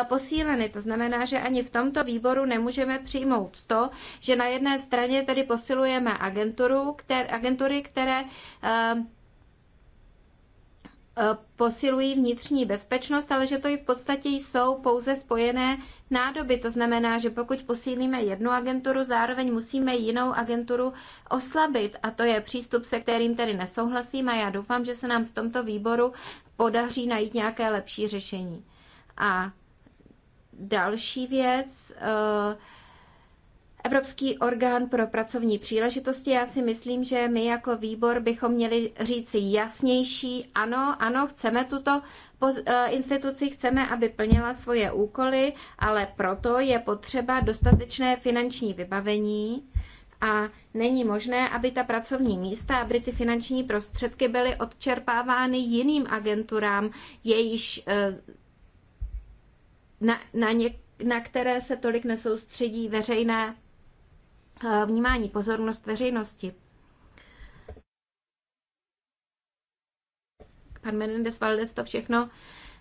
eh, posíleny. To znamená, že ani v tomto výboru nemůžeme přijmout to, že na jedné straně tedy posilujeme agenturu, které, agentury, které eh, Eh, posilují vnitřní bezpečnost, ale že to i v podstatě jsou pouze spojené nádoby. To znamená, že pokud posílíme jednu agenturu, zároveň musíme jinou agenturu oslabit. A to je přístup, se kterým tedy nesouhlasím a já doufám, že se nám v tomto výboru podaří najít nějaké lepší řešení. A další věc, uh, Evropský orgán pro pracovní příležitosti. Já si myslím, že my jako výbor bychom měli říci jasnější, ano, ano, chceme tuto eh, instituci, chceme, aby plnila svoje úkoly, ale proto je potřeba dostatečné finanční vybavení a není možné, aby ta pracovní místa, aby ty finanční prostředky byly odčerpávány jiným agenturám, jejíž eh, na, na, něk, na které se tolik nesoustředí veřejné Eh, vnímání, pozornost veřejnosti. Pan Menendez Valdez to všechno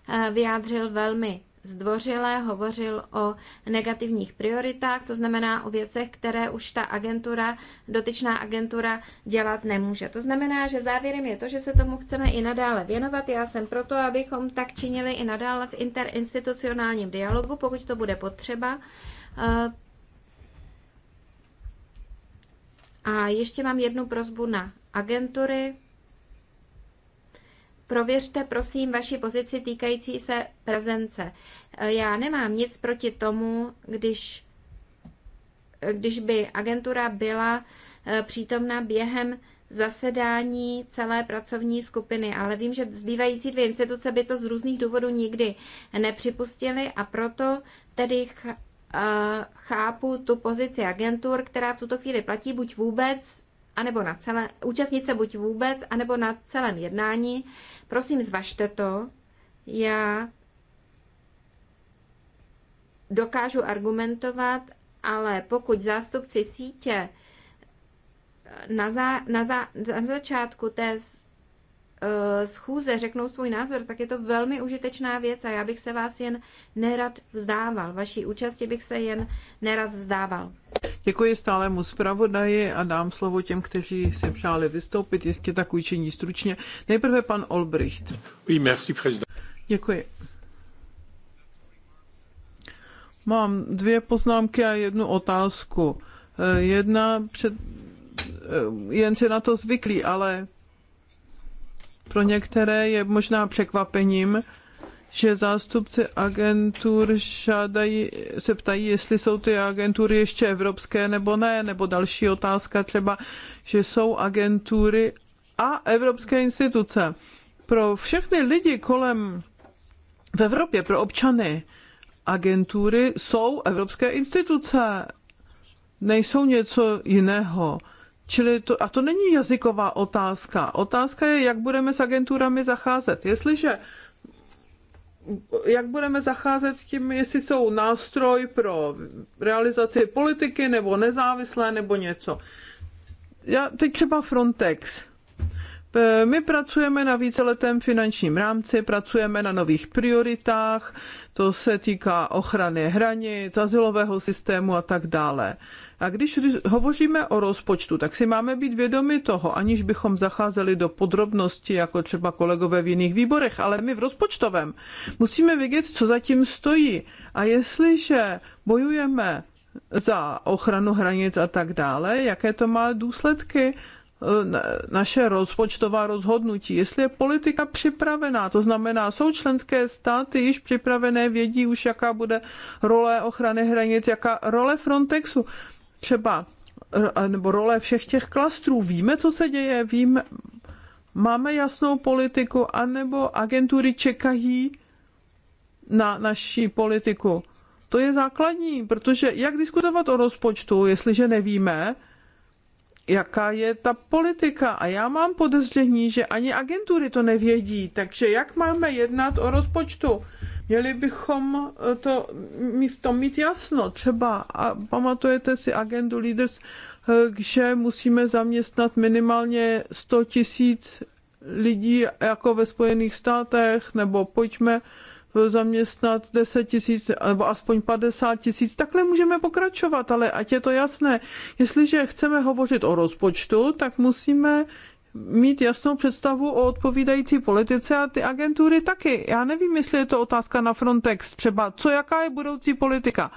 eh, vyjádřil velmi zdvořile, hovořil o negativních prioritách, to znamená o věcech, které už ta agentura, dotyčná agentura dělat nemůže. To znamená, že závěrem je to, že se tomu chceme i nadále věnovat. Já jsem proto, abychom tak činili i nadále v interinstitucionálním dialogu, pokud to bude potřeba eh, A ještě mám jednu prozbu na agentury. Prověřte prosím vaši pozici týkající se prezence. Já nemám nic proti tomu, když, když by agentura byla eh, přítomna během zasedání celé pracovní skupiny, ale vím, že zbývající dvě instituce by to z různých důvodů nikdy nepřipustili, a proto tedy chápu tu pozici agentur, která v tuto chvíli platí buď vůbec, anebo na celé, účastnice, buď vůbec, anebo na celém jednání. Prosím, zvažte to. Já dokážu argumentovat, ale pokud zástupci sítě na, za, na, za, na začátku té Eh, schůze řeknou svůj názor, tak je to velmi užitečná věc a já bych se vás jen nerad vzdával. Vaší účasti bych se jen nerad vzdával. Děkuji stálemu zpravodaji a dám slovo těm, kteří se přáli vystoupit, jistě tak učiní stručně. Nejprve pan Olbricht. Oui, merci, prezident. Děkuji. Mám dvě poznámky a jednu otázku. Eh, jedna před, eh, jen se na to zvyklí, ale pro některé je možná překvapením, že zástupci agentur žádají, se ptají, jestli jsou ty agentury ještě evropské nebo ne, nebo další otázka třeba, že jsou agentury a evropské instituce. Pro všechny lidi kolem v Evropě, pro občany, agentury jsou evropské instituce, nejsou něco jiného. Čili to, a to není jazyková otázka. Otázka je, jak budeme s agenturami zacházet. Jestliže jak budeme zacházet s tím, jestli jsou nástroj pro realizaci politiky nebo nezávislé nebo něco. Já, teď třeba Frontex. My pracujeme na víceletém finančním rámci, pracujeme na nových prioritách, to se týká ochrany hranic, azylového systému a tak dále. A když hovoříme o rozpočtu, tak si máme být vědomi toho, aniž bychom zacházeli do podrobností, jako třeba kolegové v jiných výborech, ale my v rozpočtovém musíme vědět, co zatím stojí. A jestliže bojujeme za ochranu hranic a tak dále, jaké to má důsledky e, naše rozpočtová rozhodnutí, jestli je politika připravená, to znamená, jsou členské státy již připravené, vědí už, jaká bude role ochrany hranic, jaká role Frontexu třeba nebo role všech těch klastrů. Víme, co se děje, víme, máme jasnou politiku, anebo agentury čekají na naši politiku. To je základní, protože jak diskutovat o rozpočtu, jestliže nevíme, jaká je ta politika. A já mám podezření, že ani agentury to nevědí. Takže jak máme jednat o rozpočtu? Měli bychom eh, to, v tom mít jasno. Třeba a pamatujete si agendu Leaders, eh, že musíme zaměstnat minimálně 100 tisíc lidí jako ve Spojených státech, nebo pojďme eh, zaměstnat 10 tisíc nebo aspoň 50 tisíc. Takhle můžeme pokračovat, ale ať je to jasné. Jestliže chceme hovořit o rozpočtu, tak musíme mít jasnou představu o odpovídající politice a ty agentury taky. Já nevím, jestli je to otázka na Frontex třeba, co jaká je budoucí politika.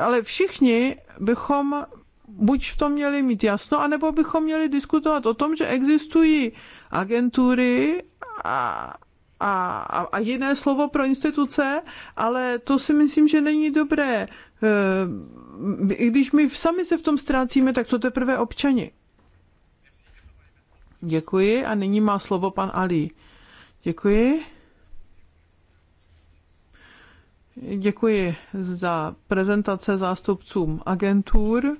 Ale všichni bychom buď v tom měli mít jasno, anebo bychom měli diskutovat o tom, že existují agentury a, a, a jiné slovo pro instituce, ale to si myslím, že není dobré. Ehm, I když my sami se v tom ztrácíme, tak co teprve občani? Děkuji a nyní má slovo pan Ali. Děkuji. Děkuji za prezentace zástupcům agentur.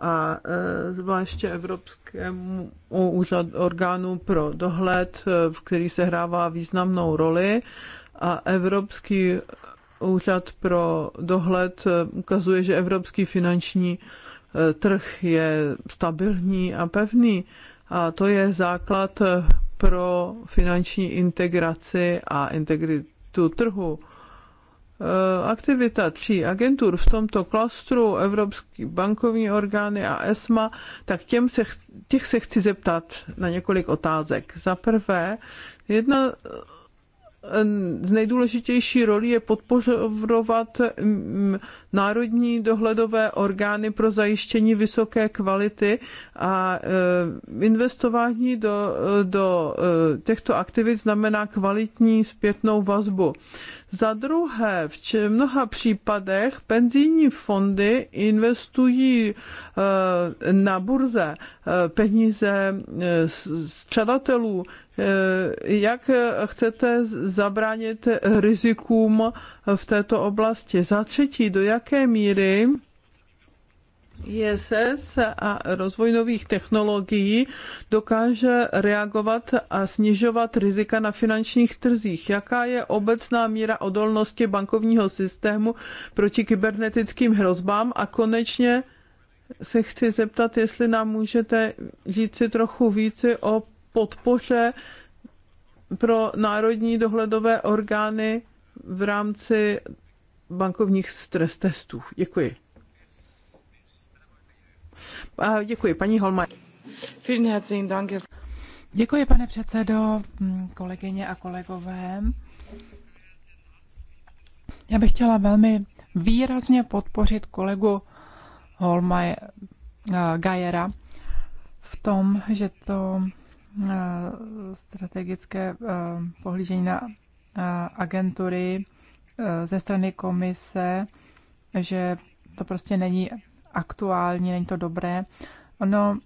a e, zvláště Evropskému úřad, orgánu pro dohled, e, v který se hrává významnou roli. A Evropský úřad pro dohled e, ukazuje, že evropský finanční Eh, trh je stabilní a pevný. A to je základ eh, pro finanční integraci a integritu trhu. Eh, aktivita tří agentur v tomto klastru, Evropský bankovní orgány a ESMA, tak těm se, těch se chci zeptat na několik otázek. Za prvé, jedna nejdůležitější roli je podporovat mm, národní dohledové orgány pro zajištění vysoké kvality a eh, investování do, do eh, těchto aktivit znamená kvalitní zpětnou vazbu. Za druhé, v mnoha případech penzijní fondy investují eh, na burze eh, peníze eh, střadatelů. Jak chcete zabránit rizikům v této oblasti? Za třetí, do jaké míry ISS a rozvoj nových technologií dokáže reagovat a snižovat rizika na finančních trzích. Jaká je obecná míra odolnosti bankovního systému proti kybernetickým hrozbám? A konečně se chci zeptat, jestli nám můžete říct trochu více o podpoře pro národní dohledové orgány v rámci bankovních stres testů. Děkuji. Děkuji, paní Holma. Děkuji, pane předsedo, hm, kolegyně a kolegové. Já bych chtěla velmi výrazně podpořit kolegu Holma eh, Gajera v tom, že to eh, strategické eh, pohlížení na agentury ze strany komise, že to prostě není aktuální, není to dobré. Ono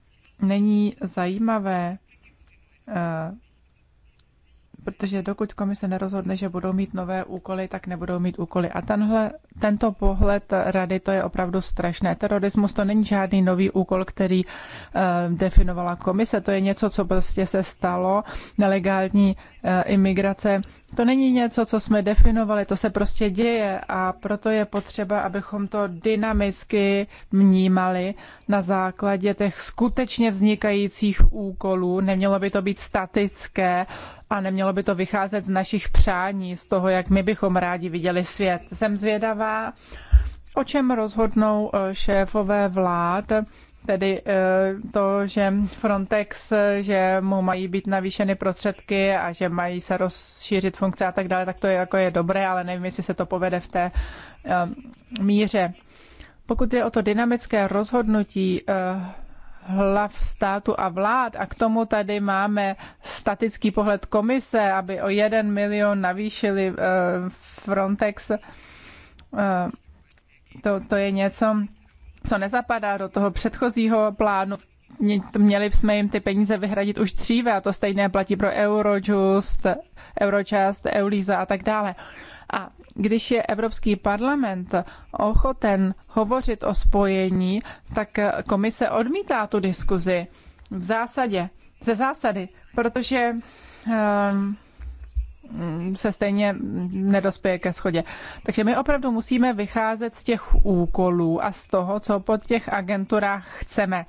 není zajímavé, eh, protože dokud komise nerozhodne, že budou mít nové úkoly, tak nebudou mít úkoly. A tenhle, tento pohled rady, to je opravdu strašné. Terorismus to není žádný nový úkol, který eh, definovala komise. To je něco, co prostě se stalo. Nelegální eh, imigrace to není něco, co jsme definovali, to se prostě děje a proto je potřeba, abychom to dynamicky vnímali na základě těch skutečně vznikajících úkolů. Nemělo by to být statické a nemělo by to vycházet z našich přání, z toho, jak my bychom rádi viděli svět. Jsem zvědavá, o čem rozhodnou eh, šéfové vlád tedy eh, to, že Frontex, eh, že mu mají být navýšeny prostředky a že mají se rozšířit funkce a tak dále, tak to je, jako je dobré, ale nevím, jestli se to povede v té eh, míře. Pokud je o to dynamické rozhodnutí hlav státu a vlád a k tomu tady máme statický pohled komise, aby o jeden milion navýšili Frontex, to, to je něco, co nezapadá do toho předchozího plánu, měli jsme jim ty peníze vyhradit už dříve a to stejné platí pro Eurojust, Eurojust, Eulíza a tak dále. A když je Evropský parlament ochoten hovořit o spojení, tak komise odmítá tu diskuzi v zásadě, ze zásady, protože um, Mm, se stejně nedospěje ke schodě. Takže my opravdu musíme vycházet z těch úkolů a z toho, co po těch agenturách chceme.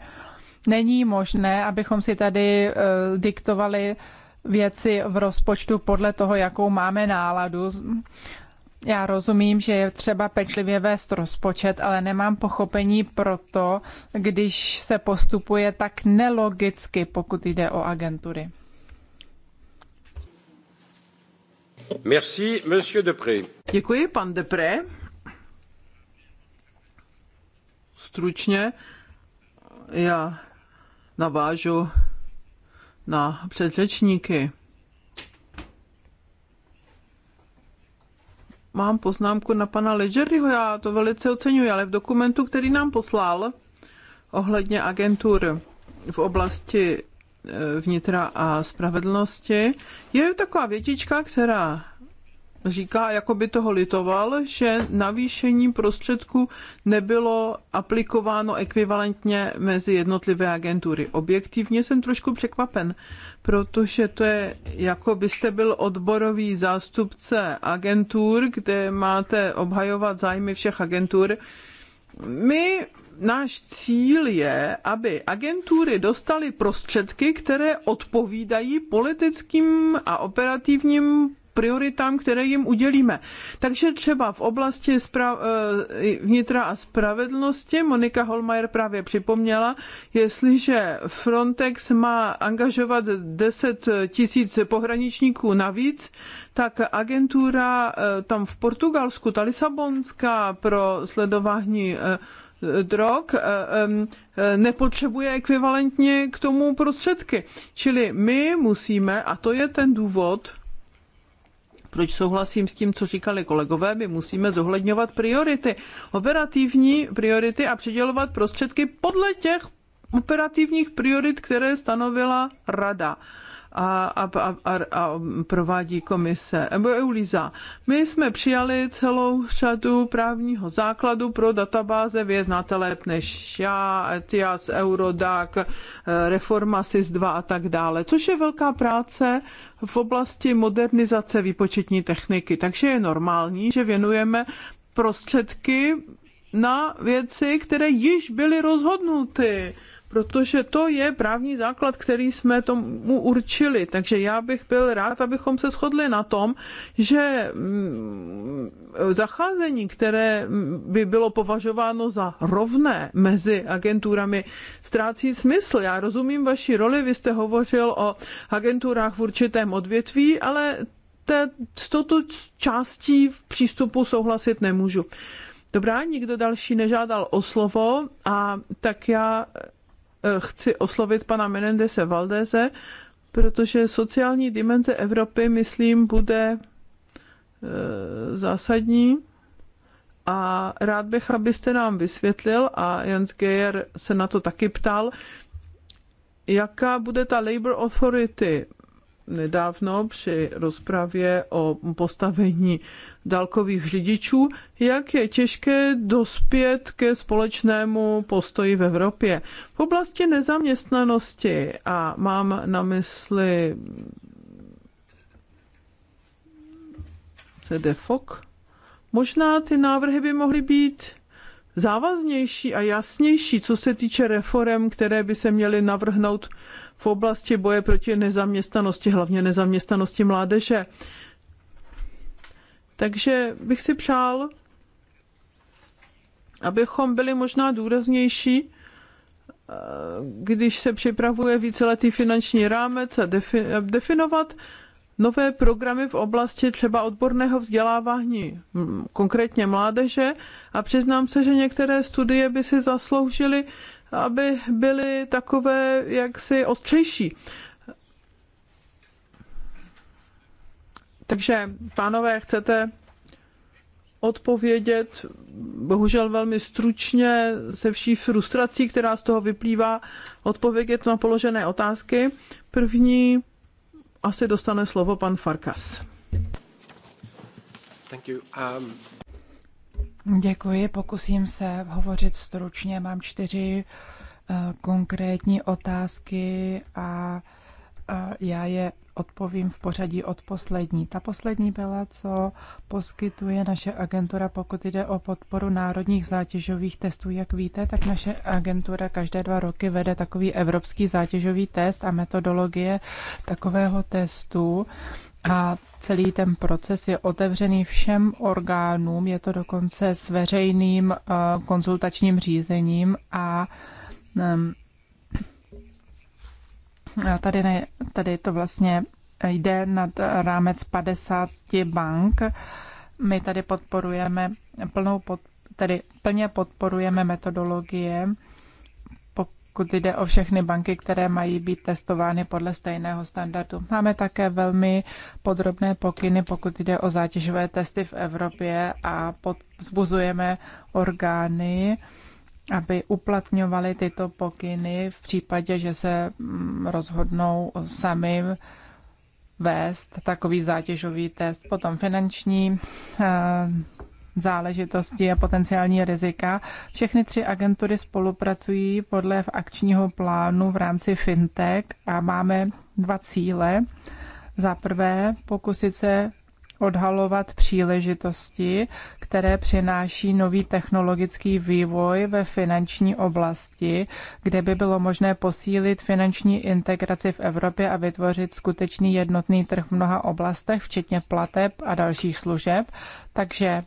Není možné, abychom si tady eh, diktovali věci v rozpočtu podle toho, jakou máme náladu. Já rozumím, že je třeba pečlivě vést rozpočet, ale nemám pochopení pro to, když se postupuje tak nelogicky, pokud jde o agentury. Děkuji, pan Depré. Stručně já navážu na předřečníky. Mám poznámku na pana Ledgeryho, já to velice oceňuji, ale v dokumentu, který nám poslal ohledně agentur v oblasti Eh, vnitra a spravedlnosti, je taková větička, která říká, jako by toho litoval, že navýšení prostředků nebylo aplikováno ekvivalentně mezi jednotlivé agentury. Objektivně jsem trošku překvapen, protože to je, jako byste byl odborový zástupce agentur, kde máte obhajovat zájmy všech agentur. My náš cíl je, aby agentury dostaly prostředky, které odpovídají politickým a operativním prioritám, které jim udělíme. Takže třeba v oblasti eh, vnitra a spravedlnosti, Monika Holmajer právě připomněla, jestliže Frontex má angažovat 10 tisíc pohraničníků navíc, tak agentura eh, tam v Portugalsku, ta Lisabonská pro sledování eh, drog eh, eh, nepotřebuje ekvivalentně k tomu prostředky. Čili my musíme, a to je ten důvod, proč souhlasím s tím, co říkali kolegové, my musíme zohledňovat priority, operativní priority a přidělovat prostředky podle těch operativních priorit, které stanovila rada a, a, a, a provádí komise liza. My jsme přijali celou řadu právního základu pro databáze, vy je znáte lépe než já, ETIAS, Eurodac, eh, reforma SIS 2 a tak dále, což je velká práce v oblasti modernizace výpočetní techniky. Takže je normální, že věnujeme prostředky na věci, které již byly rozhodnuty protože to je právní základ, který jsme tomu určili. Takže já bych byl rád, abychom se shodli na tom, že mm, zacházení, které by bylo považováno za rovné mezi agenturami, ztrácí smysl. Já rozumím vaší roli, vy jste hovořil o agenturách v určitém odvětví, ale te, s touto částí v přístupu souhlasit nemůžu. Dobrá, nikdo další nežádal o slovo a tak já Eh, chci oslovit pana Menendese Valdeze, protože sociální dimenze Evropy, myslím, bude eh, zásadní a rád bych, abyste nám vysvětlil, a Jens Geier se na to taky ptal, jaká bude ta Labour Authority nedávno při rozpravě o postavení dálkových řidičů, jak je těžké dospět ke společnému postoji v Evropě. V oblasti nezaměstnanosti a mám na mysli CDFOK, možná ty návrhy by mohly být závaznější a jasnější, co se týče reform, které by se měly navrhnout v oblasti boje proti nezaměstnanosti, hlavně nezaměstnanosti mládeže. Takže bych si přál, abychom byli možná důraznější, eh, když se připravuje víceletý finanční rámec a definovat nové programy v oblasti třeba odborného vzdělávání, konkrétně mládeže. A přiznám se, že některé studie by si zasloužily aby byly takové jaksi ostřejší. Takže, pánové, chcete odpovědět, bohužel velmi stručně, se vší frustrací, která z toho vyplývá, odpovědět na položené otázky. První asi dostane slovo pan Farkas. Thank you. Um... Děkuji, pokusím se hovořit stručně. Mám čtyři eh, konkrétní otázky a eh, já je odpovím v pořadí od poslední. Ta poslední byla, co poskytuje naše agentura, pokud jde o podporu národních zátěžových testů. Jak víte, tak naše agentura každé dva roky vede takový evropský zátěžový test a metodologie takového testu a celý ten proces je otevřený všem orgánům, je to dokonce s veřejným eh, konzultačním řízením ehm, a tady, ne, tady to vlastně jde nad rámec 50 bank. My tady podporujeme plnou pod, tedy plně podporujeme metodologie, pokud jde o všechny banky, které mají být testovány podle stejného standardu. Máme také velmi podrobné pokyny, pokud jde o zátěžové testy v Evropě a vzbuzujeme orgány, aby uplatňovali tyto pokyny v případě, že se mm, rozhodnou sami vést takový zátěžový test. Potom finanční eh, záležitosti a potenciální rizika. Všechny tři agentury spolupracují podle akčního plánu v rámci FinTech a máme dva cíle. Za prvé pokusit se odhalovat příležitosti, které přináší nový technologický vývoj ve finanční oblasti, kde by bylo možné posílit finanční integraci v Evropě a vytvořit skutečný jednotný trh v mnoha oblastech, včetně plateb a dalších služeb. Takže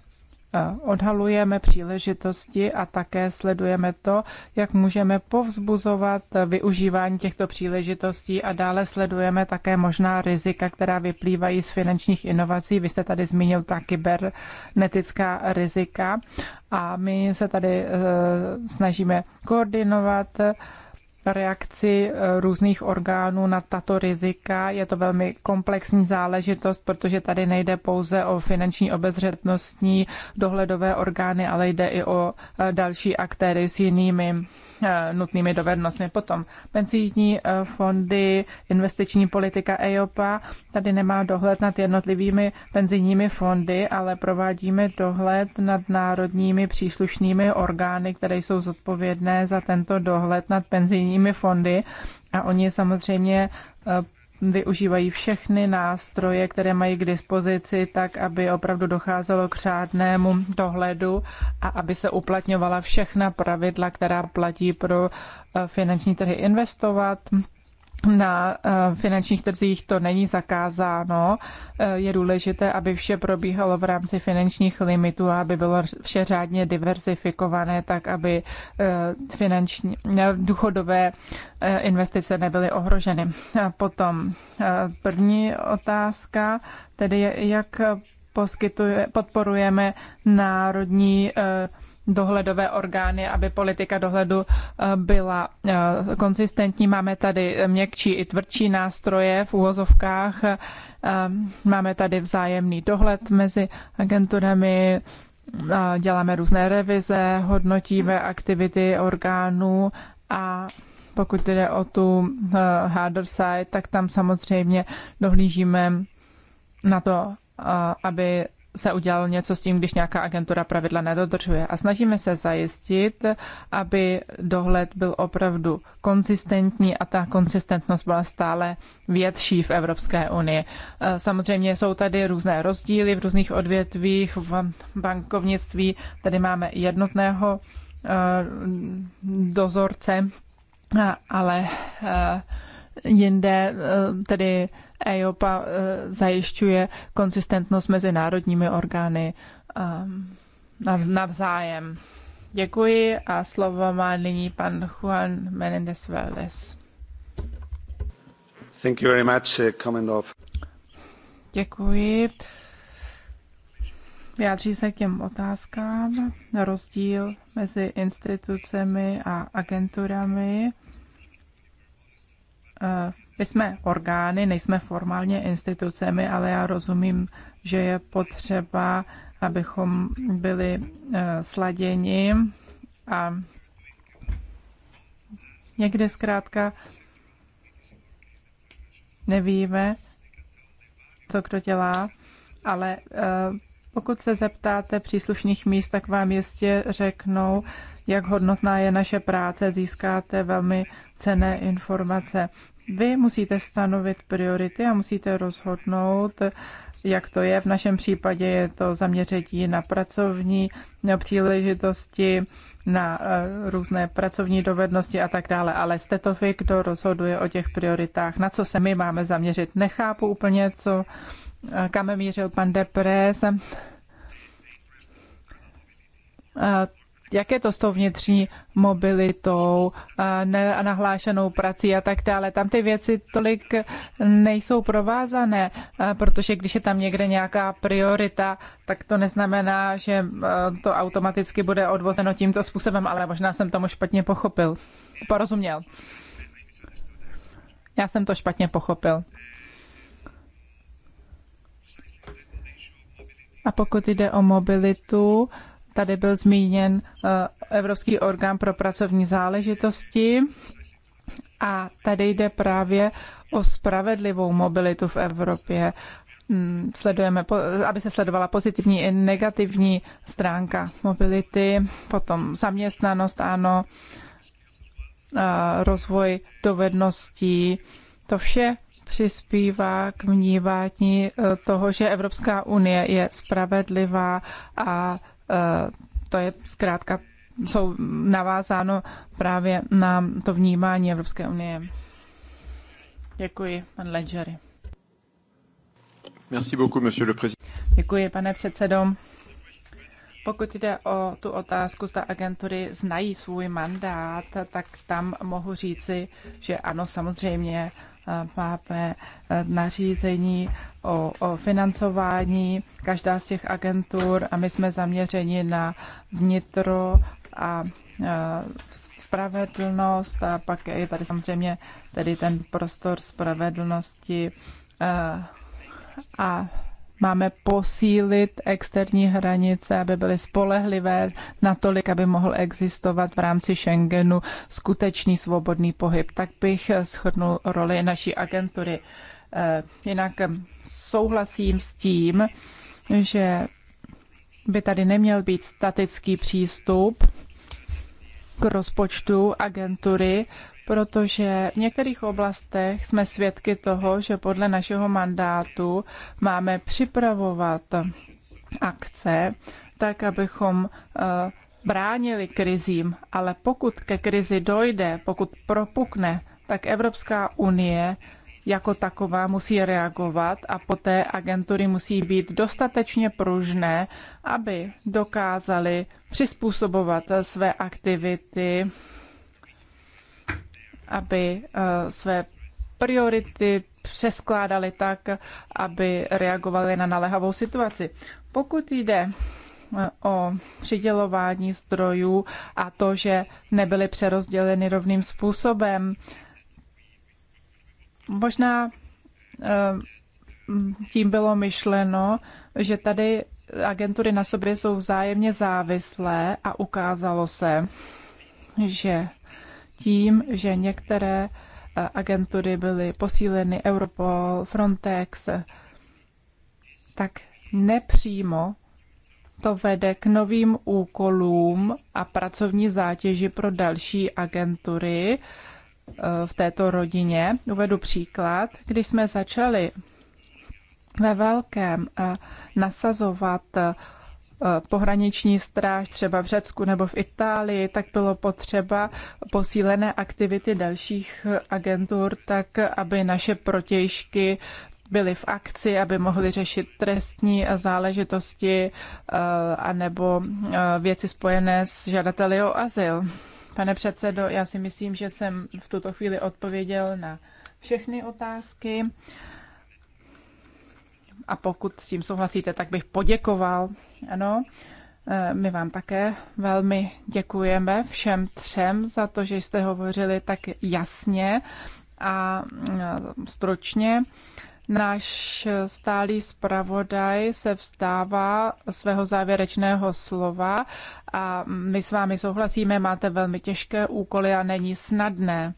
odhalujeme příležitosti a také sledujeme to, jak můžeme povzbuzovat využívání těchto příležitostí a dále sledujeme také možná rizika, která vyplývají z finančních inovací. Vy jste tady zmínil ta kybernetická rizika a my se tady eh, snažíme koordinovat reakci eh, různých orgánů na tato rizika. Je to velmi komplexní záležitost, protože tady nejde pouze o finanční obezřetnostní dohledové orgány, ale jde i o eh, další aktéry s jinými Eh, nutnými dovednostmi. Potom penzijní eh, fondy, investiční politika EIOPA, tady nemá dohled nad jednotlivými penzijními fondy, ale provádíme dohled nad národními příslušnými orgány, které jsou zodpovědné za tento dohled nad penzijními fondy a oni samozřejmě eh, využívají všechny nástroje, které mají k dispozici, tak aby opravdu docházelo k řádnému dohledu a aby se uplatňovala všechna pravidla, která platí pro eh, finanční trhy investovat, na eh, finančních trzích to není zakázáno. Eh, je důležité, aby vše probíhalo v rámci finančních limitů a aby bylo vše řádně diversifikované, tak aby eh, finanční, důchodové investice nebyly ohroženy. A potom první otázka, tedy jak poskytuje, podporujeme národní dohledové orgány, aby politika dohledu eh, byla eh, konzistentní. Máme tady měkčí i tvrdší nástroje v úvozovkách. Eh, máme tady vzájemný dohled mezi agenturami, děláme různé revize, hodnotíme aktivity orgánů a pokud jde o tu harder side, tak tam samozřejmě dohlížíme na to, aby se udělalo něco s tím, když nějaká agentura pravidla nedodržuje. A snažíme se zajistit, aby dohled byl opravdu konzistentní a ta konzistentnost byla stále větší v Evropské unii. E, samozřejmě jsou tady různé rozdíly v různých odvětvích, v bankovnictví. Tady máme jednotného e, dozorce, ale e, Jinde eh, tedy EIOPA eh, zajišťuje konzistentnost mezi národními orgány ehm, navzájem. Děkuji a slovo má nyní pan Juan Menendez Valdez. Thank you very much, eh, comment of. Děkuji. Vyjádří se k těm otázkám na rozdíl mezi institucemi a agenturami. Eh, my jsme orgány, nejsme formálně institucemi, ale já rozumím, že je potřeba, abychom byli eh, sladěni a někde zkrátka nevíme, co kdo dělá, ale eh, pokud se zeptáte příslušných míst, tak vám jistě řeknou, jak hodnotná je naše práce, získáte velmi cené informace. Vy musíte stanovit priority a musíte rozhodnout, jak to je. V našem případě je to zaměření na pracovní na příležitosti, na eh, různé pracovní dovednosti a tak dále. Ale jste to vy, kdo rozhoduje o těch prioritách, na co se my máme zaměřit. Nechápu úplně, co, eh, kam mířil pan Depres. Eh, jak je to s tou vnitřní mobilitou, eh, nahlášenou prací a tak dále. Tam ty věci tolik nejsou provázané, eh, protože když je tam někde nějaká priorita, tak to neznamená, že eh, to automaticky bude odvozeno tímto způsobem, ale možná jsem tomu špatně pochopil. Porozuměl. Já jsem to špatně pochopil. A pokud jde o mobilitu, Tady byl zmíněn eh, Evropský orgán pro pracovní záležitosti. A tady jde právě o spravedlivou mobilitu v Evropě. Mm, sledujeme, aby se sledovala pozitivní i negativní stránka mobility, potom zaměstnanost, ano, eh, rozvoj dovedností. To vše přispívá k vnívání eh, toho, že Evropská unie je spravedlivá a Eh, to je zkrátka jsou navázáno právě na to vnímání Evropské unie. Děkuji, pan Ledžery. Merci beaucoup, monsieur le président. Děkuji, pane předsedo. Pokud jde o tu otázku, zda agentury znají svůj mandát, tak tam mohu říci, že ano, samozřejmě eh, máme eh, nařízení o, o financování každá z těch agentur a my jsme zaměřeni na vnitro a spravedlnost a pak je tady samozřejmě tedy ten prostor spravedlnosti a máme posílit externí hranice, aby byly spolehlivé natolik, aby mohl existovat v rámci Schengenu skutečný svobodný pohyb. Tak bych shodnul roli naší agentury. Eh, jinak souhlasím s tím, že by tady neměl být statický přístup k rozpočtu agentury, protože v některých oblastech jsme svědky toho, že podle našeho mandátu máme připravovat akce tak, abychom eh, bránili krizím, ale pokud ke krizi dojde, pokud propukne, tak Evropská unie jako taková musí reagovat a poté agentury musí být dostatečně pružné, aby dokázaly přizpůsobovat své aktivity, aby eh, své priority přeskládali tak, aby reagovali na naléhavou situaci. Pokud jde eh, o přidělování zdrojů a to, že nebyly přerozděleny rovným způsobem, Možná eh, tím bylo myšleno, že tady agentury na sobě jsou vzájemně závislé a ukázalo se, že tím, že některé eh, agentury byly posíleny Europol, Frontex, tak nepřímo to vede k novým úkolům a pracovní zátěži pro další agentury, v této rodině. Uvedu příklad. Když jsme začali ve velkém eh, nasazovat eh, pohraniční stráž třeba v Řecku nebo v Itálii, tak bylo potřeba posílené aktivity dalších agentur, tak aby naše protějšky byli v akci, aby mohli řešit trestní eh, záležitosti anebo věci spojené s žadateli o azyl. Pane předsedo, já si myslím, že jsem v tuto chvíli odpověděl na všechny otázky. A pokud s tím souhlasíte, tak bych poděkoval. Ano, eh, my vám také velmi děkujeme všem třem za to, že jste hovořili tak jasně a eh, stručně. Náš stálý zpravodaj se vstává svého závěrečného slova a my s vámi souhlasíme, máte velmi těžké úkoly a není snadné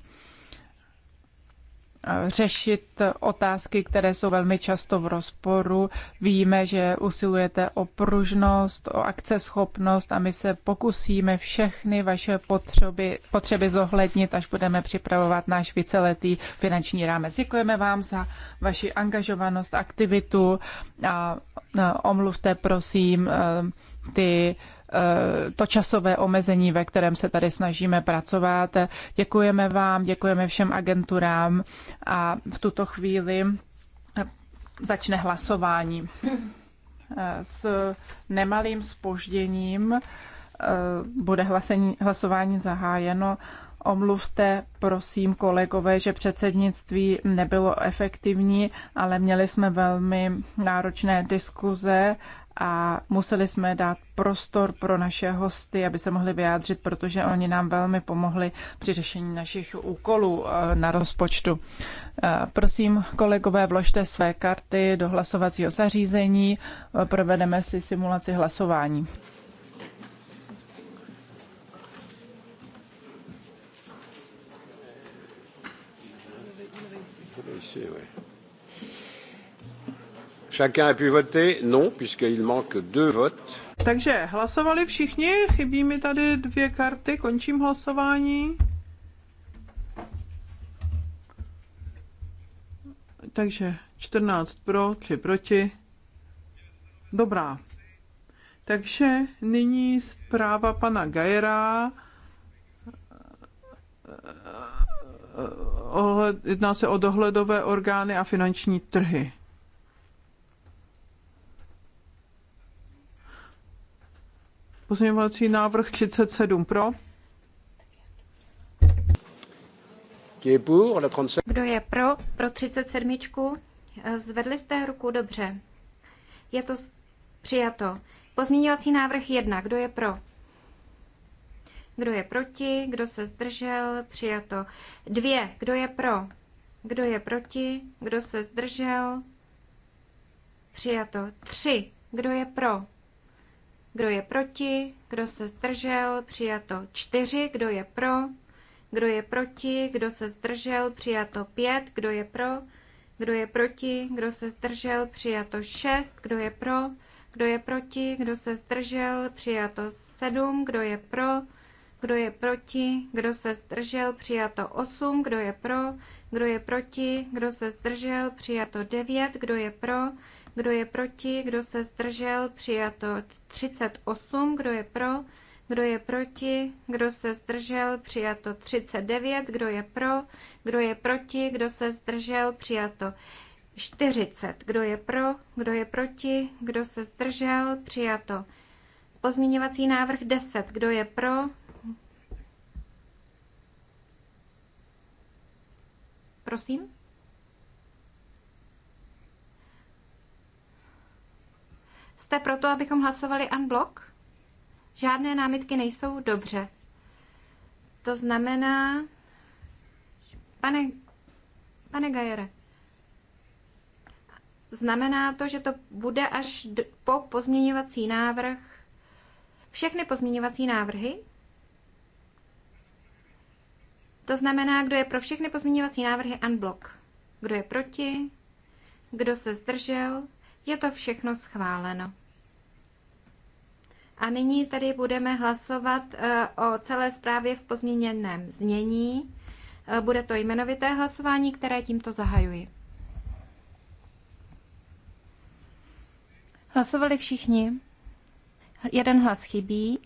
řešit otázky, které jsou velmi často v rozporu. Víme, že usilujete o pružnost, o akceschopnost a my se pokusíme všechny vaše potřeby, potřeby zohlednit, až budeme připravovat náš víceletý finanční rámec. Děkujeme vám za vaši angažovanost, aktivitu a omluvte prosím eh, ty Eh, to časové omezení, ve kterém se tady snažíme pracovat. Děkujeme vám, děkujeme všem agenturám a v tuto chvíli eh, začne hlasování. Eh, s nemalým spožděním bude hlasení, hlasování zahájeno. Omluvte, prosím, kolegové, že předsednictví nebylo efektivní, ale měli jsme velmi náročné diskuze a museli jsme dát prostor pro naše hosty, aby se mohli vyjádřit, protože oni nám velmi pomohli při řešení našich úkolů eh, na rozpočtu. Eh, prosím, kolegové, vložte své karty do hlasovacího zařízení, eh, provedeme si simulaci hlasování. Chacun a pu voter? Non, puisqu'il manque deux votes. Takže hlasovali všichni, chybí mi tady dvě karty, končím hlasování. Takže 14 pro, 3 proti. Dobrá. Takže nyní zpráva pana Gajera. Eh, eh, eh, jedná se o dohledové orgány a finanční trhy. Pozměňovací návrh 37 pro. Kdo je pro, pro 37? Zvedli jste ruku dobře. Je to přijato. Pozměňovací návrh 1. Kdo je pro? Kdo je proti? Kdo se zdržel? Přijato. 2. Kdo je pro? Kdo je proti? Kdo se zdržel? Přijato. 3. Kdo je pro? Kdo je proti? Kdo se zdržel? Přijato 4. Kdo je pro? Kdo je proti? Kdo se zdržel? Přijato 5. Kdo je pro? Kdo je proti? Kdo se zdržel? Přijato 6. Kdo je pro? Kdo je proti? Kdo se zdržel? Přijato 7. Kdo je pro? Kdo je proti? Kdo se zdržel? Přijato 8. Kdo je pro? Kdo je proti? Kdo se zdržel? Přijato 9. Kdo je pro? kdo je proti, kdo se zdržel, přijato 38, kdo je pro, kdo je proti, kdo se zdržel, přijato 39, kdo je pro, kdo je proti, kdo se zdržel, přijato 40, kdo je pro, kdo je proti, kdo se zdržel, přijato pozměňovací návrh 10, kdo je pro, prosím. Jste proto, abychom hlasovali unblock? Žádné námitky nejsou? Dobře. To znamená... Pane, pane Gajere, znamená to, že to bude až po pozměňovací návrh. Všechny pozměňovací návrhy? To znamená, kdo je pro všechny pozměňovací návrhy unblock. Kdo je proti? Kdo se zdržel? Je to všechno schváleno. A nyní tedy budeme hlasovat eh, o celé zprávě v pozměněném znění. Eh, bude to jmenovité hlasování, které tímto zahajuji. Hlasovali všichni. Jeden hlas chybí.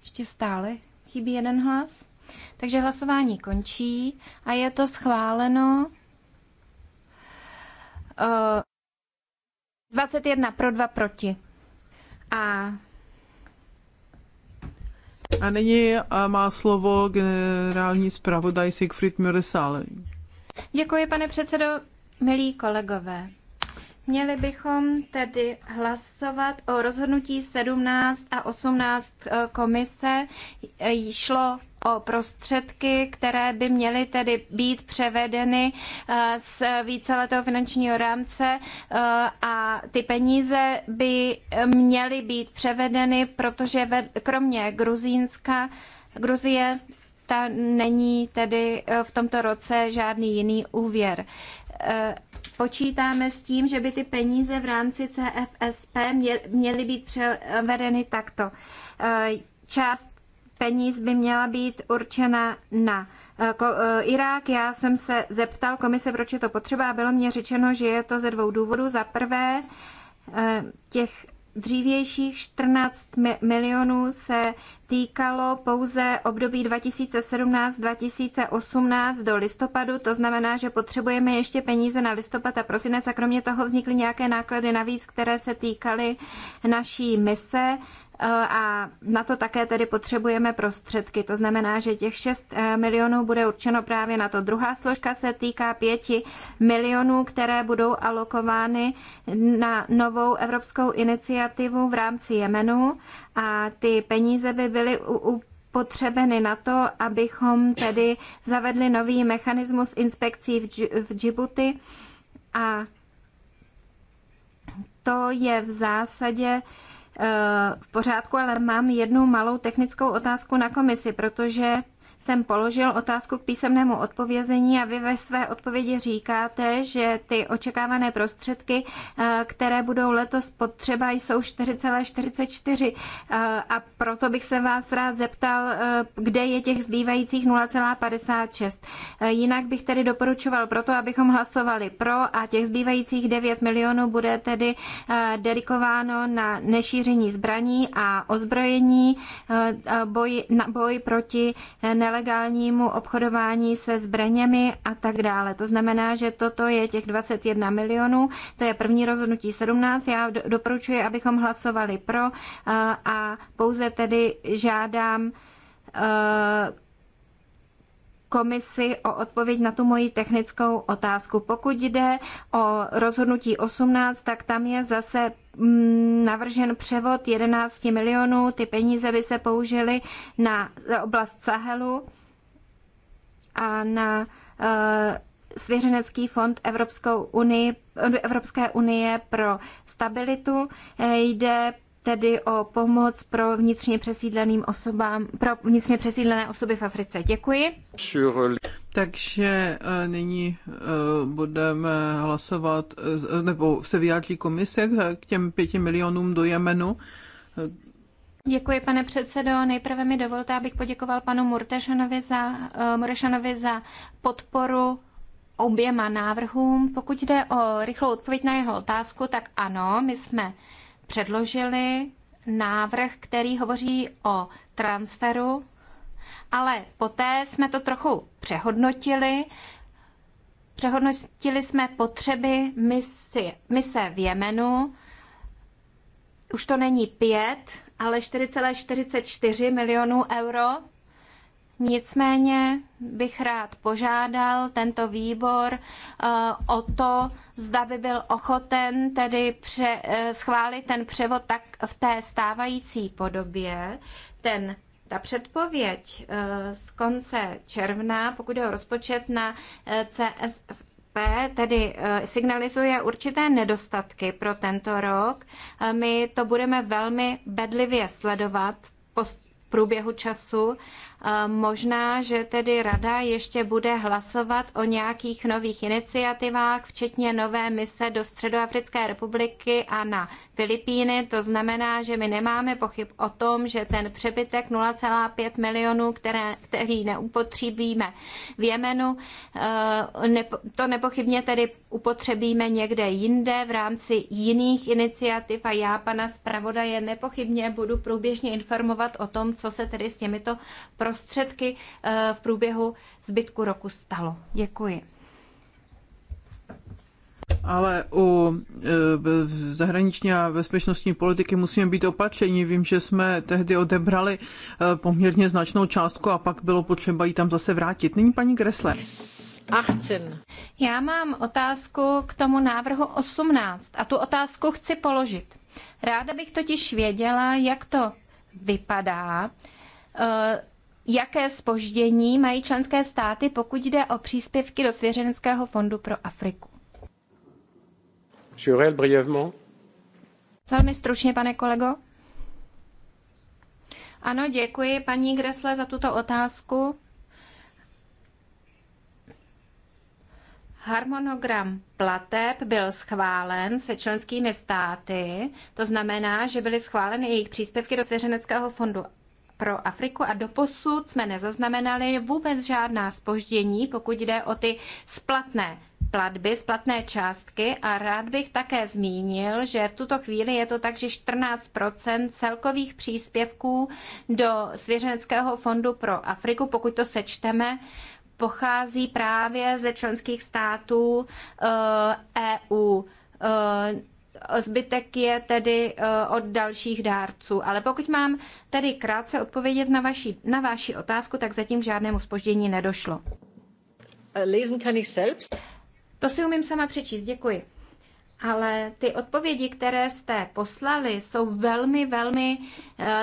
Ještě stále chybí jeden hlas. Takže hlasování končí a je to schváleno 21 eh, pro 2 proti. A a nyní eh, má slovo generální zpravodaj Siegfried Müresal. Děkuji, pane předsedo, milí kolegové. Měli bychom tedy hlasovat o rozhodnutí 17 a 18 e, komise. E, Šlo o prostředky, které by měly tedy být převedeny e, z víceletého finančního rámce a ty peníze by měly být převedeny, protože kromě Gruzínska, Gruzie ta není tedy v tomto roce žádný jiný úvěr. Eh, počítáme s tím, že by ty peníze v rámci CFSP měly být převedeny takto. Eh, část peníz by měla být určena na eh, Irák. Já jsem se zeptal komise, proč je to potřeba a bylo mě řečeno, že je to ze dvou důvodů. Za prvé, těch dřívějších 14 milionů se týkalo pouze období 2017-2018 do listopadu, to znamená, že potřebujeme ještě peníze na listopad a prosinec a kromě toho vznikly nějaké náklady navíc, které se týkaly naší mise Eh, a na to také tedy potřebujeme prostředky. To znamená, že těch 6 eh, milionů bude určeno právě na to. Druhá složka se týká 5 milionů, které budou alokovány na novou evropskou iniciativu v rámci Jemenu a ty peníze by byly u, potřebeny na to, abychom tedy zavedli nový mechanismus inspekcí v, v Djibouti a to je v zásadě Eh, v pořádku, ale mám jednu malou technickou otázku na komisi, protože jsem položil otázku k písemnému odpovězení a vy ve své odpovědi říkáte, že ty očekávané prostředky, eh, které budou letos potřeba, jsou 4,44 eh, a proto bych se vás rád zeptal, eh, kde je těch zbývajících 0,56. Jinak bych tedy doporučoval proto, abychom hlasovali pro a těch zbývajících 9 milionů bude tedy dedikováno na nešíření zbraní a ozbrojení, boj, na boj proti nel nelegálnímu obchodování se zbraněmi a tak dále. To znamená, že toto je těch 21 milionů, to je první rozhodnutí 17. Já doporučuji, abychom hlasovali pro a pouze tedy žádám e, komisi o odpověď na tu moji technickou otázku. Pokud jde o rozhodnutí 18, tak tam je zase Mm, navržen převod 11 milionů. Ty peníze by se použily na oblast Sahelu a na eh, svěřenecký fond Evropskou unii, Evropské unie pro stabilitu. Eh, jde tedy o pomoc pro vnitřně přesídleným osobám, pro vnitřně přesídlené osoby v Africe. Děkuji. Takže eh, nyní eh, budeme hlasovat, eh, nebo se vyjádří komise k těm pěti milionům do Jemenu. Děkuji, pane předsedo. Nejprve mi dovolte, abych poděkoval panu Murtešanovi za, Murešanovi za podporu oběma návrhům. Pokud jde o rychlou odpověď na jeho otázku, tak ano, my jsme předložili návrh, který hovoří o transferu ale poté jsme to trochu přehodnotili. Přehodnotili jsme potřeby misi, mise v Jemenu. Už to není pět, ale 4,44 milionů euro. Nicméně bych rád požádal tento výbor eh, o to, zda by byl ochoten tedy pře, eh, schválit ten převod tak v té stávající podobě. Ten ta předpověď eh, z konce června, pokud je o rozpočet na eh, CSF, P tedy eh, signalizuje určité nedostatky pro tento rok. My to budeme velmi bedlivě sledovat po průběhu času Možná, že tedy rada ještě bude hlasovat o nějakých nových iniciativách, včetně nové mise do Středoafrické republiky a na Filipíny. To znamená, že my nemáme pochyb o tom, že ten přebytek 0,5 milionů, které, který neupotřebíme v Jemenu, eh, to nepochybně tedy upotřebíme někde jinde v rámci jiných iniciativ a já pana zpravodaje nepochybně budu průběžně informovat o tom, co se tedy s těmito prostředky prostředky eh, v průběhu zbytku roku stalo. Děkuji. Ale u eh, zahraniční a bezpečnostní politiky musíme být opatření. Vím, že jsme tehdy odebrali eh, poměrně značnou částku a pak bylo potřeba ji tam zase vrátit. Nyní paní Kresle. 18. Já mám otázku k tomu návrhu 18 a tu otázku chci položit. Ráda bych totiž věděla, jak to vypadá jaké spoždění mají členské státy, pokud jde o příspěvky do Svěřenského fondu pro Afriku. Jurel, brièvement. Velmi stručně, pane kolego. Ano, děkuji paní Gresle za tuto otázku. Harmonogram plateb byl schválen se členskými státy, to znamená, že byly schváleny jejich příspěvky do svěřeneckého fondu pro Afriku a doposud jsme nezaznamenali vůbec žádná spoždění, pokud jde o ty splatné platby, splatné částky a rád bych také zmínil, že v tuto chvíli je to tak, že 14 celkových příspěvků do Svěřeneckého fondu pro Afriku, pokud to sečteme, pochází právě ze členských států EU. Eh, e eh, Eh, zbytek je tedy eh, od dalších dárců. Ale pokud mám tedy krátce odpovědět na vaši, na vaši otázku, tak zatím k žádnému spoždění nedošlo. Eh, lesen kann ich selbst. To si umím sama přečíst, děkuji. Ale ty odpovědi, které jste poslali, jsou velmi, velmi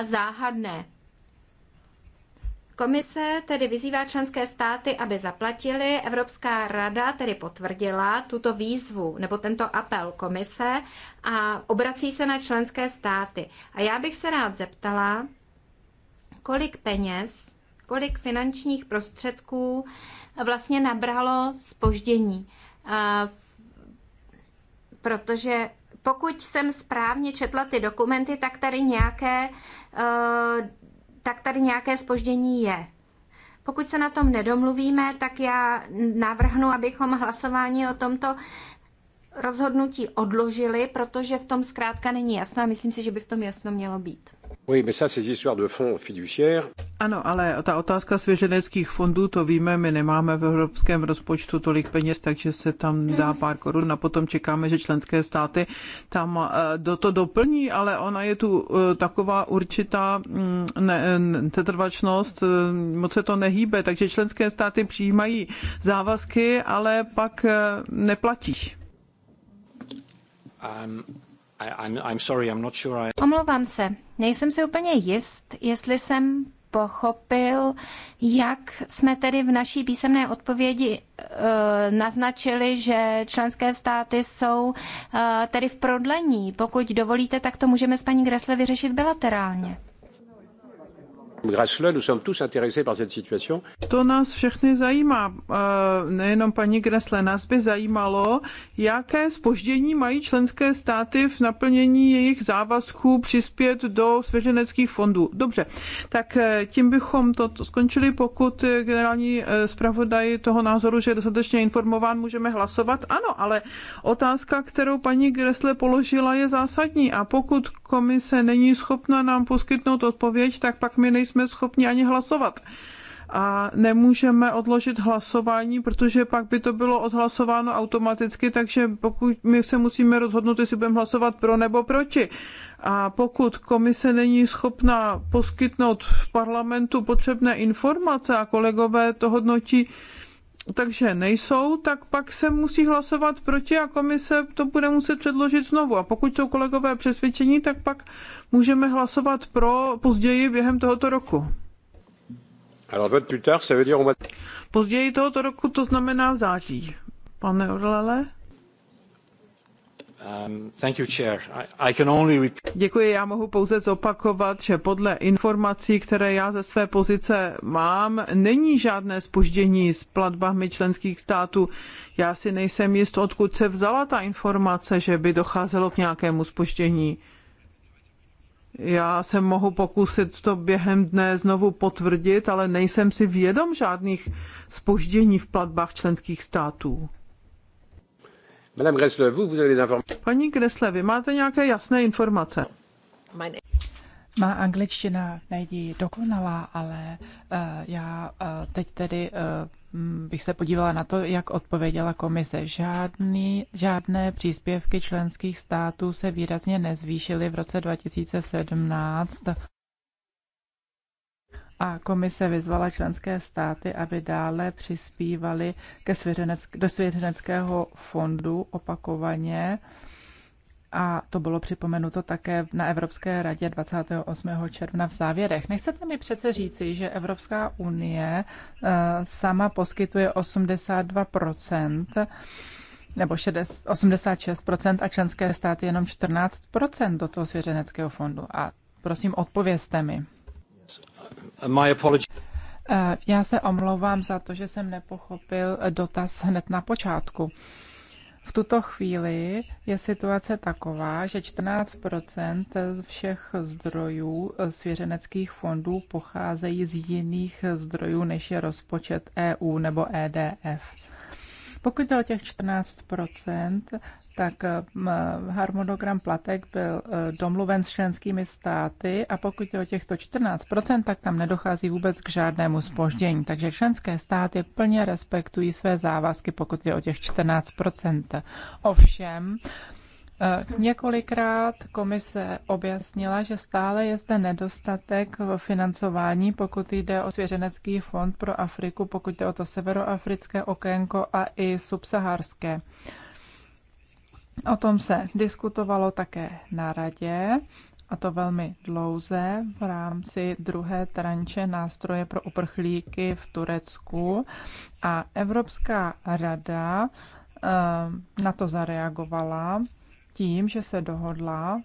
záhadné. Komise tedy vyzývá členské státy, aby zaplatili. Evropská rada tedy potvrdila tuto výzvu nebo tento apel komise a obrací se na členské státy. A já bych se rád zeptala, kolik peněz, kolik finančních prostředků vlastně nabralo spoždění. Protože pokud jsem správně četla ty dokumenty, tak tady nějaké eh, tak tady nějaké spoždění je. Pokud se na tom nedomluvíme, tak já navrhnu, abychom hlasování o tomto rozhodnutí odložili, protože v tom zkrátka není jasno a myslím si, že by v tom jasno mělo být. Oui, mais ça, ces histoires de fonds fiduciaires. Ano, ale ta otázka svěřeneckých fondů, to víme, my nemáme v evropském rozpočtu tolik peněz, takže se tam dá pár korun a potom čekáme, že členské státy tam eh, do to doplní, ale ona je tu eh, taková určitá mm, setrvačnost, eh, moc se to nehýbe, takže členské státy přijímají závazky, ale pak neplatí. Um... Omlouvám se, nejsem si úplně jist, jestli jsem pochopil, jak jsme tedy v naší písemné odpovědi eh, naznačili, že členské státy jsou eh, tedy v prodlení. Pokud dovolíte, tak to můžeme s paní Gressle vyřešit bilaterálně. To nás všechny zajímá, eh, nejenom paní Gressle, nás by zajímalo, jaké spoždění mají členské státy v naplnění jejich závazků přispět do svěřeneckých fondů. Dobře, tak eh, tím bychom to skončili, pokud generální eh, zpravodaj toho názoru, že je dostatečně informován, můžeme hlasovat. Ano, ale otázka, kterou paní Gressle položila, je zásadní a pokud komise není schopna nám poskytnout odpověď, tak pak my nejsme nejsme schopni ani hlasovat a nemůžeme odložit hlasování, protože pak by to bylo odhlasováno automaticky, takže pokud my se musíme rozhodnout, jestli budeme hlasovat pro nebo proti. A pokud komise není schopna poskytnout v parlamentu potřebné informace a kolegové to hodnotí takže nejsou, tak pak se musí hlasovat proti a komise to bude muset předložit znovu. A pokud jsou kolegové přesvědčení, tak pak můžeme hlasovat pro později během tohoto roku. Později tohoto roku to znamená v září. Pane Orlele? Um, Děkuji, já mohu pouze zopakovat, že podle informací, které já ze své pozice mám, není žádné spoždění s platbami členských států. Já si nejsem jist, odkud se vzala ta informace, že by docházelo k nějakému spoždění. Já se mohu pokusit to během dne znovu potvrdit, ale nejsem si vědom žádných spoždění v platbách členských států. Madame Gressle, vous, vous avez des informations. Paní Gressle, vy máte nějaké jasné informace? Má angličtina není dokonalá, ale uh, já uh, teď tedy uh, bych se podívala na to, jak odpověděla komise. Žádný, žádné příspěvky členských států se výrazně nezvýšily v roce 2017 a komise vyzvala členské státy, aby dále přispívali ke svěřenec, do svěřeneckého fondu opakovaně a to bylo připomenuto také na Evropské radě 28. června v závěrech. Nechcete mi přece říci, že Evropská unie eh, sama poskytuje 82 nebo 86 a členské státy jenom 14 do toho svěřeneckého fondu. A prosím, odpovězte mi. My eh, Já se omlouvám za to, že jsem nepochopil dotaz hned na počátku. V tuto chvíli je situace taková, že 14 všech zdrojů svěřeneckých fondů pocházejí z jiných zdrojů, než je rozpočet EU nebo EDF. Pokud jde o těch 14 tak harmonogram platek byl e, domluven s členskými státy a pokud jde o těchto 14 tak tam nedochází vůbec k žádnému spoždění. Takže členské státy plně respektují své závazky, pokud jde o těch 14 Ovšem, Eh, několikrát komise objasnila, že stále je zde nedostatek v financování, pokud jde o Svěřenecký fond pro Afriku, pokud jde o to severoafrické okénko a i subsaharské. O tom se diskutovalo také na radě a to velmi dlouze v rámci druhé tranče nástroje pro uprchlíky v Turecku. A Evropská rada eh, na to zareagovala tím, že se dohodla,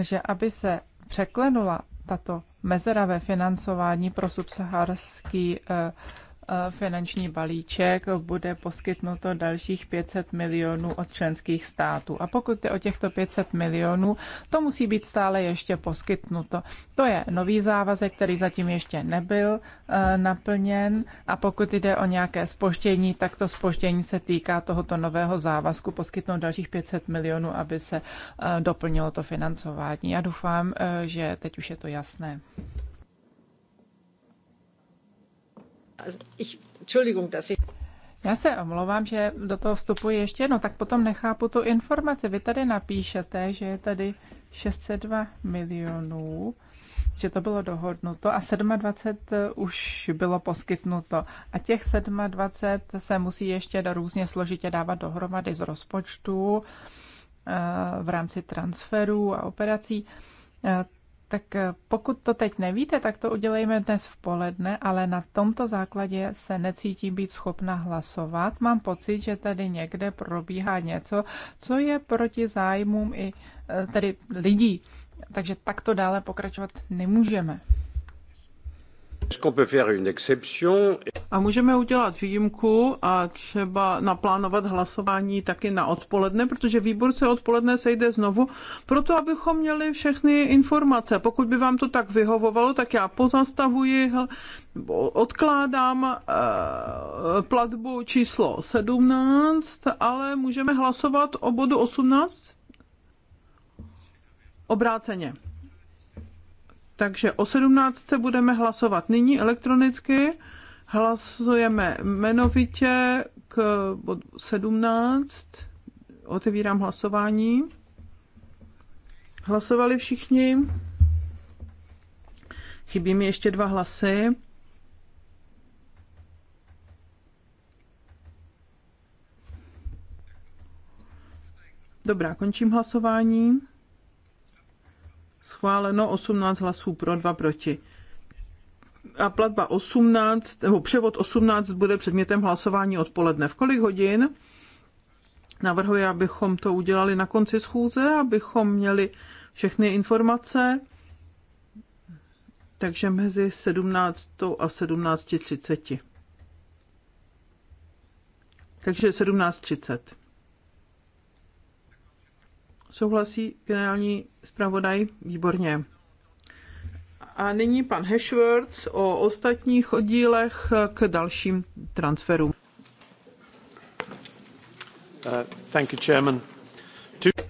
že aby se překlenula tato mezera ve financování pro subsaharský eh, finanční balíček bude poskytnuto dalších 500 milionů od členských států. A pokud je o těchto 500 milionů, to musí být stále ještě poskytnuto. To je nový závazek, který zatím ještě nebyl e, naplněn. A pokud jde o nějaké spoštění, tak to spoštění se týká tohoto nového závazku poskytnout dalších 500 milionů, aby se e, doplnilo to financování. Já doufám, e, že teď už je to jasné. ich, Entschuldigung, dass ich... Já se omlouvám, že do toho vstupuji ještě jedno, tak potom nechápu tu informaci. Vy tady napíšete, že je tady 602 milionů, že to bylo dohodnuto a 27 eh, už bylo poskytnuto. A těch 27 se musí ještě do různě složitě dávat dohromady z rozpočtu eh, v rámci transferů a operací. Eh, tak eh, pokud to teď nevíte, tak to udělejme dnes v poledne, ale na tomto základě se necítím být schopna hlasovat. Mám pocit, že tady někde probíhá něco, co je proti zájmům i eh, tedy lidí. Takže takto dále pokračovat nemůžeme. A můžeme udělat výjimku a třeba naplánovat hlasování taky na odpoledne, protože výbor se odpoledne sejde znovu, proto abychom měli všechny informace. Pokud by vám to tak vyhovovalo, tak já pozastavuji, odkládám eh, platbu číslo 17, ale můžeme hlasovat o bodu 18 obráceně. Takže o 17. budeme hlasovat nyní elektronicky. Hlasujeme jmenovitě k bodu 17. Otevírám hlasování. Hlasovali všichni. Chybí mi ještě dva hlasy. Dobrá, končím hlasování schváleno 18 hlasů pro, 2 proti. A platba 18, nebo převod 18 bude předmětem hlasování odpoledne. V kolik hodin? Navrhuji, abychom to udělali na konci schůze, abychom měli všechny informace. Takže mezi 17 a 17.30. Takže 17.30. Souhlasí generální zpravodaj? Výborně. A nyní pan Hashworth o ostatních oddílech k dalším transferům. Uh, thank you, Chairman.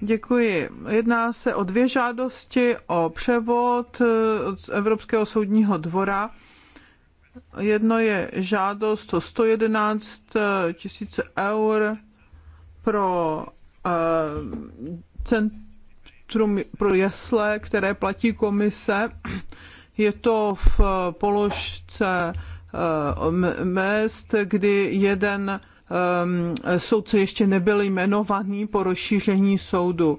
Děkuji. Jedná se o dvě žádosti o převod uh, z Evropského soudního dvora. Jedno je žádost o 111 tisíc eur pro uh, Centrum pro jesle, které platí komise. Je to v položce eh, mest, kdy jeden eh, soudce ještě nebyl jmenovaný po rozšíření soudu.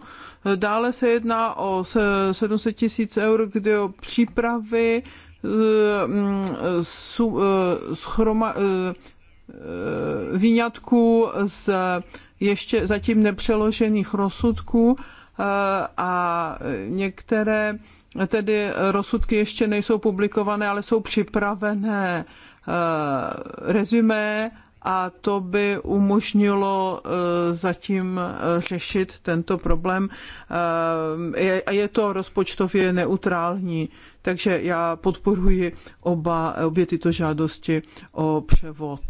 Dále se jedná o 700 tisíc eur, kdy o přípravy eh, mm, schroma, výňatků z ještě zatím nepřeložených rozsudků eh, a některé tedy rozsudky ještě nejsou publikované, ale jsou připravené eh, rezumé a to by umožnilo eh, zatím řešit tento problém. A je to rozpočtově neutrální, takže já podporuji oba, obě tyto žádosti o převod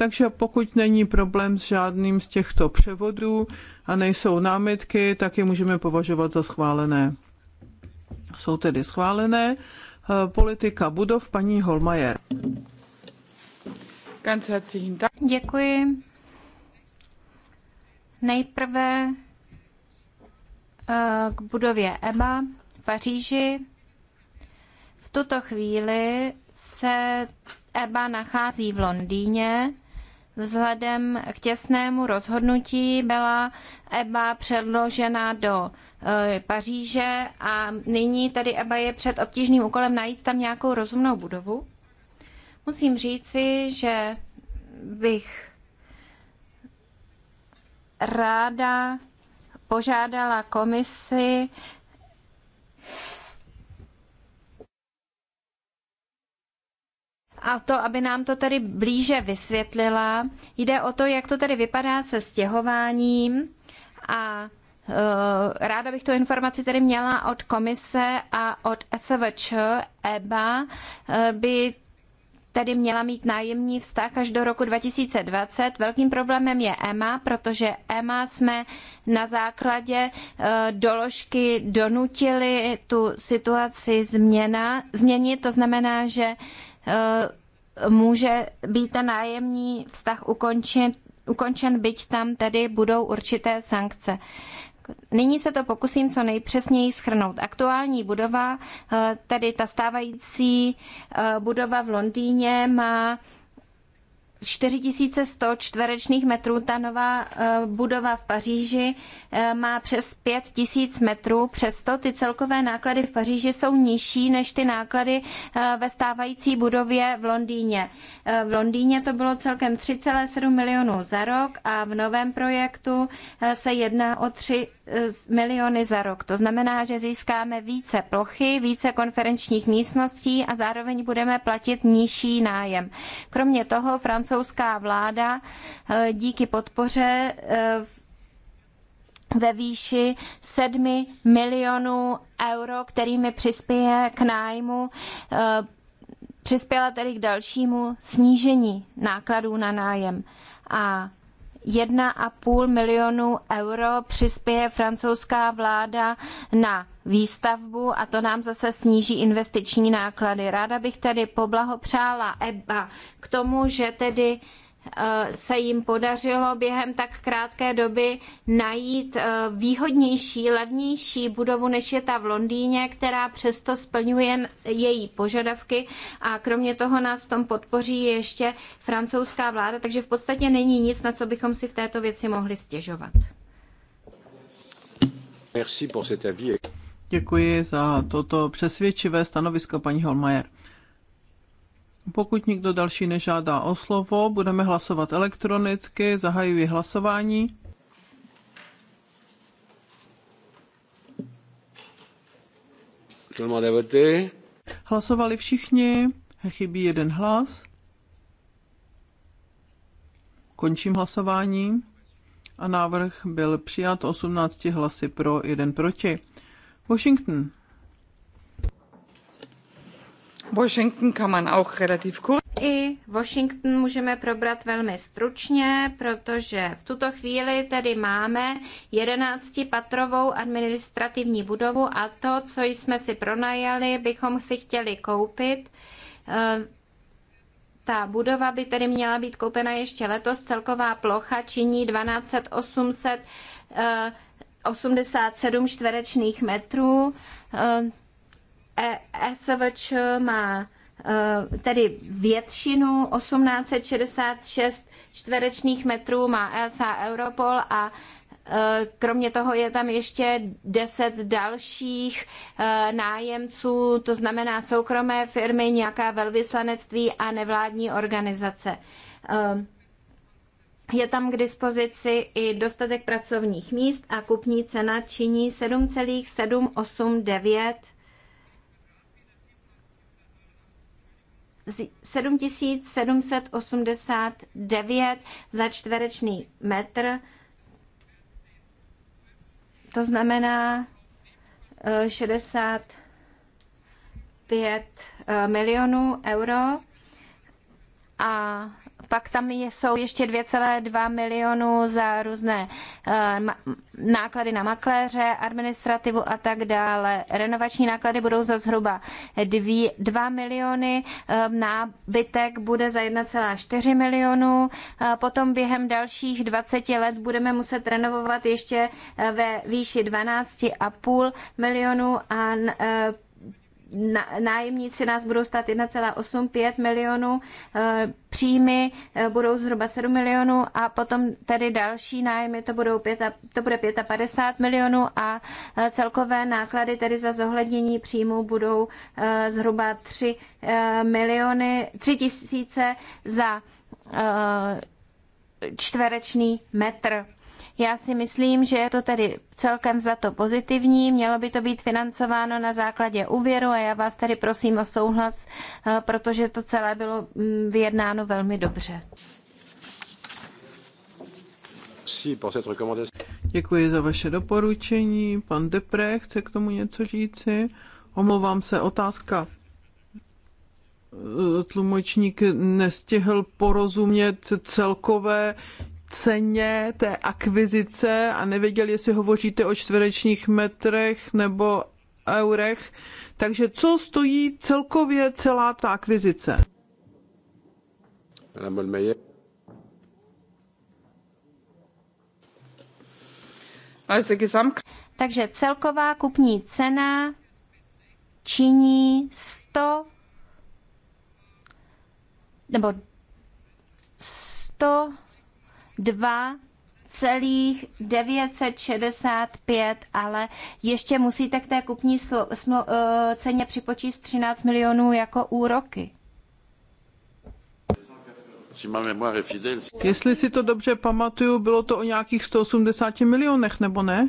takže pokud není problém s žádným z těchto převodů a nejsou námitky, tak je můžeme považovat za schválené. Jsou tedy schválené. Eh, politika budov paní Holmajer. Děkuji. Nejprve eh, k budově EMA v Paříži. V tuto chvíli se EBA nachází v Londýně. Vzhledem k těsnému rozhodnutí byla EBA předložena do e, Paříže a nyní tedy EBA je před obtížným úkolem najít tam nějakou rozumnou budovu. Musím říci, že bych ráda požádala komisi, a to, aby nám to tady blíže vysvětlila. Jde o to, jak to tady vypadá se stěhováním a eh, ráda bych tu informaci tedy měla od komise a od SVČ. EBA eh, by tedy měla mít nájemní vztah až do roku 2020. Velkým problémem je EMA, protože EMA jsme na základě eh, doložky donutili tu situaci změna, změnit. To znamená, že Eh, může být ten nájemní vztah ukončen, ukončen, byť tam tedy budou určité sankce. Nyní se to pokusím co nejpřesněji schrnout. Aktuální budova, eh, tedy ta stávající eh, budova v Londýně, má 4100 čtverečných metrů. Ta nová eh, budova v Paříži eh, má přes 5000 metrů, přesto ty celkové náklady v Paříži jsou nižší než ty náklady eh, ve stávající budově v Londýně. V Londýně to bylo celkem 3,7 milionů za rok a v novém projektu se jedná o 3 miliony za rok. To znamená, že získáme více plochy, více konferenčních místností a zároveň budeme platit nižší nájem. Kromě toho francouzská vláda eh, díky podpoře eh, ve výši 7 milionů euro, kterými přispěje k nájmu, eh, přispěla tedy k dalšímu snížení nákladů na nájem. A 1,5 milionu euro přispěje francouzská vláda na výstavbu a to nám zase sníží investiční náklady. Ráda bych tedy poblahopřála EBA k tomu, že tedy Eh, se jim podařilo během tak krátké doby najít eh, výhodnější, levnější budovu, než je ta v Londýně, která přesto splňuje její požadavky a kromě toho nás v tom podpoří ještě francouzská vláda, takže v podstatě není nic, na co bychom si v této věci mohli stěžovat. Děkuji za toto přesvědčivé stanovisko, paní Holmajer. Pokud nikdo další nežádá o slovo, budeme hlasovat elektronicky. Zahajuji hlasování. Hlasovali všichni, chybí jeden hlas. Končím hlasování a návrh byl přijat 18 hlasy pro, jeden proti. Washington. Washington kann man auch relativ kurz. I Washington můžeme probrat velmi stručně, protože v tuto chvíli tedy máme 11-patrovou administrativní budovu a to, co jsme si pronajali, bychom si chtěli koupit. Eh, ta budova by tedy měla být koupena ještě letos. Celková plocha činí 12 87 čtverečných metrů. Eh, E SVČ má eh, tedy většinu 1866 čtverečních metrů má ESA Europol a eh, Kromě toho je tam ještě deset dalších eh, nájemců, to znamená soukromé firmy, nějaká velvyslanectví a nevládní organizace. Je tam k dispozici i dostatek pracovních míst a kupní cena činí 7,789 7789 za čtverečný metr. To znamená 65 eh, eh, milionů euro a pak tam jsou ještě 2,2 milionu za různé eh, náklady na makléře, administrativu a tak dále. Renovační náklady budou za zhruba 2 miliony, eh, nábytek bude za 1,4 milionu, eh, potom během dalších 20 let budeme muset renovovat ještě ve výši 12,5 milionů a nájemníci nás budou stát 1,85 milionů, eh, příjmy eh, budou zhruba 7 milionů a potom tady další nájmy, to, budou 5, to bude 55 milionů a eh, celkové náklady tedy za zohlednění příjmů budou zhruba 3 miliony, 3 tisíce za čtverečný metr. Já si myslím, že je to tedy celkem za to pozitivní. Mělo by to být financováno na základě úvěru a já vás tady prosím o souhlas, eh, protože to celé bylo mm, vyjednáno velmi dobře. Děkuji za vaše doporučení. Pan Depre chce k tomu něco říci. Omlouvám se, otázka. Eh, tlumočník nestihl porozumět celkové ceně té akvizice a nevěděli, jestli hovoříte o čtverečních metrech nebo eurech. Takže co stojí celkově celá ta akvizice? Takže celková kupní cena činí 100 nebo 100 2,965, celých ale ještě musíte k té kupní slo, ceně připočíst 13 milionů jako úroky. Jestli si to dobře pamatuju, bylo to o nějakých 180 milionech, nebo ne?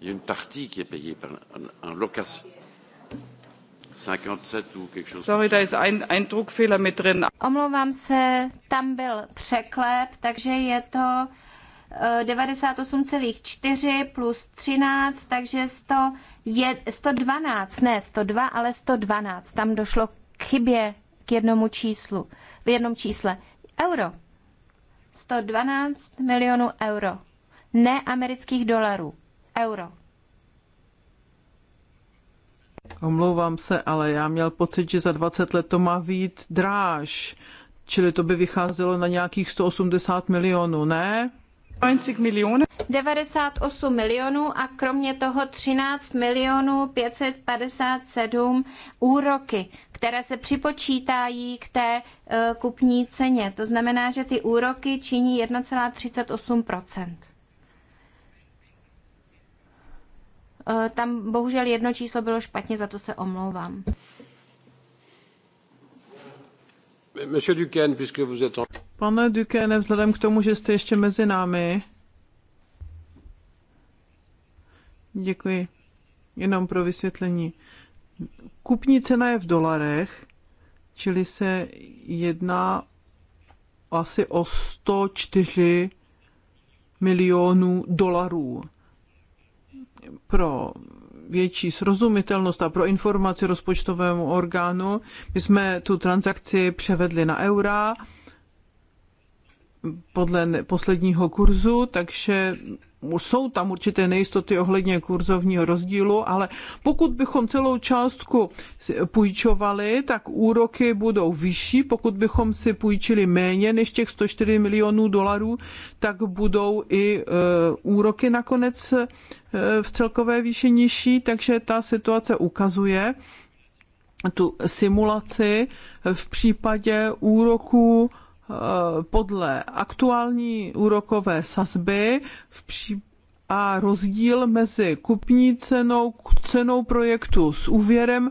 il y a une partie qui est payée par, en, en location. 57 ou quelque chose. Sorry, da ist ein, ein Druckfehler mit drin. Omlouvám se, tam byl překlep, takže je to 98,4 eh, plus 13, takže 100 je, 112, ne 102, ale 112. Tam došlo k chybě k jednomu číslu, v jednom čísle. Euro. 112 milionů euro. Ne amerických dolarů euro. Omlouvám se, ale já měl pocit, že za 20 let to má být dráž. Čili to by vycházelo na nějakých 180 milionů, ne? 90 milionů. 98 milionů a kromě toho 13 milionů 557 úroky, které se připočítají k té e, kupní ceně. To znamená, že ty úroky činí 1,38 Eh, tam bohužel jedno číslo bylo špatně, za to se omlouvám. Pane Duquesne, vzhledem k tomu, že jste ještě mezi námi. Děkuji. Jenom pro vysvětlení. Kupní cena je v dolarech, čili se jedná asi o 104 milionů dolarů pro větší srozumitelnost a pro informaci rozpočtovému orgánu. My jsme tu transakci převedli na eura podle posledního kurzu, takže jsou tam určité nejistoty ohledně kurzovního rozdílu, ale pokud bychom celou částku půjčovali, tak úroky budou vyšší. Pokud bychom si půjčili méně než těch 104 milionů dolarů, tak budou i e, úroky nakonec e, v celkové výši nižší, takže ta situace ukazuje tu simulaci v případě úroků Eh, podle aktuální úrokové sazby v pří... a rozdíl mezi kupní cenou, cenou projektu s úvěrem eh,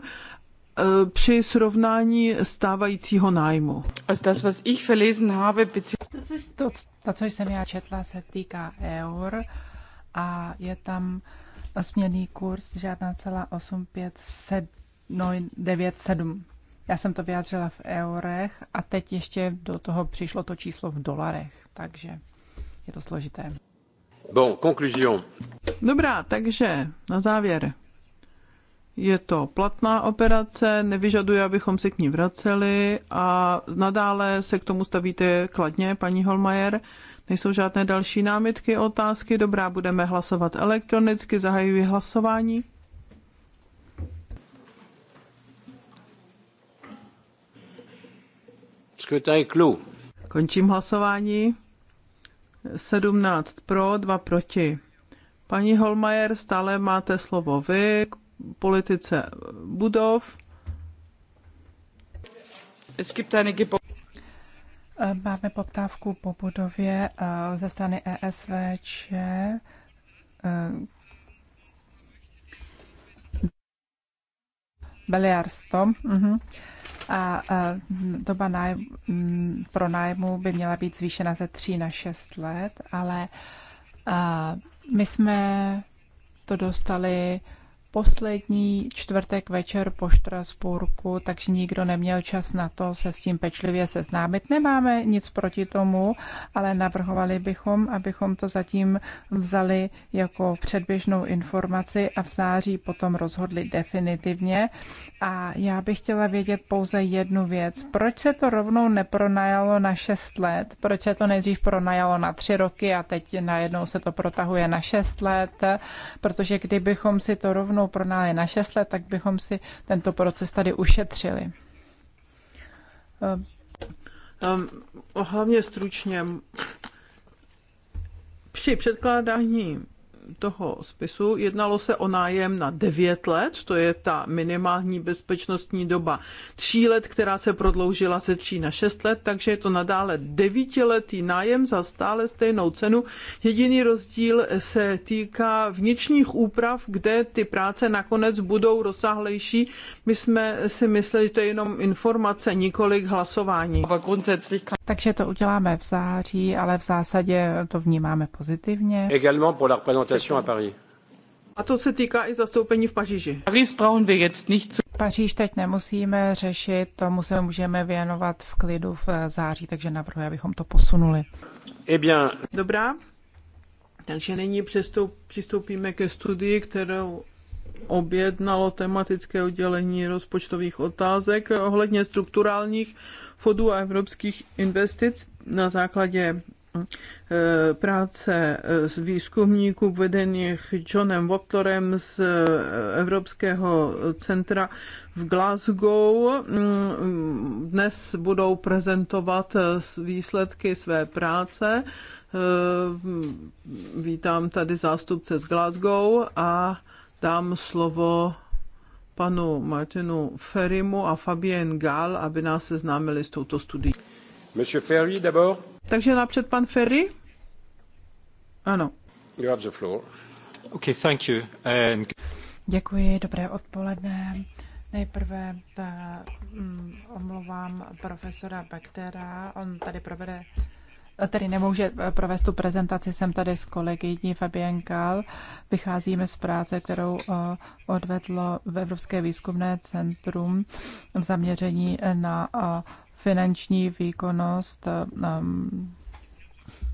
při srovnání stávajícího nájmu. To, to, co jsem já četla, se týká eur a je tam směný kurz žádná celá já jsem to vyjádřila v eurech a teď ještě do toho přišlo to číslo v dolarech, takže je to složité. Bon, conclusion. Dobrá, takže na závěr. Je to platná operace, nevyžaduje, abychom se k ní vraceli a nadále se k tomu stavíte kladně, paní Holmajer. Nejsou žádné další námitky, otázky. Dobrá, budeme hlasovat elektronicky, zahajuji hlasování. Končím hlasování. 17 pro, 2 proti. Paní Holmajer, stále máte slovo vy k politice budov. Es gibt Máme poptávku po budově eh, ze strany ESVČ. Uh-huh. Eh, a doba nájmu, mm, pro nájmu by měla být zvýšena ze 3 na 6 let, ale my jsme to dostali poslední čtvrtek večer po Štrasburku, takže nikdo neměl čas na to se s tím pečlivě seznámit. Nemáme nic proti tomu, ale navrhovali bychom, abychom to zatím vzali jako předběžnou informaci a v září potom rozhodli definitivně. A já bych chtěla vědět pouze jednu věc. Proč se to rovnou nepronajalo na 6 let? Proč se to nejdřív pronajalo na 3 roky a teď najednou se to protahuje na 6 let? Protože kdybychom si to rovnou jednou pronáje na 6 let, tak bychom si tento proces tady ušetřili. Um, hlavně stručně. Při předkládání toho spisu. Jednalo se o nájem na 9 let, to je ta minimální bezpečnostní doba 3 let, která se prodloužila ze 3 na 6 let, takže je to nadále 9-letý nájem za stále stejnou cenu. Jediný rozdíl se týká vnitřních úprav, kde ty práce nakonec budou rozsáhlejší. My jsme si mysleli, že to je jenom informace, nikoli hlasování. Takže to uděláme v září, ale v zásadě to vnímáme pozitivně. Également pour la représentation à Paris. A to se týká i zastoupení v Paříži. Paříž teď nemusíme řešit, tomu se můžeme věnovat v klidu v září, takže navrhuji, abychom to posunuli. Eh bien. Dobrá, takže nyní přistoup, přistoupíme ke studii, kterou objednalo tematické oddělení rozpočtových otázek ohledně strukturálních fodů a evropských investic na základě Eh, práce eh, z výzkumníků vedených Johnem Wattlerem z eh, Evropského centra v Glasgow. Mm, dnes budou prezentovat výsledky své práce. Vítám tady zástupce z Glasgow a dám slovo panu Martinu Ferimu a Fabien Gall, aby nás seznámili s touto studií. Monsieur Ferry, d'abord. Takže napřed pan Ferry. Ano. You have the floor. Okay, thank you. And... Děkuji, dobré odpoledne. Nejprve ta, mm, omlouvám profesora Bektera. on tady provede Tedy nemůže provést tu prezentaci, jsem tady s kolegyní Fabien Kal. Vycházíme z práce, kterou eh, odvedlo v Evropské výzkumné centrum v zaměření na eh, finanční výkonnost ehm,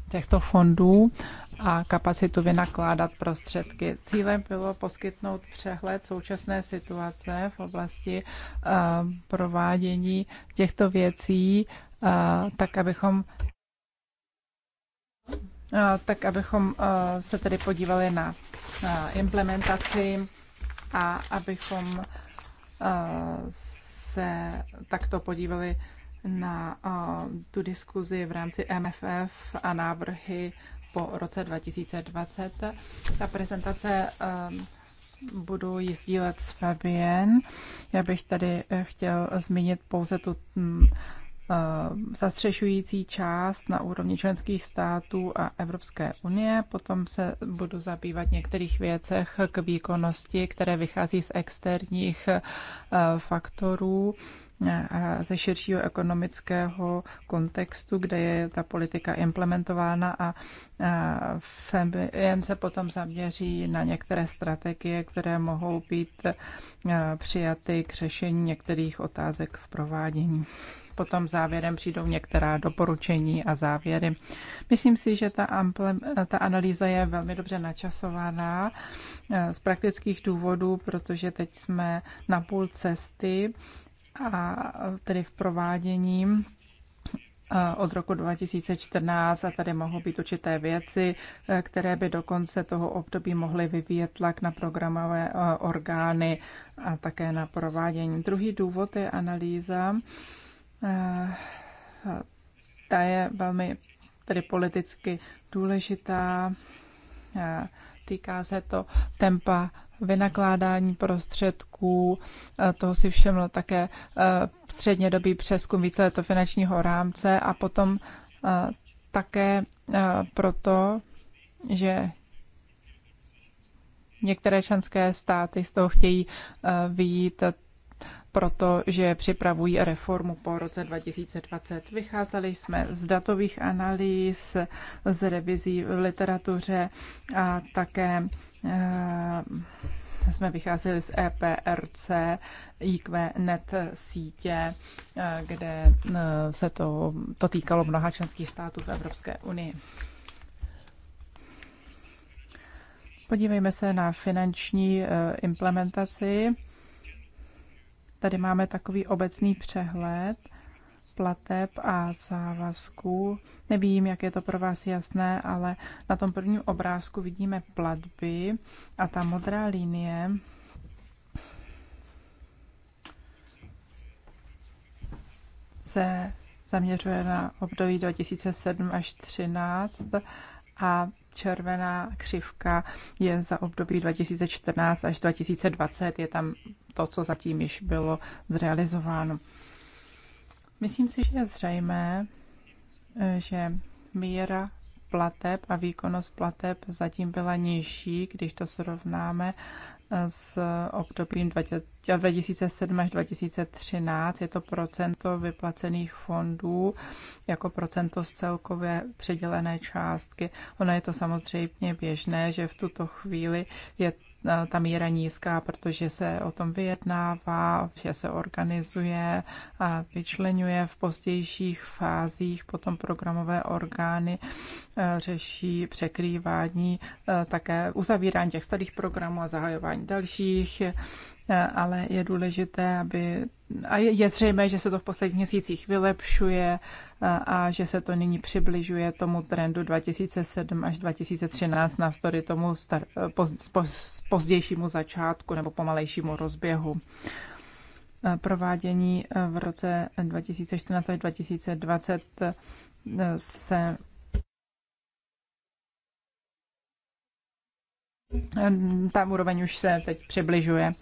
těchto fondů a kapacitu vynakládat prostředky. Cílem bylo poskytnout přehled současné situace v oblasti ehm, provádění těchto věcí, eh, tak abychom eh, tak abychom eh, se tedy podívali na implementaci a abychom se takto podívali na tu diskuzi v rámci MFF a návrhy po roce 2020. Ta prezentace ehm, budu ji sdílet s Fabien. Já bych tady eh, chtěl zmínit pouze tu mm, ehm, zastřešující část na úrovni členských států a Evropské unie. Potom se budu zabývat některých věcech k výkonnosti, které vychází z externích eh, faktorů ze širšího ekonomického kontextu, kde je ta politika implementována a jen se potom zaměří na některé strategie, které mohou být přijaty k řešení některých otázek v provádění. Potom závěrem přijdou některá doporučení a závěry. Myslím si, že ta, ample, ta analýza je velmi dobře načasovaná z praktických důvodů, protože teď jsme na půl cesty a tedy v provádění od roku 2014 a tady mohou být určité věci, e, které by do konce toho období mohly vyvíjet tlak na programové e, orgány a také na provádění. Druhý důvod je analýza. E, ta je velmi tedy politicky důležitá týká se to tempa vynakládání prostředků, eh, toho si všiml také eh, střednědobý přeskum to finančního rámce a potom eh, také proto, že některé členské státy z toho chtějí vyjít protože připravují reformu po roce 2020. Vycházeli jsme z datových analýz, z revizí v literatuře a také eh, jsme vycházeli z EPRC, IQNet sítě, eh, kde eh, se to, to týkalo mnoha členských států v Evropské unii. Podívejme se na finanční implementaci Tady máme takový obecný přehled plateb a závazků. Nevím, jak je to pro vás jasné, ale na tom prvním obrázku vidíme platby a ta modrá linie se zaměřuje na období 2007 až 2013 a červená křivka je za období 2014 až 2020. Je tam to, co zatím již bylo zrealizováno. Myslím si, že je zřejmé, že míra plateb a výkonnost plateb zatím byla nižší, když to srovnáme z obdobím 2007 až 2013. Je to procento vyplacených fondů jako procento z celkové předělené částky. Ono je to samozřejmě běžné, že v tuto chvíli je Eh, ta míra nízká, protože se o tom vyjednává, že se organizuje a vyčlenuje v pozdějších fázích. Potom programové orgány eh, řeší překrývání, eh, také uzavírání těch starých programů a zahajování dalších. Eh, ale je důležité, aby. A je zřejmé, že se to v posledních měsících vylepšuje eh, a že se to nyní přibližuje tomu trendu 2007 až 2013 navzdory tomu star, eh, poz, poz, pozdějšímu začátku nebo pomalejšímu rozběhu provádění v roce 2014 až 2020 se ta úroveň už se teď přibližuje.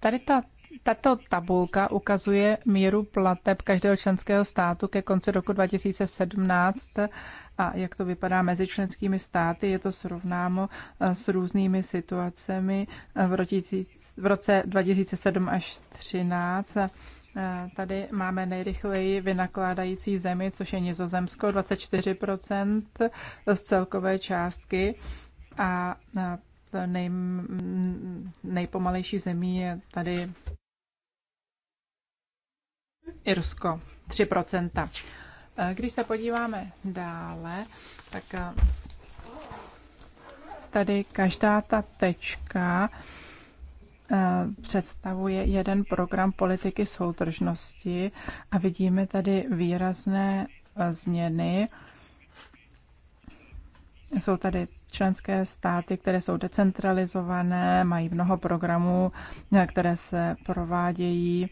Tady ta tato tabulka ukazuje míru plateb každého členského státu ke konci roku 2017 a jak to vypadá mezi členskými státy. Je to srovnámo eh, s různými situacemi eh, v roce 2007 až 2013. Eh, tady máme nejrychleji vynakládající zemi, což je Nizozemsko, 24 z celkové částky. A nej, nejpomalejší zemí je tady Irsko, 3%. Eh, když se podíváme dále, tak eh, tady každá ta tečka eh, představuje jeden program politiky soudržnosti a vidíme tady výrazné změny jsou tady členské státy, které jsou decentralizované, mají mnoho programů, které se provádějí,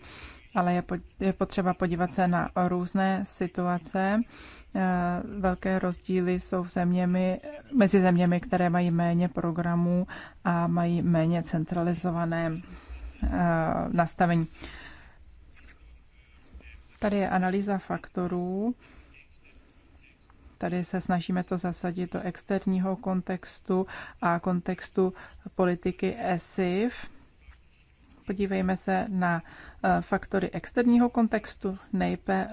ale je, potřeba podívat se na různé situace. Eh, velké rozdíly jsou v zeměmi, mezi zeměmi, které mají méně programů a mají méně centralizované eh, nastavení. Tady je analýza faktorů Tady se snažíme to zasadit do externího kontextu a kontextu politiky ESIF. Podívejme se na eh, faktory externího kontextu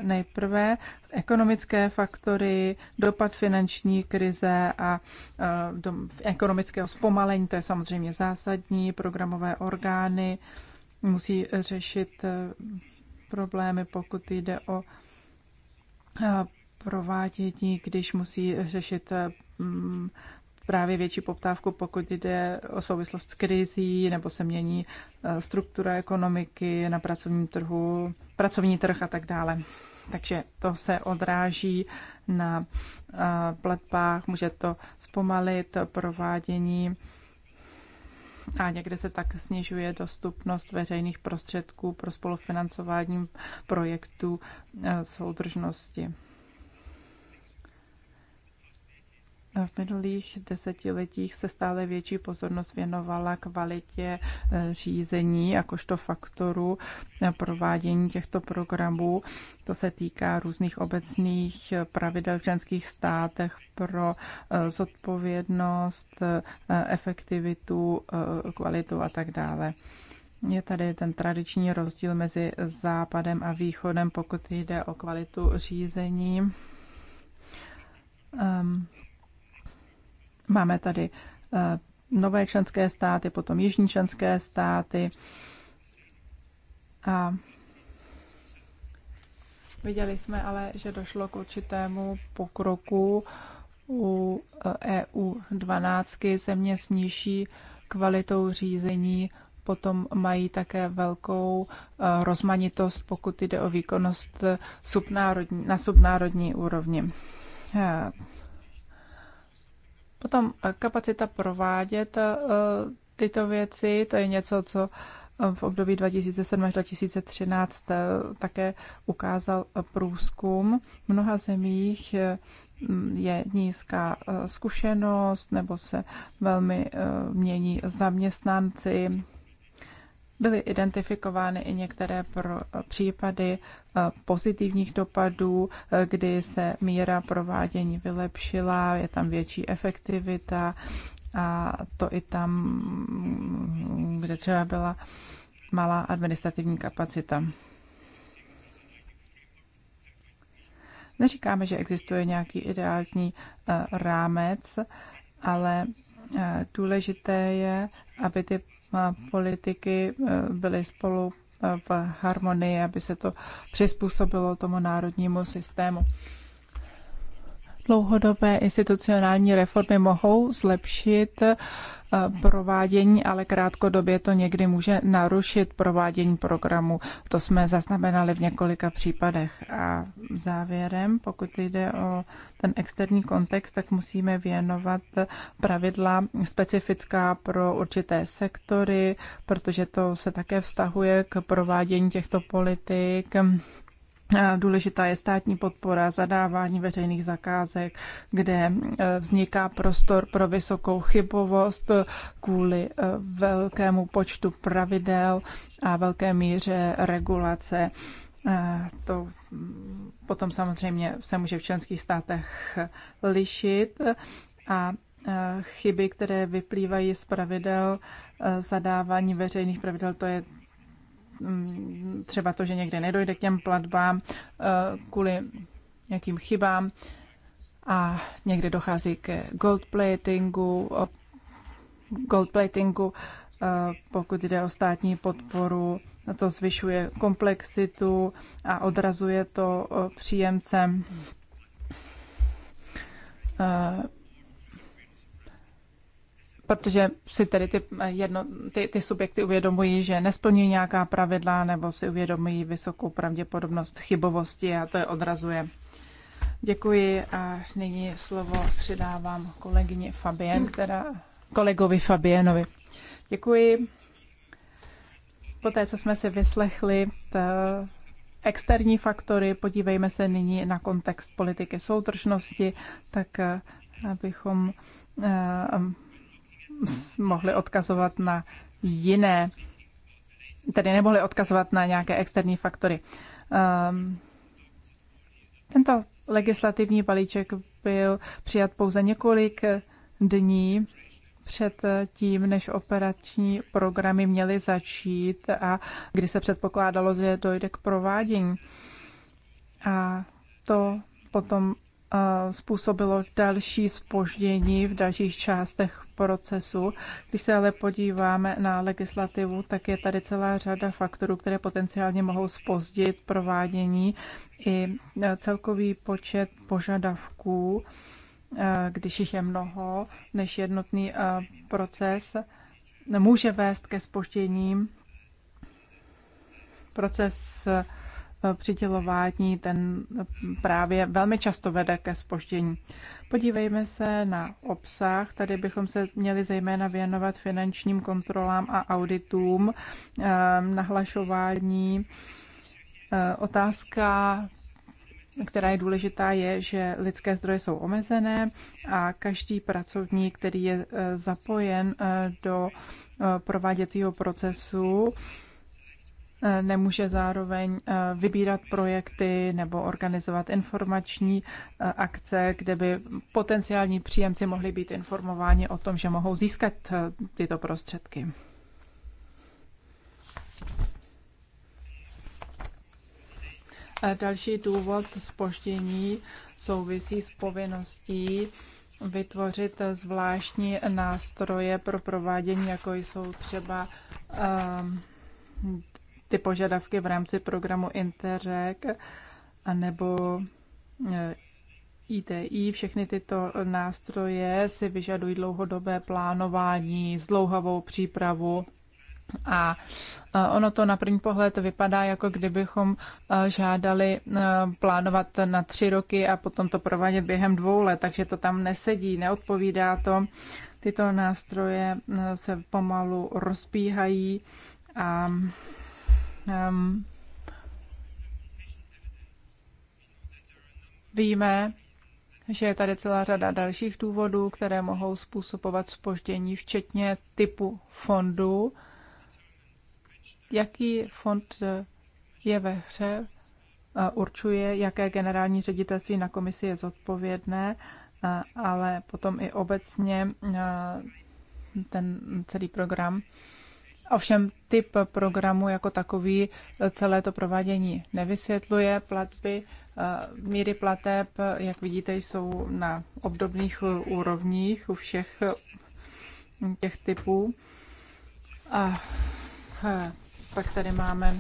nejprve, ekonomické faktory, dopad finanční krize a eh, ekonomického zpomalení, to je samozřejmě zásadní, programové orgány musí řešit eh, problémy, pokud jde o provádění, když musí řešit mm, právě větší poptávku, pokud jde o souvislost s krizí, nebo se mění e, struktura ekonomiky na pracovním trhu, pracovní trh a tak dále. Takže to se odráží na e, platbách, může to zpomalit provádění a někde se tak snižuje dostupnost veřejných prostředků pro spolufinancování projektů e, soudržnosti. V minulých desetiletích se stále větší pozornost věnovala kvalitě eh, řízení jakožto faktoru provádění těchto programů. To se týká různých obecných eh, pravidel v ženských státech pro eh, zodpovědnost, efektivitu, kvalitu a tak dále. Je tady ten tradiční rozdíl mezi západem a východem, pokud jde o kvalitu řízení. Um, Máme tady eh, nové členské státy, potom jižní členské státy. A viděli jsme ale, že došlo k určitému pokroku u EU eh, e 12 země s nižší kvalitou řízení potom mají také velkou eh, rozmanitost, pokud jde o výkonnost subnárodní, na subnárodní úrovni. Potom eh, kapacita provádět eh, tyto věci, to je něco, co eh, v období 2007 až 2013 také ukázal průzkum. V mnoha zemích je nízká zkušenost nebo se velmi mění zaměstnanci, Byly identifikovány i některé pro, eh, případy eh, pozitivních dopadů, eh, kdy se míra provádění vylepšila, je tam větší efektivita a to i tam, mm, kde třeba byla malá administrativní kapacita. Neříkáme, že existuje nějaký ideální rámec, ale důležité je, aby ty politiky e, byly spolu e, v harmonii, aby se to přizpůsobilo tomu národnímu systému. Dlouhodobé institucionální reformy mohou zlepšit provádění, ale krátkodobě to někdy může narušit provádění programu. To jsme zaznamenali v několika případech. A závěrem, pokud jde o ten externí kontext, tak musíme věnovat pravidla specifická pro určité sektory, protože to se také vztahuje k provádění těchto politik Eh, důležitá je státní podpora, zadávání veřejných zakázek, kde eh, vzniká prostor pro vysokou chybovost kvůli eh, velkému počtu pravidel a velké míře regulace. To potom samozřejmě se může v členských státech lišit a chyby, které vyplývají z pravidel zadávání veřejných pravidel, to je Mm, třeba to, že někde nedojde k těm platbám eh, kvůli nějakým chybám a někde dochází ke goldplatingu, goldplatingu, eh, pokud jde o státní podporu, to zvyšuje komplexitu a odrazuje to eh, příjemcem protože si tedy ty, jedno, ty, ty subjekty uvědomují, že nesplní nějaká pravidla nebo si uvědomují vysokou pravděpodobnost chybovosti a to je odrazuje. Děkuji a nyní slovo předávám kolegyně Fabien, která, kolegovi Fabienovi. Děkuji. Poté, co jsme si vyslechli eh, externí faktory, podívejme se nyní na kontext politiky soutržnosti, tak eh, abychom eh, mohli odkazovat na jiné, tedy nemohli odkazovat na nějaké externí faktory. Ehm, tento legislativní balíček byl přijat pouze několik dní před tím, než operační programy měly začít a kdy se předpokládalo, že dojde k provádění. A to potom způsobilo další spoždění v dalších částech procesu. Když se ale podíváme na legislativu, tak je tady celá řada faktorů, které potenciálně mohou spozdit provádění i e, celkový počet požadavků, e, když jich je mnoho, než jednotný e, proces může vést ke spožděním. Proces přitělování, ten právě velmi často vede ke spoždění. Podívejme se na obsah. Tady bychom se měli zejména věnovat finančním kontrolám a auditům, ehm, nahlašování. Ehm, otázka která je důležitá, je, že lidské zdroje jsou omezené a každý pracovník, který je eh, zapojen eh, do eh, prováděcího procesu, Eh, nemůže zároveň eh, vybírat projekty nebo organizovat informační eh, akce, kde by potenciální příjemci mohli být informováni o tom, že mohou získat tyto prostředky. Další důvod spoždění souvisí s povinností vytvořit zvláštní nástroje pro provádění, jako jsou třeba ehm, ty požadavky v rámci programu Interreg anebo ITI, e, všechny tyto nástroje si vyžadují dlouhodobé plánování, zdlouhavou přípravu a e, ono to na první pohled vypadá, jako kdybychom e, žádali plánovat na tři roky a potom to provádět během dvou let, takže to tam nesedí, neodpovídá to. Tyto nástroje se pomalu rozpíhají a um, víme, že je tady celá řada dalších důvodů, které mohou způsobovat spoždění, včetně typu fondu. Jaký fond je ve hře, určuje, jaké generální ředitelství na komisi je zodpovědné, ale potom i obecně ten celý program Ovšem typ programu jako takový eh, celé to provádění nevysvětluje. Platby, eh, míry plateb, eh, jak vidíte, jsou na obdobných úrovních u všech těch typů. A pak tady máme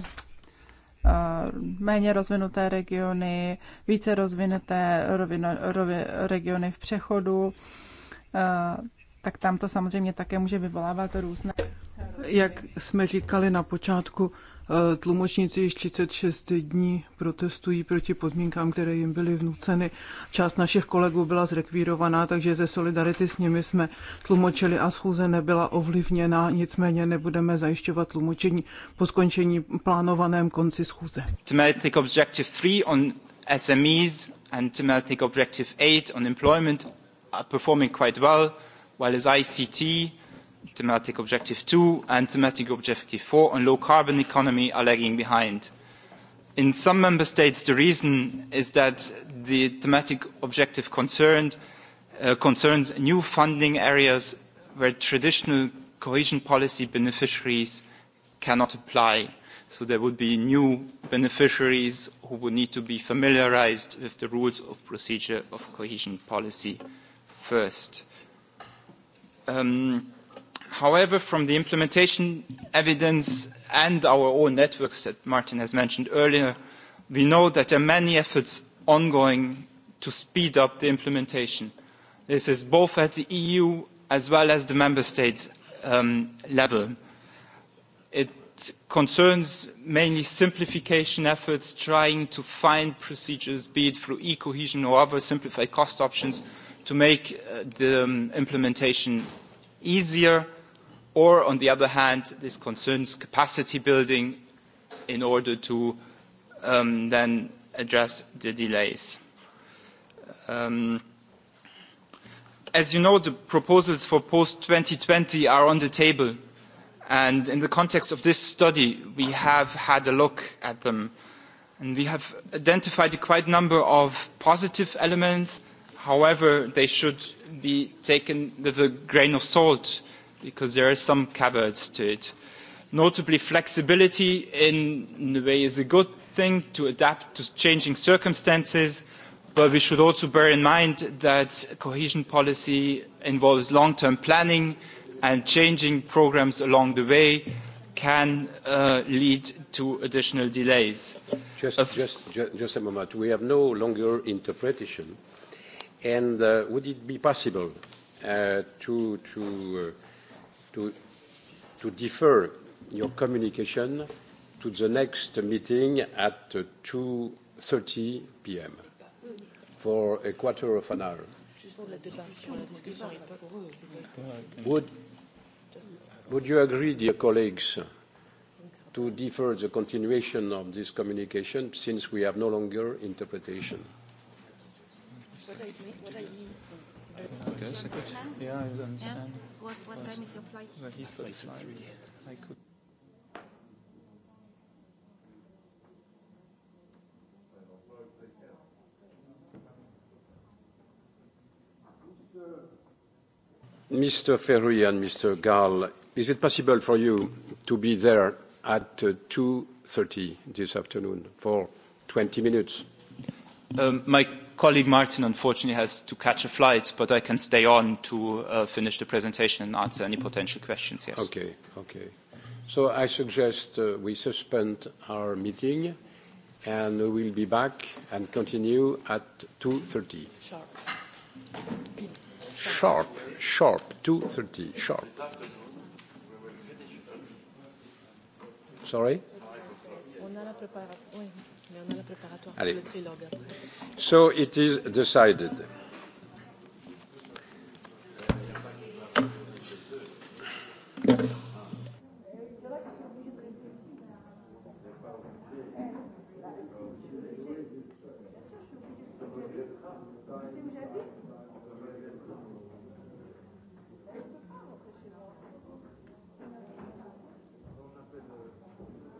méně rozvinuté regiony, více rozvinuté rovino, rovi, regiony v přechodu, tak tam to samozřejmě také může vyvolávat různé jak jsme říkali na počátku, eh, Tlumočníci již 36 dní protestují proti podmínkám, které jim byly vnuceny. Část našich kolegů byla zrekvírovaná, takže ze solidarity s nimi jsme tlumočili a schůze nebyla ovlivněna, nicméně nebudeme zajišťovat tlumočení po skončení plánovaném konci schůze. Thematic Objective 3 on SMEs and Thematic Objective 8 on employment are uh, performing quite well, while as ICT thematic objective 2 and thematic objective 4 on low carbon economy are lagging behind. In some member states, the reason is that the thematic objective concerned uh, concerns new funding areas where traditional cohesion policy beneficiaries cannot apply. So there would be new beneficiaries who would need to be familiarized with the rules of procedure of cohesion policy first. Um, However, from the implementation evidence and our own networks that Martin has mentioned earlier, we know that there are many efforts ongoing to speed up the implementation. This is both at the EU as well as the member states um, level. It concerns mainly simplification efforts, trying to find procedures, be it through e-cohesion or other simplified cost options, to make uh, the um, implementation easier or on the other hand, this concerns capacity building in order to um, then address the delays. Um, as you know, the proposals for post-2020 are on the table, and in the context of this study, we have had a look at them. And we have identified a quite number of positive elements. However, they should be taken with a grain of salt because there are some caveats to it. Notably, flexibility in, a way is a good thing to adapt to changing circumstances, but we should also bear in mind that cohesion policy involves long-term planning and changing programs along the way can uh, lead to additional delays. Just, uh, just, just a moment. We have no longer interpretation. And uh, would it be possible uh, to, to uh, to, to defer your communication to the next meeting at 2:30 P.M. for a quarter of an hour. Would, would you agree, dear colleagues, to defer the continuation of this communication since we have no longer interpretation? What I mean, what I mean. Uh, okay, secretary. Yeah, I understand. Yeah. What, what time is your flight? flight. I could. Mr. Ferruyan, Mr. Gall, is it possible for you to be there at 2.30 uh, this afternoon for 20 minutes? Um, my colleague Martin unfortunately has to catch a flight, but I can stay on to uh, finish the presentation and answer any potential questions, yes. Okay, okay. So I suggest uh, we suspend our meeting and we will be back and continue at 2.30. Sharp. Sharp, sharp, 2.30, sharp. Sorry? On a la préparation. Oui. Allez. So it is decided. Thank you.